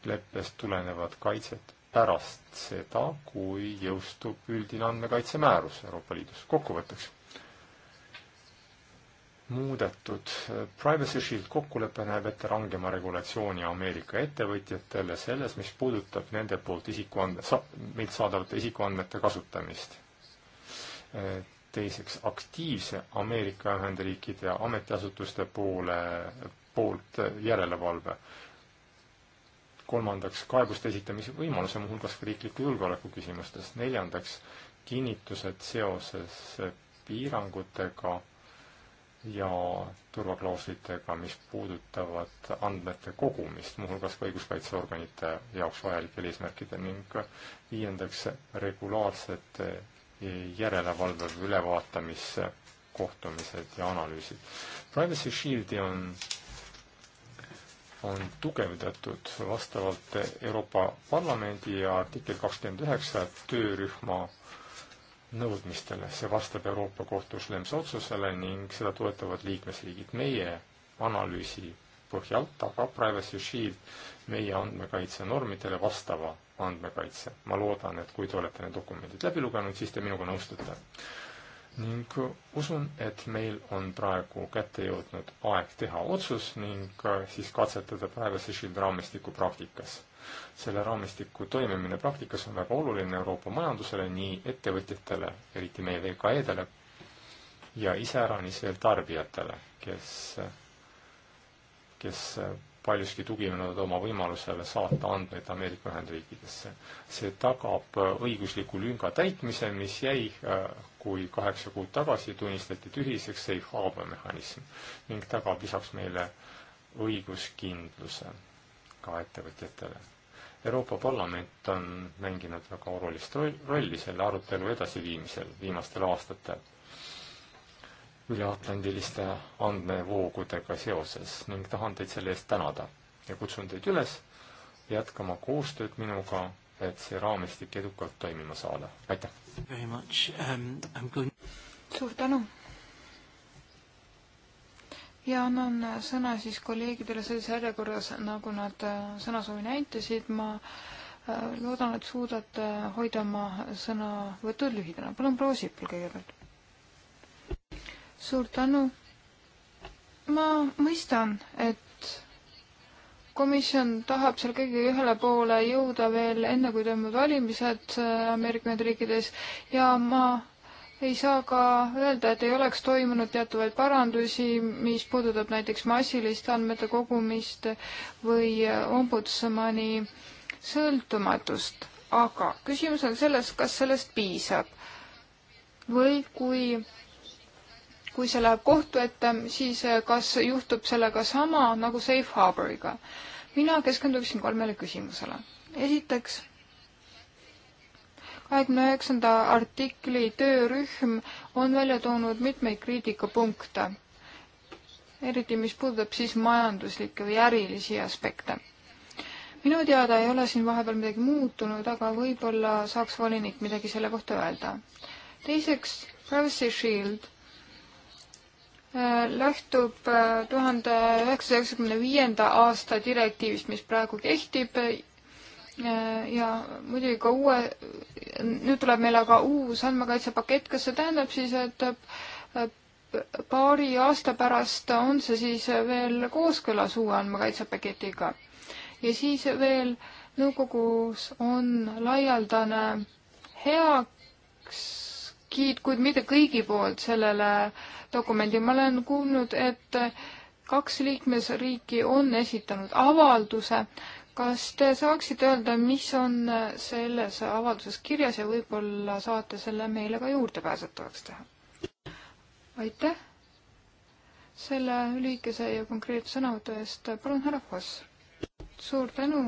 Speaker 1: leppest tulenevat kaitset pärast seda, kui jõustub üldine andmekaitsemäärus Euroopa Liidus. kokkuvõtteks. muudetud Privacy Shield kokkulepe näeb ette rangema regulatsiooni Ameerika ettevõtjatele selles, mis puudutab nende poolt isikuandme, meilt saadavate isikuandmete kasutamist teiseks aktiivse Ameerika Ühendriikide ametiasutuste poole, poolt järelevalve kolmandaks, kaebuste esitamise võimaluse, muuhulgas ka riikliku julgeoleku küsimustes, neljandaks, kinnitused seoses piirangutega ja turvaklauslitega, mis puudutavad andmete kogumist, muuhulgas ka õiguskaitseorganite jaoks vajalikel eesmärkidel ning viiendaks, regulaarsed järelevalve või ülevaatamiskohtumised ja analüüsid. Privacy Shieldi on on tugevdatud vastavalt Euroopa Parlamendi ja artikkel kakskümmend üheksa töörühma nõudmistele. see vastab Euroopa Kohtu Schlemms otsusele ning seda toetavad liikmesriigid. meie analüüsi põhjal tagab Privacy Shield meie andmekaitsenormidele vastava andmekaitse. ma loodan, et kui te olete need dokumendid läbi lugenud, siis te minuga nõustute ning usun, et meil on praegu kätte jõudnud aeg teha otsus ning äh, siis katsetada Privacy Shield raamistiku praktikas. selle raamistiku toimimine praktikas on väga oluline Euroopa majandusele, nii ettevõtjatele, eriti meie VKE-dele, ja iseäranis veel tarbijatele, kes, kes paljuski tuginevad oma võimalusele saata andmeid Ameerika Ühendriikidesse. see tagab äh, õigusliku lünga täitmise, mis jäi, äh, kui kaheksa kuud tagasi tunnistati tühiseks safe harbor mehhanism ning tagab lisaks meile õiguskindluse ka ettevõtjatele. Euroopa Parlament on mänginud väga olulist rolli selle arutelu edasiviimisel viimastel aastatel üleatlandiliste andmevoogudega seoses ning tahan teid selle eest tänada ja kutsun teid üles jätkama koostööd minuga, et see raamistik edukalt toimima saada. aitäh!
Speaker 2: Um,
Speaker 3: suur tänu! ja annan sõna siis kolleegidele selles järjekorras, nagu nad äh, sõnasoovi näitasid, ma äh, loodan, et suudate hoida oma sõnavõtud lühidana. palun proua Sipul kõigepealt suur tänu. ma mõistan, et komisjon tahab seal kõige ühele poole jõuda veel enne, kui toimuvad valimised äh, Ameerika Ühendriikides ja ma ei saa ka öelda, et ei oleks toimunud teatavaid parandusi, mis puudutab näiteks massilist andmete kogumist või ombudsmani sõltumatust, aga küsimus on selles, kas sellest piisab või kui kui see läheb kohtu ette, siis äh, kas juhtub sellega sama nagu safe harboriga? mina keskenduksin kolmele küsimusele. esiteks, kahekümne üheksanda artikli töörühm on välja toonud mitmeid kriitikapunkte, eriti mis puudutab siis majanduslikke või ärilisi aspekte minu teada ei ole siin vahepeal midagi muutunud, aga võib-olla saaks volinik midagi selle kohta öelda. teiseks, Privacy Shield lähtub äh, tuhande üheksasaja üheksakümne viienda aasta direktiivist, mis praegu kehtib äh, ja muidugi ka uue, nüüd tuleb meile ka uus andmekaitsepakett, kas see tähendab siis, et äh, paari aasta pärast on see siis veel kooskõlas uue andmekaitsepaketiga? ja siis veel nõukogus on laialdane heaks kiid, kuid mitte kõigi poolt sellele dokumendile. ma olen kuulnud, et kaks liikmesriiki on esitanud avalduse. kas te saaksite öelda, mis on selles avalduses kirjas ja võib-olla saate selle meile ka juurdepääsetavaks teha? aitäh selle lühikese ja konkreetse sõnavõtu eest. palun, härra Foss. suur tänu,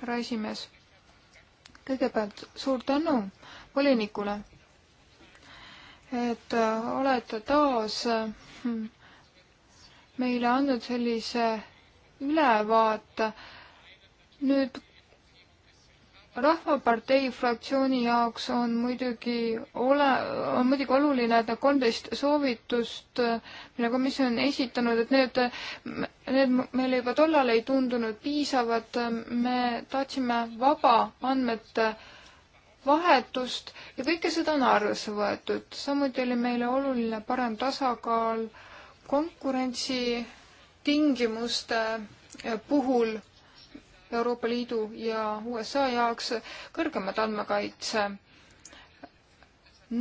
Speaker 3: härra esimees. kõigepealt suur tänu volinikule et äh, olete taas äh, meile andnud sellise ülevaate. nüüd Rahvapartei fraktsiooni jaoks on muidugi ole, on muidugi oluline, et need kolmteist soovitust, äh, mille komisjon on esitanud, et need, need meile juba tollal ei tundunud piisavad. me tahtsime vaba andmete äh, vahetust ja kõike seda on arvesse võetud. samuti oli meile oluline parem tasakaal konkurentsi tingimuste eh, puhul Euroopa Liidu ja USA jaoks kõrgemad andmekaitse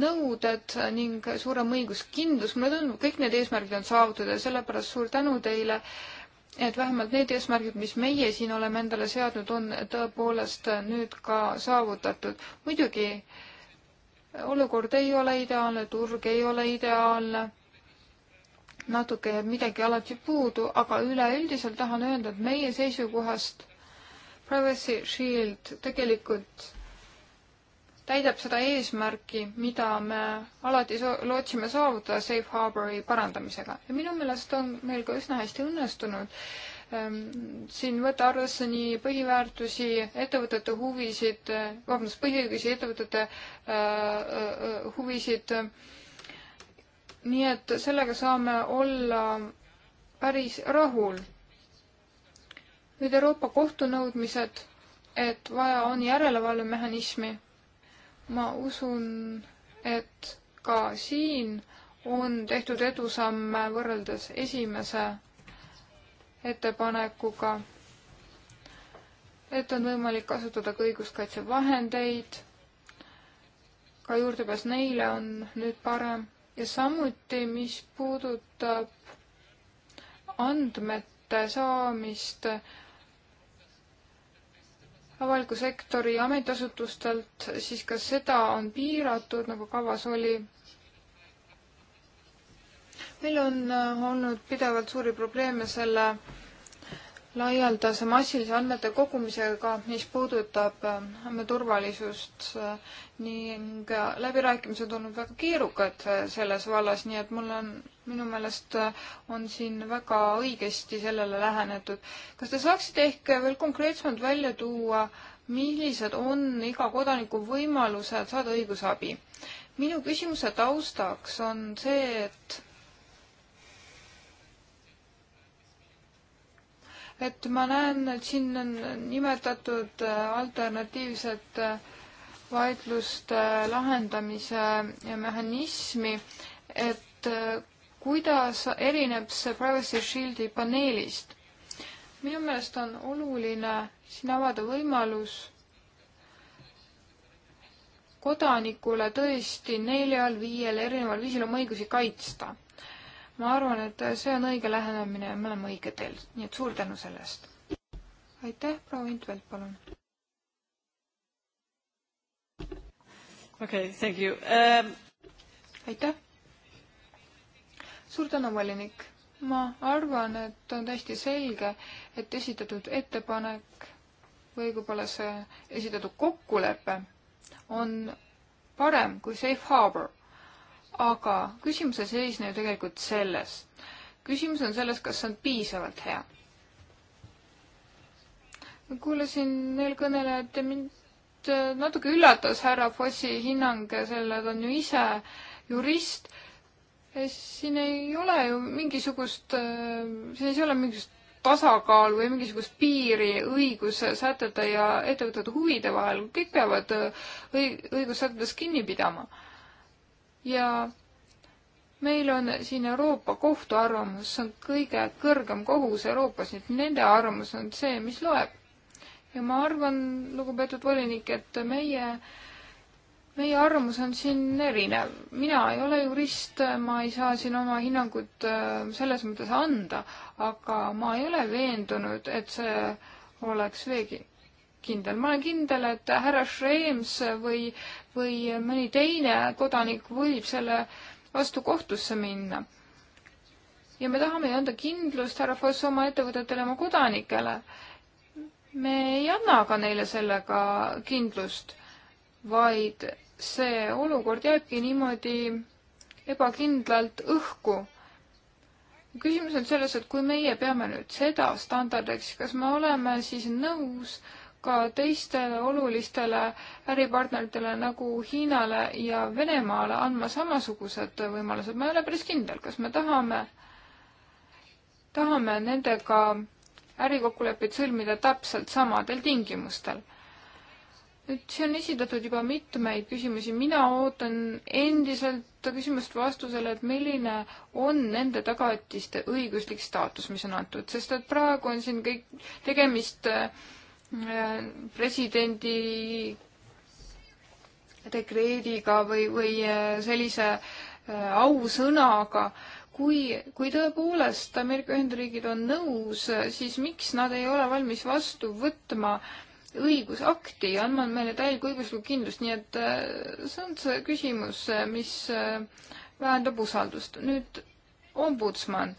Speaker 3: nõuded ning suurem õiguskindlus. mulle tundub, kõik need eesmärgid on saavutatud ja sellepärast suur tänu teile äh, et vähemalt need eesmärgid, mis meie siin oleme endale seadnud, on tõepoolest nüüd ka saavutatud. muidugi olukord ei ole ideaalne, turg ei ole ideaalne, natuke jääb midagi alati puudu, aga üleüldiselt tahan öelda, et meie seisukohast Privacy Shield tegelikult täidab seda eesmärki, mida me alati so lootsime saavutada safe harbori parandamisega ja minu meelest on meil ka üsna hästi õnnestunud ehm, siin võtta arvesse nii põhiväärtusi, ettevõtete huvisid, eh, vabandust, põhiõigusi, ettevõtete äh, huvisid. nii et sellega saame olla päris rahul. nüüd Euroopa kohtu nõudmised, et vaja on järelevalvemehhanismi ma usun, et ka siin on tehtud edusamme võrreldes esimese ettepanekuga, et on võimalik kasutada ka õiguskaitsevahendeid, ka juurdepääs neile on nüüd parem ja samuti, mis puudutab andmete saamist äh, avaliku sektori ametiasutustelt, siis ka seda on piiratud, nagu kavas oli. meil on äh, olnud pidevalt suuri probleeme selle laialdase massilise andmete kogumisega, mis puudutab äh, andmeturvalisust äh, ning äh, läbirääkimised on olnud väga keerukad selles vallas, nii et mul on, minu meelest on siin väga õigesti sellele lähenetud. kas te saaksite ehk veel konkreetsemalt välja tuua, millised on iga kodaniku võimalused saada õigusabi? minu küsimuse taustaks on see, et et ma näen, et siin on nimetatud äh, alternatiivset äh, vaidluste lahendamise äh, mehhanismi, et kuidas erineb see Privacy Shieldi paneelist? minu meelest on oluline siin avada võimalus kodanikule tõesti neljal-viiel erineval viisil oma õigusi kaitsta ma arvan, et see on õige lähenemine ja me oleme õige teel, nii et suur tänu selle eest. aitäh, proua Intvelt, palun. okei okay,, thank you um... Uh.... aitäh. suur tänu, volinik. ma arvan, et on täiesti selge, et esitatud ettepanek või võib-olla see esitatud kokkulepe on parem kui safe harbor aga küsimus ei seisne ju tegelikult selles. küsimus on selles, kas see on piisavalt hea. ma kuulasin eelkõnelejat ja mind äh, natuke üllatas härra Fossi hinnang, selle ta on ju ise jurist. siin ei ole ju mingisugust, äh, siin ei ole mingisugust tasakaalu või mingisugust piiri õiguse sätete ja ettevõtete huvide vahel, kõik peavad äh, õigussätetes kinni pidama ja meil on siin Euroopa Kohtu arvamus, see on kõige kõrgem kohus Euroopas, nii et nende arvamus on see, mis loeb. ja ma arvan, lugupeetud volinik, et meie, meie arvamus on siin erinev. mina ei ole jurist, ma ei saa siin oma hinnangut äh, selles mõttes anda, aga ma ei ole veendunud, et see oleks veegi kindel. ma olen kindel, et härra Schrems või, või mõni teine kodanik võib selle vastu kohtusse minna. ja me tahame anda kindlust härra Foss oma ettevõtetele, oma kodanikele. me ei anna aga neile sellega kindlust, vaid see olukord jääbki niimoodi ebakindlalt õhku küsimus on selles, et kui meie peame nüüd seda standardiks, kas me oleme siis nõus äh, ka teistele olulistele äripartneritele nagu Hiinale ja Venemaale andma samasugused võimalused. ma ei ole päris kindel, kas me tahame, tahame nendega ärikokkuleppeid sõlmida täpselt samadel tingimustel. nüüd siin on esitatud juba mitmeid küsimusi, mina ootan endiselt küsimust vastusele, et milline on nende tagatiste õiguslik staatus, mis on antud, sest et praegu on siin kõik tegemist äh, presidendi dekreediga või, või äh, sellise äh, ausõnaga, kui, kui tõepoolest Ameerika Ühendriigid on nõus, siis miks nad ei ole valmis vastu võtma õigusakti ja andma meile täielikku õiguslikku kindlust, nii et äh, see on see küsimus, mis vähendab usaldust. nüüd ombudsman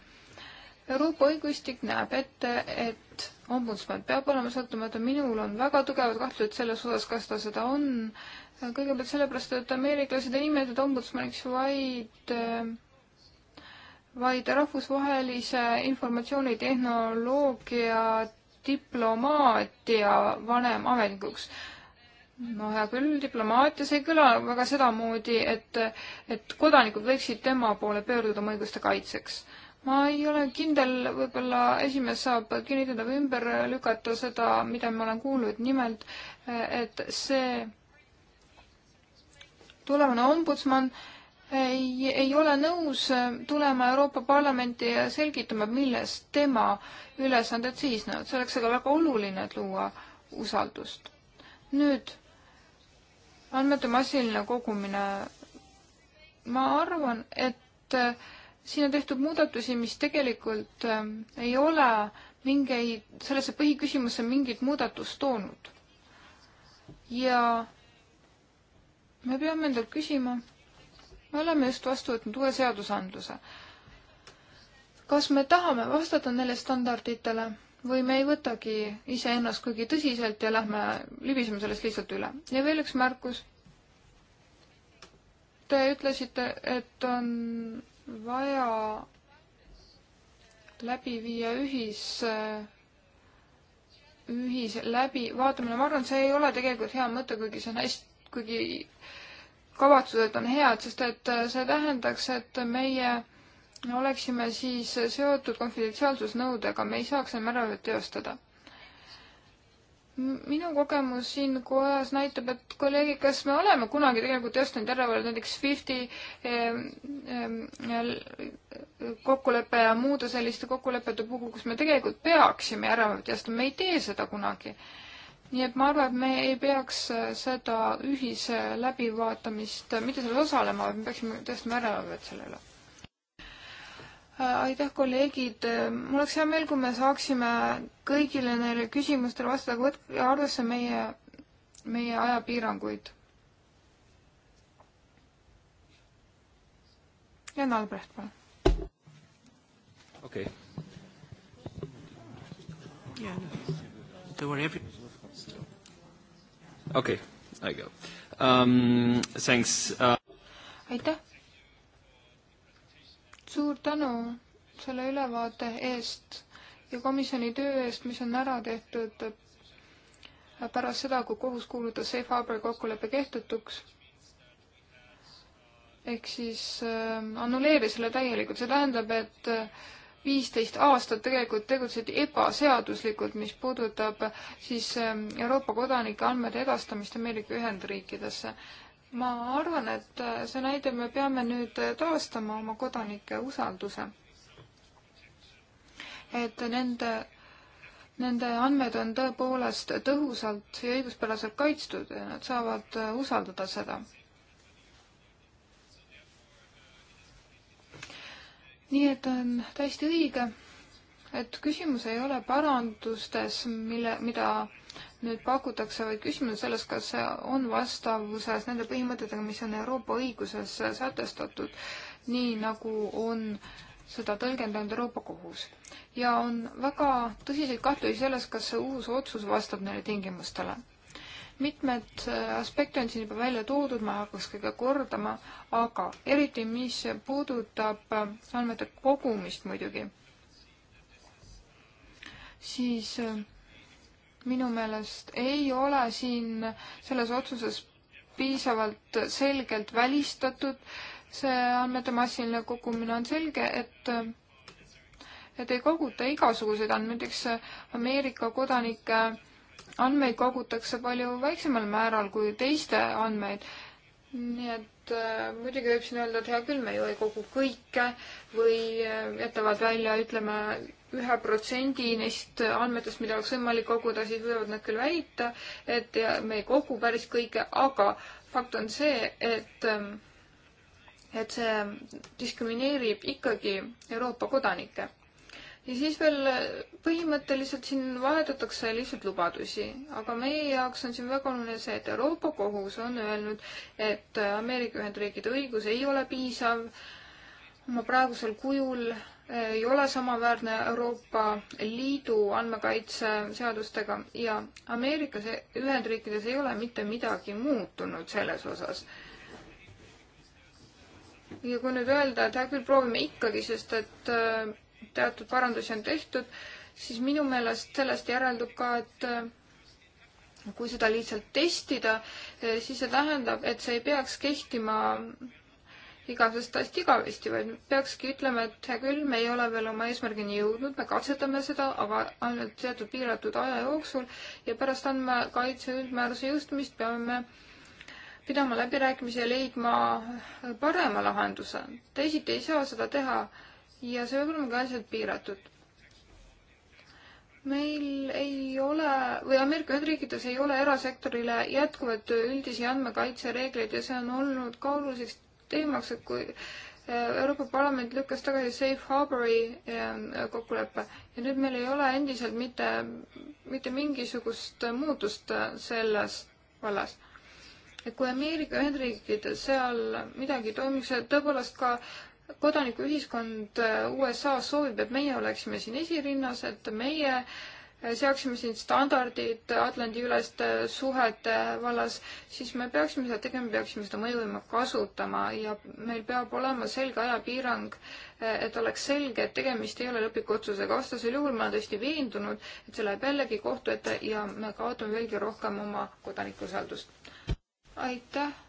Speaker 3: Euroopa õigustik näeb ette, et ombudsman peab olema sõltumatu, minul on väga tugevad kahtlused selles osas, kas ta seda on. kõigepealt sellepärast, et ameeriklased ei nimetatud ombudsmaniks, vaid vaid rahvusvahelise informatsioonitehnoloogia diplomaatia vanemametnikuks no hea küll, diplomaatias ei kõla väga sedamoodi, et, et kodanikud võiksid tema poole pöörduda oma õiguste kaitseks ma ei ole kindel, võib-olla esimees saab kinnitada või ümber lükata seda, mida ma olen kuulnud, nimelt et see tulevane ombudsman ei, ei ole nõus tulema Euroopa Parlamenti ja selgitama, milles tema ülesanded seisnevad no,. see oleks aga väga oluline, et luua usaldust. nüüd andmete massiline kogumine. ma arvan, et äh, siin on tehtud muudatusi, mis tegelikult äh, ei ole mingeid, sellesse põhiküsimusse mingit muudatust toonud. ja me peame endalt küsima, me oleme just vastu võtnud uue seadusandluse. kas me tahame vastata neile standarditele või me ei võtagi iseennast kuigi tõsiselt ja lähme libiseme sellest lihtsalt üle? ja veel üks märkus. Te ütlesite, et on vaja läbi viia ühis, ühisläbi vaatamine, ma arvan, see ei ole tegelikult hea mõte, kuigi see on hästi, kuigi kavatsused on head, sest et see tähendaks, et meie oleksime siis seotud konfidentsiaalsusnõudega, me ei saaks enam järelevalvet teostada minu kogemus siin kojas näitab, et kolleegid, kas me oleme kunagi tegelikult tõstnud järelevalvet näiteks Fifty ehm, ehm, kokkuleppe ja muude selliste kokkulepete puhul, kus me tegelikult peaksime järelevalvet tõstma, me ei tee seda kunagi. nii et ma arvan, et me ei peaks äh, seda ühise läbivaatamist mitte selles osalema, vaid me peaksime tõstma järelevalvet selle üle aitäh, kolleegid. mul oleks hea meel, kui me saaksime kõigile neile küsimustele vastata, aga võtke arvesse meie, meie ajapiiranguid. Jan Albrecht, palun.
Speaker 1: okei okay..
Speaker 2: okei okay,, I go um,. Thanks uh....
Speaker 3: aitäh suur tänu selle ülevaate eest ja komisjoni töö eest, mis on ära tehtud pärast seda, kui kohus kuulutas safe harbor kokkuleppe kehtetuks. ehk siis äh, annuleeris selle täielikult, see tähendab, et äh, viisteist aastat tegelikult tegutseti ebaseaduslikult, mis puudutab siis äh, Euroopa kodanike andmete edastamist Ameerika Ühendriikidesse ma arvan, et see näitab, me peame nüüd taastama oma kodanike usalduse. et nende, nende andmed on tõepoolest tõhusalt ja õiguspäraselt kaitstud ja nad saavad usaldada seda. nii et on täiesti õige, et küsimus ei ole parandustes, mille, mida nüüd pakutakse, vaid küsimus on selles, kas see on vastavuses nende põhimõtetega, mis on Euroopa õiguses sätestatud, nii nagu on seda tõlgendanud Euroopa Kohus. ja on väga tõsiseid kahtlusi selles, kas see uus otsus vastab neile tingimustele. mitmed aspekte on siin juba välja toodud, ma ei hakkaks kõike kordama, aga eriti, mis puudutab andmete kogumist muidugi, siis äh, minu meelest ei ole siin selles otsuses piisavalt selgelt välistatud see andmete massiline kogumine on selge, et et ei koguta igasuguseid andmeid, eks Ameerika kodanike andmeid kogutakse palju väiksemal määral kui teiste andmeid. nii et äh, muidugi võib siin öelda, et hea küll, me ju ei kogu kõike või äh, jätavad välja, ütleme, ühe protsendi neist andmetest, mida oleks võimalik koguda, siis võivad nad küll väita, et me ei kogu päris kõike, aga fakt on see, et et see diskrimineerib ikkagi Euroopa kodanikke. ja siis veel põhimõtteliselt siin vahetatakse lihtsalt lubadusi, aga meie jaoks on siin väga oluline see, et Euroopa Kohus on öelnud, et Ameerika Ühendriikide õigus ei ole piisav oma praegusel kujul ei ole samaväärne Euroopa Liidu andmekaitseseadustega ja Ameerikas, e-, Ühendriikides ei ole mitte midagi muutunud selles osas. ja kui nüüd öelda, et hea küll, proovime ikkagi, sest et äh, teatud parandusi on tehtud, siis minu meelest sellest järeldub ka, et äh, kui seda lihtsalt testida, äh, siis see tähendab, et see ei peaks kehtima igavesest asjast igavesti, vaid peakski ütlema, et hea küll, me ei ole veel oma eesmärgini jõudnud, me katsetame seda, aga ainult teatud piiratud aja jooksul ja pärast andmekaitse üldmääruse jõustumist peame pidama läbirääkimisi ja leidma parema lahenduse. teisiti ei saa seda teha ja see võib olla ka asjad piiratud meil ei ole või Ameerika Ühendriikides ei ole erasektorile jätkuvalt üldisi andmekaitsereegleid ja see on olnud kaaluseks teemaks, et kui äh, Euroopa Parlament lükkas tagasi Safe Harbori ähm, kokkuleppe ja nüüd meil ei ole endiselt mitte, mitte mingisugust muutust äh, selles vallas. et kui Ameerika Ühendriikides seal midagi toimuks ja tõepoolest ka kodanikuühiskond äh, USA-s soovib, et meie oleksime siin esirinnas, et meie äh, seaksime siin standardid Atlandi-üleste suhete vallas, siis me peaksime seda tegema, peaksime seda mõjuvõimu kasutama ja meil peab olema selge ajapiirang, et oleks selge, et tegemist ei ole lõpliku otsusega. vastasel juhul ma olen tõesti veendunud, et see läheb jällegi kohtu ette ja me kaotame veelgi rohkem oma kodanike usaldust. aitäh!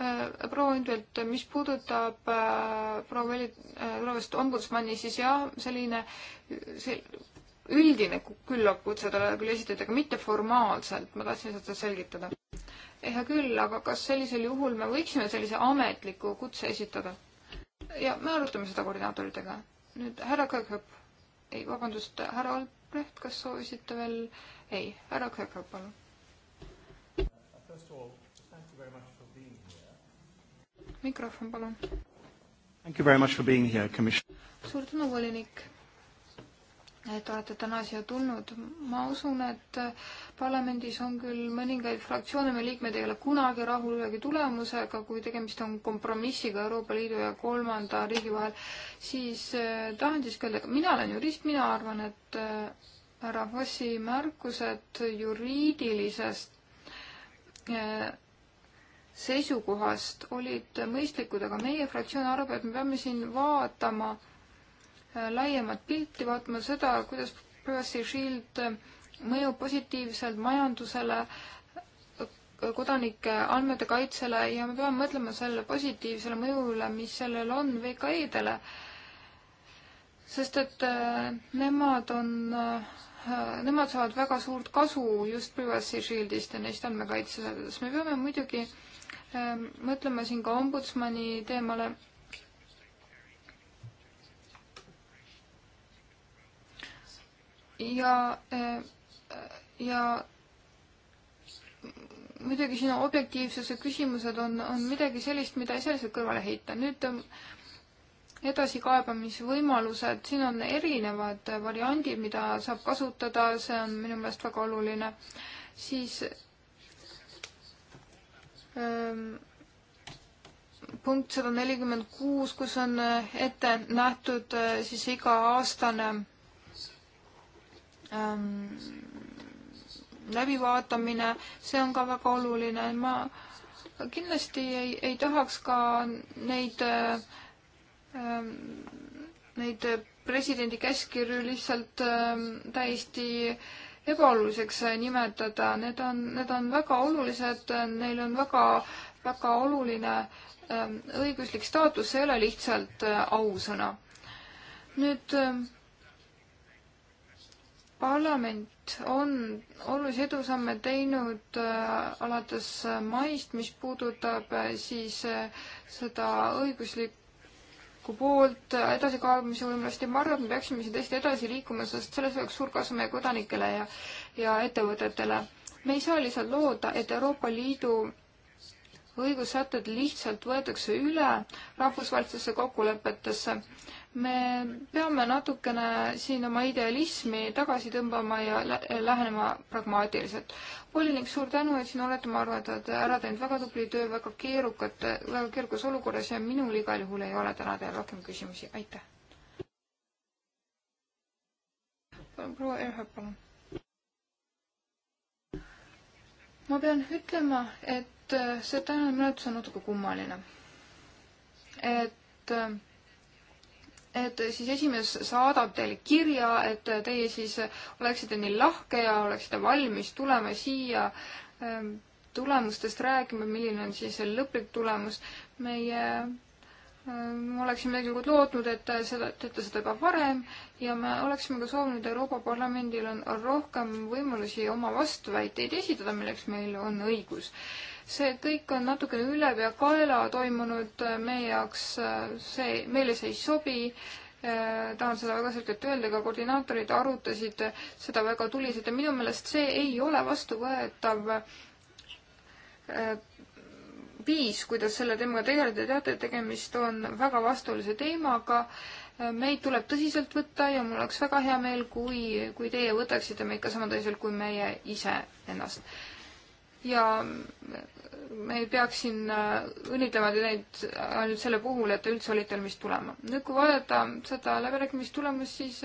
Speaker 3: Äh, proua Endvelt, mis puudutab äh, proua Veli-, tulevast äh, ombudsmani, siis jah, selline see üldine küllakutse talle küll esitati, aga mitte formaalselt, ma tahtsin seda selgitada. Eh, hea küll, aga kas sellisel juhul me võiksime sellise ametliku kutse esitada? ja me arutame seda koordinaatoritega. nüüd härra Kõõgõpp, ei vabandust, härra Albrecht, kas soovisite veel? ei, härra Kõõgõpp, palun.
Speaker 1: First of all,
Speaker 3: mikrofon, palun. suur tänu, volinik, et olete täna siia tulnud. ma usun, et parlamendis on küll mõningaid fraktsioone, meie liikmed ei ole kunagi rahul ühegi tulemusega, kui tegemist on kompromissiga Euroopa Liidu ja kolmanda riigi vahel, siis eh, tahan siiski öelda, mina olen jurist, mina arvan, et härra eh, Fossi märkused juriidilisest eh, seisukohast olid mõistlikud, aga meie fraktsioon arvab, et me peame siin vaatama äh, laiemat pilti, vaatama seda, kuidas Privacy Shield äh, mõjub positiivselt majandusele, äh, kodanike andmete kaitsele ja me peame mõtlema selle positiivsele mõjule, mis sellel on VKE-dele. sest et nemad on, nemad saavad väga suurt kasu just Privacy Shieldist ja neist andmekaitseseadusest. me peame muidugi äh, Ähm, mõtlema siin ka ombudsmani teemale. ja, äh, ja muidugi siin objektiivsuse küsimused on, on midagi sellist, mida ei selliselt kõrvale heita. nüüd ähm, edasikaebamisvõimalused, siin on erinevad variandid, mida saab kasutada, see on minu meelest väga oluline. siis Ehm, punkt sada nelikümmend kuus, kus on eh, ette nähtud eh, siis iga-aastane ähm, läbivaatamine, see on ka väga oluline. ma kindlasti ei, ei tahaks ka neid ähm,, neid presidendi käskkirju lihtsalt ähm, täiesti äh, ebaoluliseks nimetada, need on, need on väga olulised, neil on väga, väga oluline ähm, õiguslik staatus, see ei ole lihtsalt äh, ausõna. nüüd ähm, parlament on olulisi edusamme teinud äh, alates maist, mis puudutab äh, siis seda õiguslik, kui poolt edasikaalumise võimalusi, ma arvan, et me peaksime siin tõesti edasi liikuma, sest selles oleks suur kasu meie kodanikele ja, ja ettevõtetele. me ei saa lihtsalt loota, et Euroopa Liidu õigussätted lihtsalt võetakse üle rahvusvahelistesse kokkulepetesse me peame natukene siin oma idealismi tagasi tõmbama ja lä lähenema pragmaatiliselt. volinik, suur tänu, et siin olete, ma arvan, et olete ära teinud väga tubli töö väga keerukat, väga keerukas olukorras ja minul igal juhul ei ole täna teil rohkem küsimusi, aitäh. proua Erhard, palun. ma pean ütlema, et see tänane menetlus on natuke kummaline. et äh, et siis esimees saadab teile kirja, et teie siis oleksite nii lahke ja oleksite valmis tulema siia ähm, tulemustest räägima, milline on siis lõplik tulemus. meie ähm, me oleksime tegelikult nagu lootnud, et seda, teete seda ka varem ja me oleksime ka soovinud, Euroopa Parlamendil on rohkem võimalusi oma vastuväiteid esitada, milleks meil on õigus see kõik on natukene ülepeakaela toimunud äh, meie jaoks, äh, see, meile see ei sobi, äh, tahan seda väga selgelt öelda, ka koordinaatorid arutasid seda väga tuliselt ja minu meelest see ei ole vastuvõetav viis, kuidas selle teemaga tegeleda, teate, tegemist on väga vastuolise teemaga, meid tuleb tõsiselt võtta ja mul oleks väga hea meel, kui, kui teie võtaksite meid ka sama tõsiselt kui meie ise ennast ja me ei peaks siin äh, õnnitlema neid ainult äh, selle puhul, et te üldse olite valmis tulema. nüüd, kui vaadata seda läbirääkimistulemust, siis,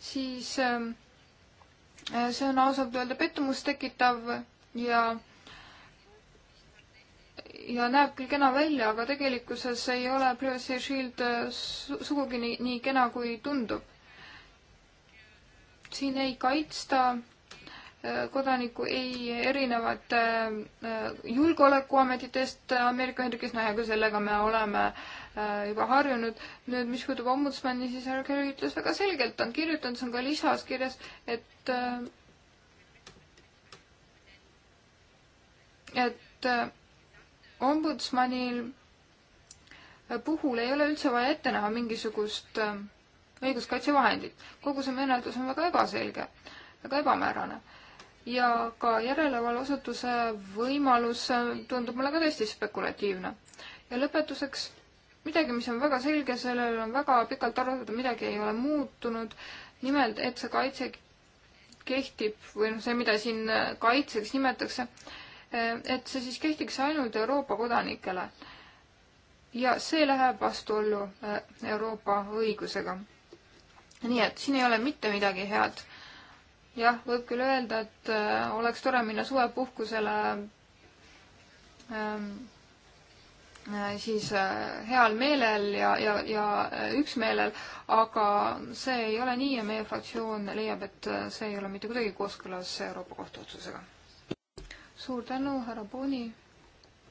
Speaker 3: siis äh, see on ausalt öelda pettumust tekitav ja, ja näeb küll kena välja, aga tegelikkuses ei ole Privacy Shield sugugi nii, nii kena, kui tundub. siin ei kaitsta kodanikku ei erinevad äh, julgeolekuametitest Ameerika Ühendriikides, no hea küll, sellega me oleme äh, juba harjunud. nüüd, mis puutub ombudsmani, siis härra Kerri ütles väga selgelt, ta on kirjutanud, see on ka lisas kirjas, et äh, et ombudsmanil puhul ei ole üldse vaja ette näha mingisugust õiguskaitsevahendit. kogu see menetlus on väga ebaselge, väga ebamäärane ja ka järelevalveasutuse võimalus tundub mulle ka tõesti spekulatiivne. ja lõpetuseks midagi, mis on väga selge, sellele on väga pikalt arvatud, midagi ei ole muutunud. nimelt, et see kaitse kehtib või noh, see, mida siin kaitseks nimetatakse, et see siis kehtiks ainult Euroopa kodanikele. ja see läheb vastuollu Euroopa õigusega. nii et siin ei ole mitte midagi head jah, võib küll öelda, et äh, oleks tore minna suvepuhkusele ähm, äh, siis äh, heal meelel ja, ja, ja üksmeelel, aga see ei ole nii ja meie fraktsioon leiab, et see ei ole mitte kuidagi kooskõlas Euroopa Kohtu otsusega. suur tänu, härra Boni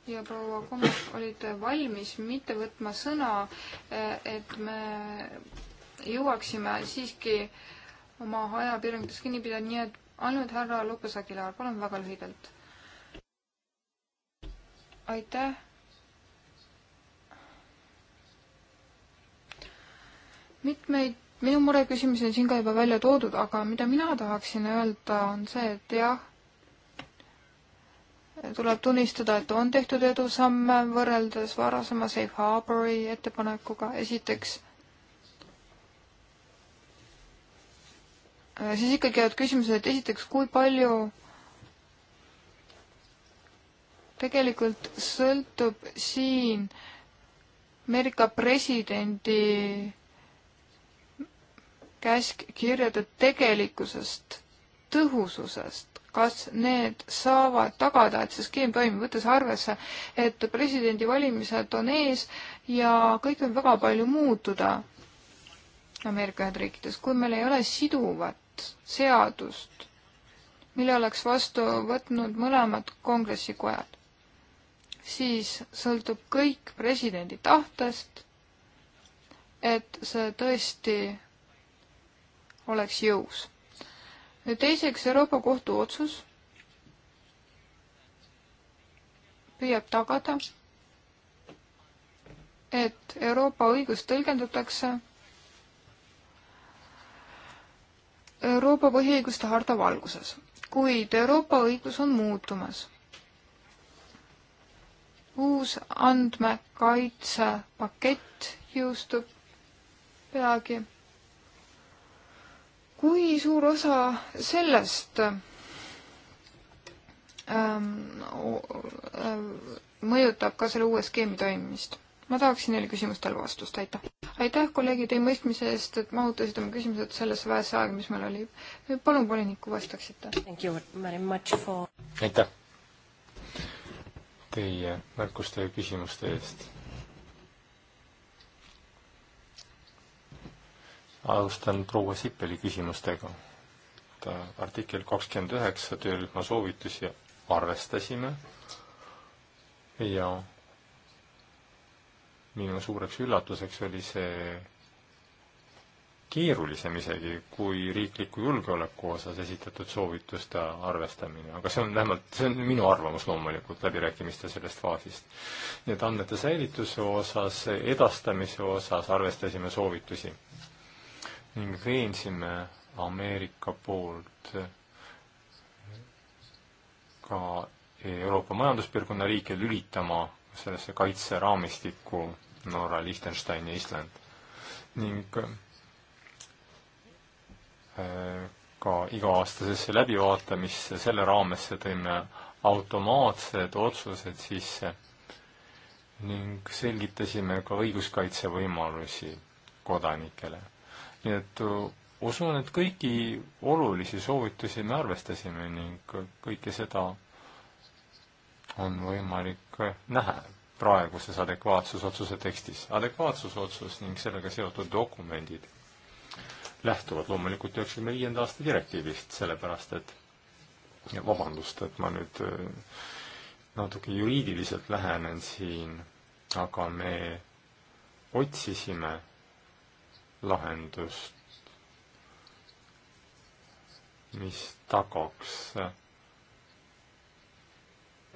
Speaker 3: ja proua Komov, olite valmis mitte võtma sõna, et me jõuaksime siiski äh, oma ajapiirangutest kinni pidada, nii et ainult härra Lopes Aguilar, palun väga lühidalt. aitäh. mitmeid minu mureküsimusi on siin ka juba välja toodud, aga mida mina tahaksin öelda, on see, et jah, tuleb tunnistada, et on tehtud edusamme võrreldes varasema Safe Harbori ettepanekuga, esiteks Äh, siis ikkagi jäävad küsimused, esiteks, kui palju tegelikult sõltub siin Ameerika presidendi käskkirjade tegelikkusest, tõhususest, kas need saavad tagada, et see skeem toimib, võttes arvesse, et presidendivalimised on ees ja kõik võib väga palju muutuda Ameerika Ühendriikides, kui meil ei ole siduvat uut seadust, mille oleks vastu võtnud mõlemad kongressikojad, siis sõltub kõik presidendi tahtest, et see tõesti oleks jõus. nüüd teiseks, Euroopa Kohtu otsus püüab tagada, et Euroopa õigust tõlgendatakse Euroopa põhiõiguste harta valguses, kuid Euroopa õigus on muutumas. uus andmekaitsepakett jõustub peagi. kui suur osa sellest ähm, äh, mõjutab ka selle uue skeemi toimimist? ma tahaksin neile küsimustele vastust, aitäh. aitäh, kolleegid, teie mõistmise eest, et mahutasid oma küsimused sellesse vähesse aega, mis meil oli. palun volinikku vastaksite. For...
Speaker 1: aitäh teie märkuste ja küsimuste eest. alustan proua Sippeli küsimustega. ta artikkel kakskümmend üheksa töörühma soovitusi arvestasime ja minu suureks üllatuseks oli see keerulisem isegi kui riikliku julgeoleku osas esitatud soovituste arvestamine, aga see on vähemalt, see on minu arvamus loomulikult läbirääkimiste sellest faasist. nii et andmete säilituse osas, edastamise osas arvestasime soovitusi ning veensime Ameerika poolt ka Euroopa Majanduspiirkonna riike lülitama sellesse kaitseraamistikku Norra, Liechtenstein ja Island ning äh, ka iga-aastasesse läbivaatamisse, selle raamesse tõime automaatsed otsused sisse ning selgitasime ka õiguskaitsevõimalusi kodanikele. nii et äh, usun, et kõiki olulisi soovitusi me arvestasime ning kõike seda on võimalik äh, näha praeguses adekvaatsusotsuse tekstis. adekvaatsusotsus ning sellega seotud dokumendid lähtuvad loomulikult üheksakümne viienda aasta direktiivist, sellepärast et ja vabandust, et ma nüüd äh, natuke juriidiliselt lähenen siin, aga me otsisime lahendust, mis tagaks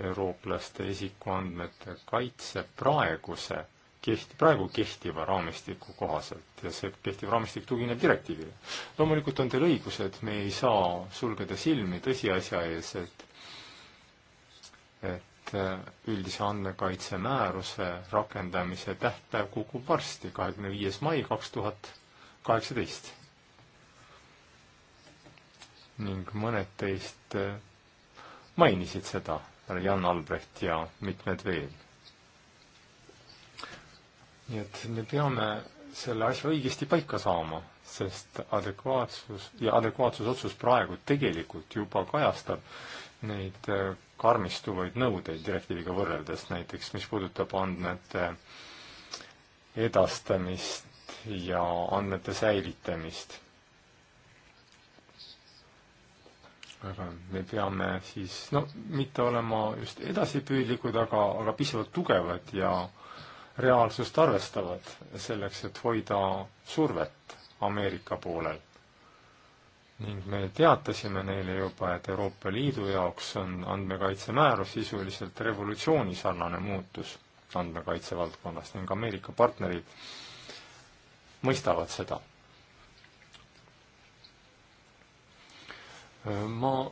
Speaker 1: eurooplaste isikuandmete kaitse praeguse kehti-, praegu kehtiva raamistiku kohaselt ja see kehtiv raamistik tugineb direktiivile. loomulikult on teil õigus, et me ei saa sulgeda silmi tõsiasja ees, et et äh, üldise andmekaitse määruse rakendamise tähtpäev kukub varsti, kahekümne viies mai kaks tuhat kaheksateist. ning mõned teist äh, mainisid seda, härra Jan Albrecht ja mitmed veel. nii et me peame selle asja õigesti paika saama, sest adekvaatsus ja adekvaatsusotsus praegu tegelikult juba kajastab neid äh, karmistuvaid nõudeid direktiiviga võrreldes, näiteks mis puudutab andmete edastamist ja andmete säilitamist aga me peame siis, no mitte olema just edasipüüdlikud, aga, aga piisavalt tugevad ja reaalsust arvestavad selleks, et hoida survet Ameerika poolel. ning me teatasime neile juba, et Euroopa Liidu jaoks on andmekaitsemäärus sisuliselt revolutsiooni sarnane muutus andmekaitse valdkonnas ning Ameerika partnerid mõistavad seda ma äh,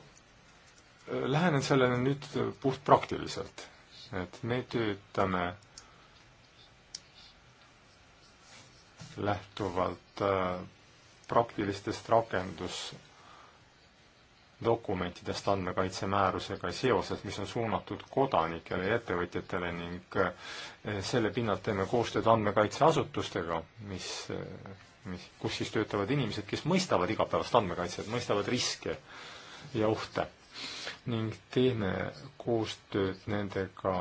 Speaker 1: lähenen sellele nüüd puhtpraktiliselt, et me töötame lähtuvalt äh, praktilistest rakendusdokumentidest andmekaitsemäärusega seoses, mis on suunatud kodanikele ja ettevõtjatele ning äh, selle pinnalt teeme koostööd andmekaitseasutustega, mis mis, kus siis töötavad inimesed, kes mõistavad igapäevast andmekaitset, mõistavad riske ja ohte ning teeme koostööd nendega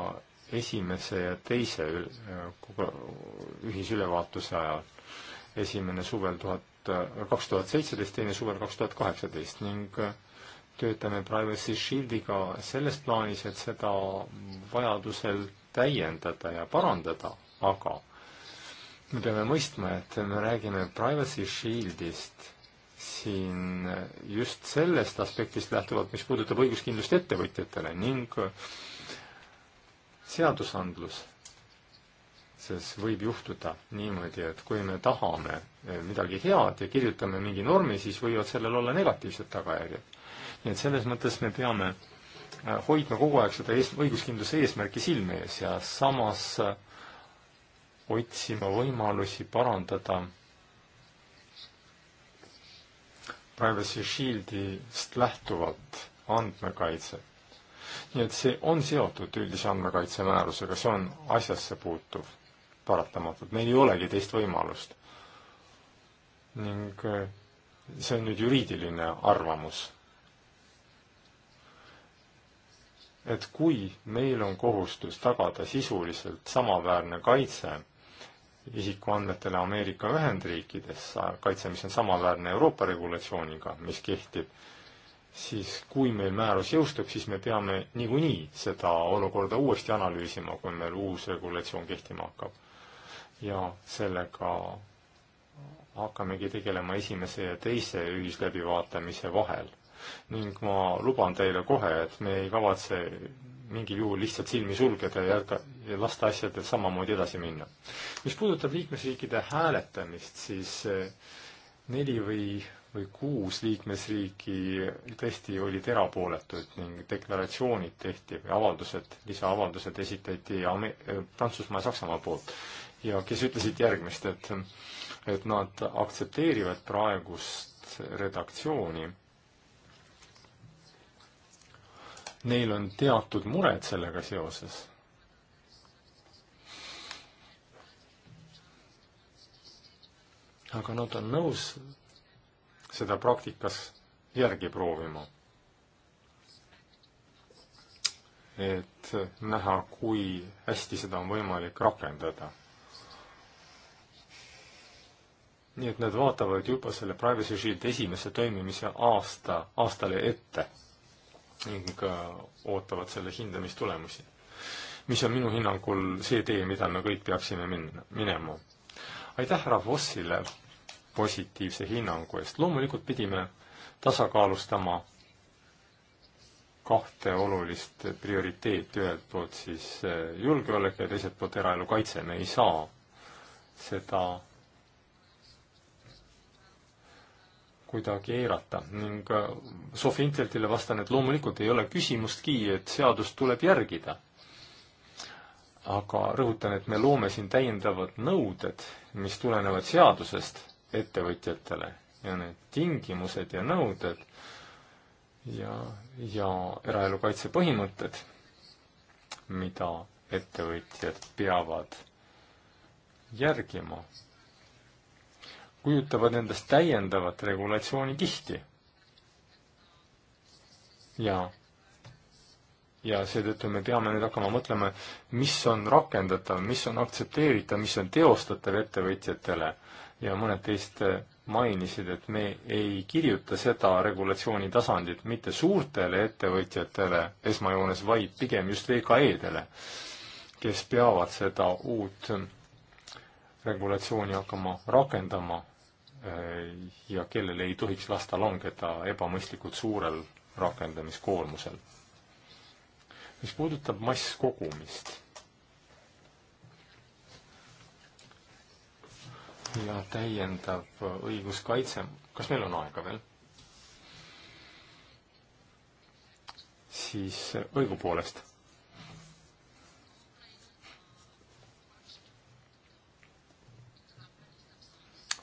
Speaker 1: esimese ja teise äh, ühisülevaatuse ajal. esimene suvel tuhat, äh, kaks tuhat seitseteist, teine suvel kaks tuhat kaheksateist ning äh, töötame Privacy Shieldiga selles plaanis, et seda vajadusel täiendada ja parandada, aga me peame mõistma, et me räägime privacy shield'ist siin just sellest aspektist lähtuvalt, mis puudutab õiguskindlust ettevõtjatele ning seadusandlus, sest võib juhtuda niimoodi, et kui me tahame midagi head ja kirjutame mingi normi, siis võivad sellel olla negatiivsed tagajärjed. nii et selles mõttes me peame hoidma kogu aeg seda ees, õiguskindluse eesmärki silme ees ja samas äh, otsima võimalusi parandada Privacy Shieldist lähtuvalt andmekaitse. nii et see on seotud üldise andmekaitse määrusega, see on asjasse puutuv paratamatult, meil ei olegi teist võimalust. ning eh, see on nüüd juriidiline arvamus. et kui meil on kohustus tagada sisuliselt samaväärne kaitse isikuandmetele Ameerika Ühendriikides kaitse, mis on samaväärne Euroopa regulatsiooniga, mis kehtib, siis kui meil määrus jõustub, siis me peame niikuinii seda olukorda uuesti analüüsima, kui meil uus regulatsioon kehtima hakkab. ja sellega hakkamegi tegelema esimese ja teise ühisläbivaatamise vahel. ning ma luban teile kohe, et me ei kavatse mingil juhul lihtsalt silmi sulgeda ja jätka, ja lasta asjadel samamoodi edasi minna. mis puudutab liikmesriikide hääletamist, siis eh, neli või, või kuus liikmesriiki tõesti olid erapooletud ning deklaratsioonid tehti või avaldused, lisaavaldused esitati Ame-, eh, Prantsusmaa ja Saksamaa poolt. ja kes ütlesid järgmist, et, et nad aktsepteerivad praegust redaktsiooni neil on teatud mured sellega seoses. aga nad on nõus seda praktikas järgi proovima. et näha, kui hästi seda on võimalik rakendada. nii et nad vaatavad juba selle Privacy Shield esimese toimimise aasta, aastale ette ning ootavad selle hindamistulemusi mis on minu hinnangul see tee, mida me kõik peaksime minna, minema aitäh härra Vossile positiivse hinnangu eest. loomulikult pidime tasakaalustama kahte olulist prioriteeti, ühelt poolt siis eh, julgeolek ja teiselt poolt eraelu kaitse. me ei saa seda kuidagi eirata ning eh, Sofi Inteltile vastan, et loomulikult ei ole küsimustki, et seadust tuleb järgida aga rõhutan, et me loome siin täiendavad nõuded, mis tulenevad seadusest ettevõtjatele ja need tingimused ja nõuded ja, ja eraelu kaitse põhimõtted, mida ettevõtjad peavad järgima, kujutavad endast täiendavat regulatsiooni kihti. ja ja seetõttu me peame nüüd hakkama mõtlema, mis on rakendatav, mis on aktsepteeritav, mis on teostatav ettevõtjatele ja mõned teist mainisid, et me ei kirjuta seda regulatsiooni tasandit mitte suurtele ettevõtjatele esmajoones, vaid pigem just VKE-dele, kes peavad seda uut regulatsiooni hakkama rakendama eh, ja kellele ei tohiks lasta langeda ebamõistlikult suurel rakendamiskoormusel mis puudutab masskogumist ja täiendav õiguskaitse, kas meil on aega veel? siis äh, õigupoolest.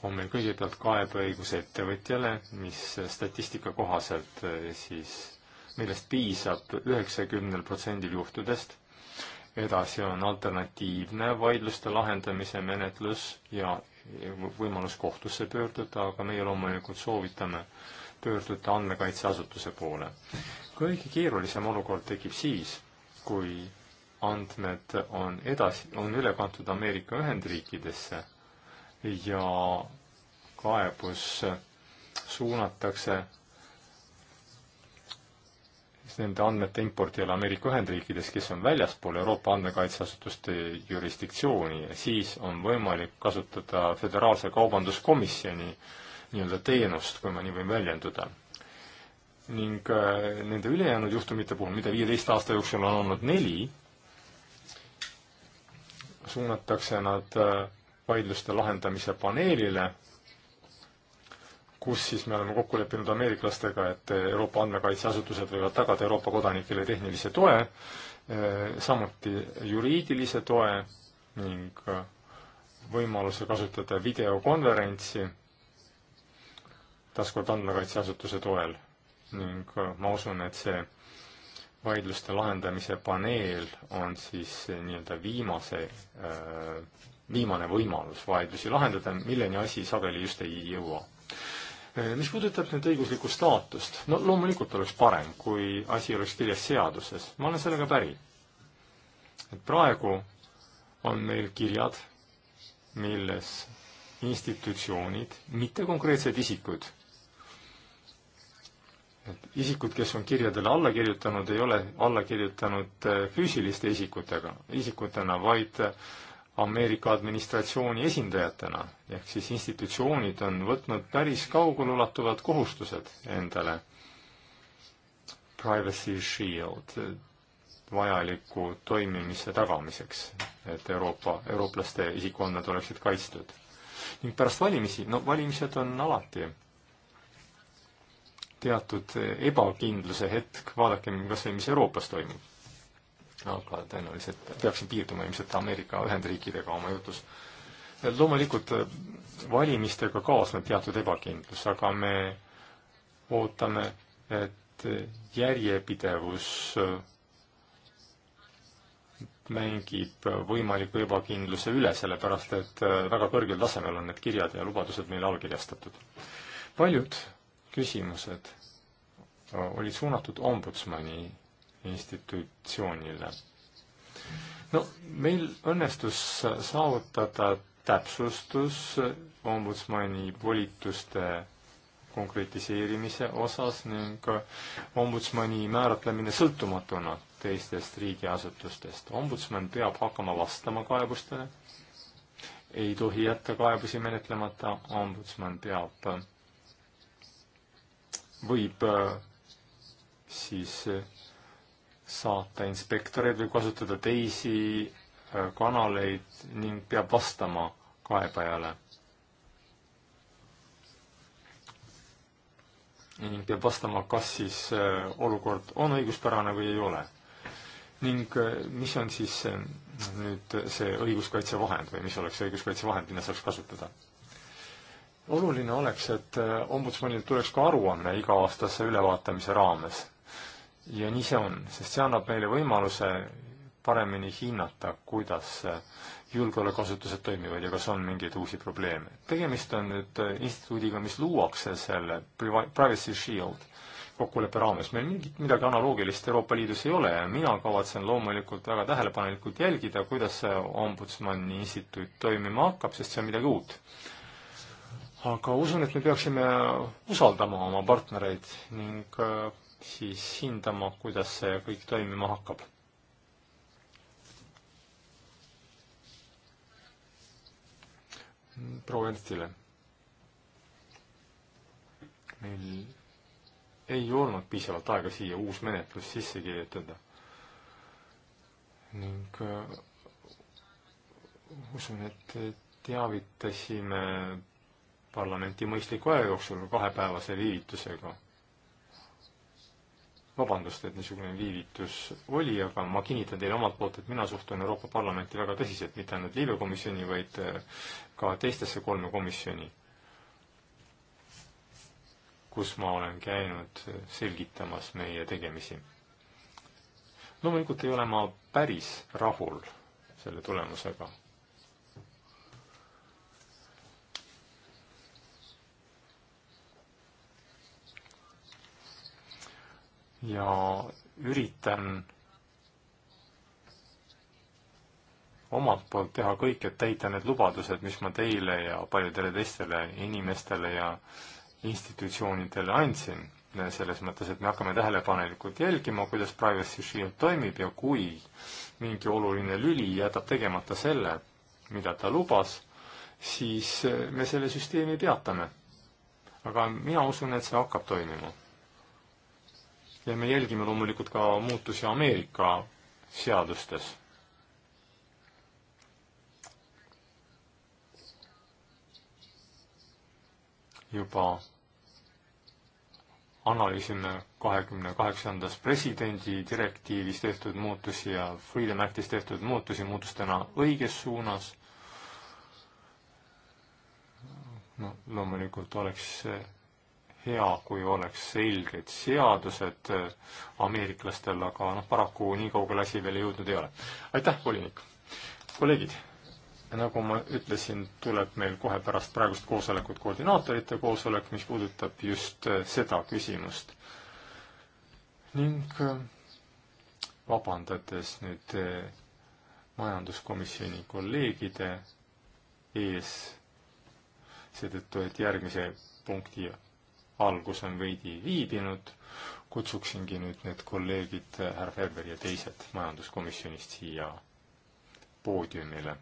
Speaker 1: on meil kõigepealt kaebeõigus ettevõtjale, mis statistika kohaselt äh, siis millest piisab üheksakümnel protsendil juhtudest. edasi on alternatiivne vaidluste lahendamise menetlus ja võimalus kohtusse pöörduda, aga meie loomulikult soovitame pöörduda andmekaitseasutuse poole. kõige keerulisem olukord tekib siis, kui andmed on edasi, on üle kantud Ameerika Ühendriikidesse ja kaebus suunatakse nende andmete impordijale Ameerika Ühendriikides, kes on väljaspool Euroopa andmekaitseasutuste jurisdiktsiooni ja siis on võimalik kasutada Föderaalse Kaubanduskomisjoni nii-öelda teenust, kui ma nii võin väljenduda. ning äh, nende ülejäänud juhtumite puhul, mida viieteist aasta jooksul on olnud neli, suunatakse nad äh, vaidluste lahendamise paneelile kus siis me oleme kokku leppinud ameeriklastega, et Euroopa andmekaitseasutused võivad tagada Euroopa kodanikele tehnilise toe, eh, samuti juriidilise toe ning eh, võimaluse kasutada videokonverentsi taaskord andmekaitseasutuse toel ning eh, ma usun, et see vaidluste lahendamise paneel on siis nii-öelda viimase, viimane võimalus vaidlusi lahendada, milleni asi sageli just ei jõua. Eh, mis puudutab nüüd õiguslikku staatust, no loomulikult oleks parem, kui asi oleks kirjas seaduses, ma olen sellega päri. et praegu on meil kirjad, milles institutsioonid, mitte konkreetsed isikud, et isikud, kes on kirjadele alla kirjutanud, ei ole alla kirjutanud eh, füüsiliste isikutega, isikutena, vaid Ameerika administratsiooni esindajatena, ehk siis institutsioonid on võtnud päris kaugululatuvad kohustused endale. Privacy Shield vajaliku toimimise tagamiseks, et Euroopa, eurooplaste isikuandmed oleksid kaitstud. ning pärast valimisi, no valimised on alati teatud ebakindluse hetk, vaadakem kas või, mis Euroopas toimub aga tõenäoliselt peaksin piirduma ilmselt Ameerika Ühendriikidega oma jutus. loomulikult äh, valimistega kaasneb teatud ebakindlus, aga me ootame, et järjepidevus äh, mängib võimaliku ebakindluse üle, sellepärast et äh, väga kõrgel tasemel on need kirjad ja lubadused meile allkirjastatud. paljud küsimused olid suunatud ombudsmani institutsioonile. no meil õnnestus saavutada täpsustus ombudsmani volituste konkretiseerimise osas ning ombudsmani määratlemine sõltumatuna teistest riigiasutustest. ombudsman peab hakkama vastama kaebustele, ei tohi jätta kaebusi menetlemata, ombudsman peab, võib äh, siis saata inspektoreid või kasutada teisi äh, kanaleid ning peab vastama kaebajale. ning peab vastama, kas siis äh, olukord on õiguspärane või ei ole. ning äh, mis on siis nüüd see õiguskaitsevahend või mis oleks õiguskaitsevahend, mida saaks kasutada? oluline oleks, et ombudsmanil tuleks ka aruanne iga-aastase ülevaatamise raames ja nii see on, sest see annab meile võimaluse paremini hinnata, kuidas julgeolekuasutused toimivad ja kas on mingeid uusi probleeme. tegemist on nüüd instituudiga, mis luuakse selle Privacy Shield kokkuleppe raames. meil mingit midagi analoogilist Euroopa Liidus ei ole ja mina kavatsen loomulikult väga tähelepanelikult jälgida, kuidas see ombudsmani instituut toimima hakkab, sest see on midagi uut. aga usun, et me peaksime usaldama oma partnereid ning äh, siis hindama, kuidas see kõik toimima hakkab. proua Ernstile. meil ei olnud piisavalt aega siia uus menetlus sisse kirjutada ning äh, usun, et teavitasime parlamenti mõistliku aja jooksul kahepäevase viivitusega vabandust, et niisugune viivitus oli, aga ma kinnitan teile omalt poolt, et mina suhtun Euroopa Parlamenti väga tõsiselt, mitte ainult Liive komisjoni, vaid äh, ka teistesse kolme komisjoni, kus ma olen käinud äh, selgitamas meie tegemisi. loomulikult ei ole ma päris rahul selle tulemusega ja üritan omalt poolt teha kõik, et täita need lubadused, mis ma teile ja paljudele teistele inimestele ja institutsioonidele andsin. selles mõttes, et me hakkame tähelepanelikult jälgima, kuidas Privacy Shield toimib ja kui mingi oluline lüli jätab tegemata selle, mida ta lubas, siis me selle süsteemi peatame. aga mina usun, et see hakkab toimima ja me jälgime loomulikult ka muutusi Ameerika seadustes. juba analüüsime kahekümne kaheksandas presidendi direktiivis tehtud muutusi ja Freedom Actis tehtud muutusi muutustena õiges suunas. no loomulikult oleks hea, kui oleks selged seadused äh, ameeriklastel, aga noh, paraku nii kaugele asi veel jõudnud ei ole. aitäh, volinik! kolleegid, nagu ma ütlesin, tuleb meil kohe pärast praegust koosolekut koordinaatorite koosolek, mis puudutab just äh, seda küsimust. ning äh, vabandades nüüd majanduskomisjoni kolleegide ees seetõttu, et järgmise punkti algus on veidi viibinud, kutsuksingi nüüd need kolleegid, härra Ferber ja teised majanduskomisjonist siia poodiumile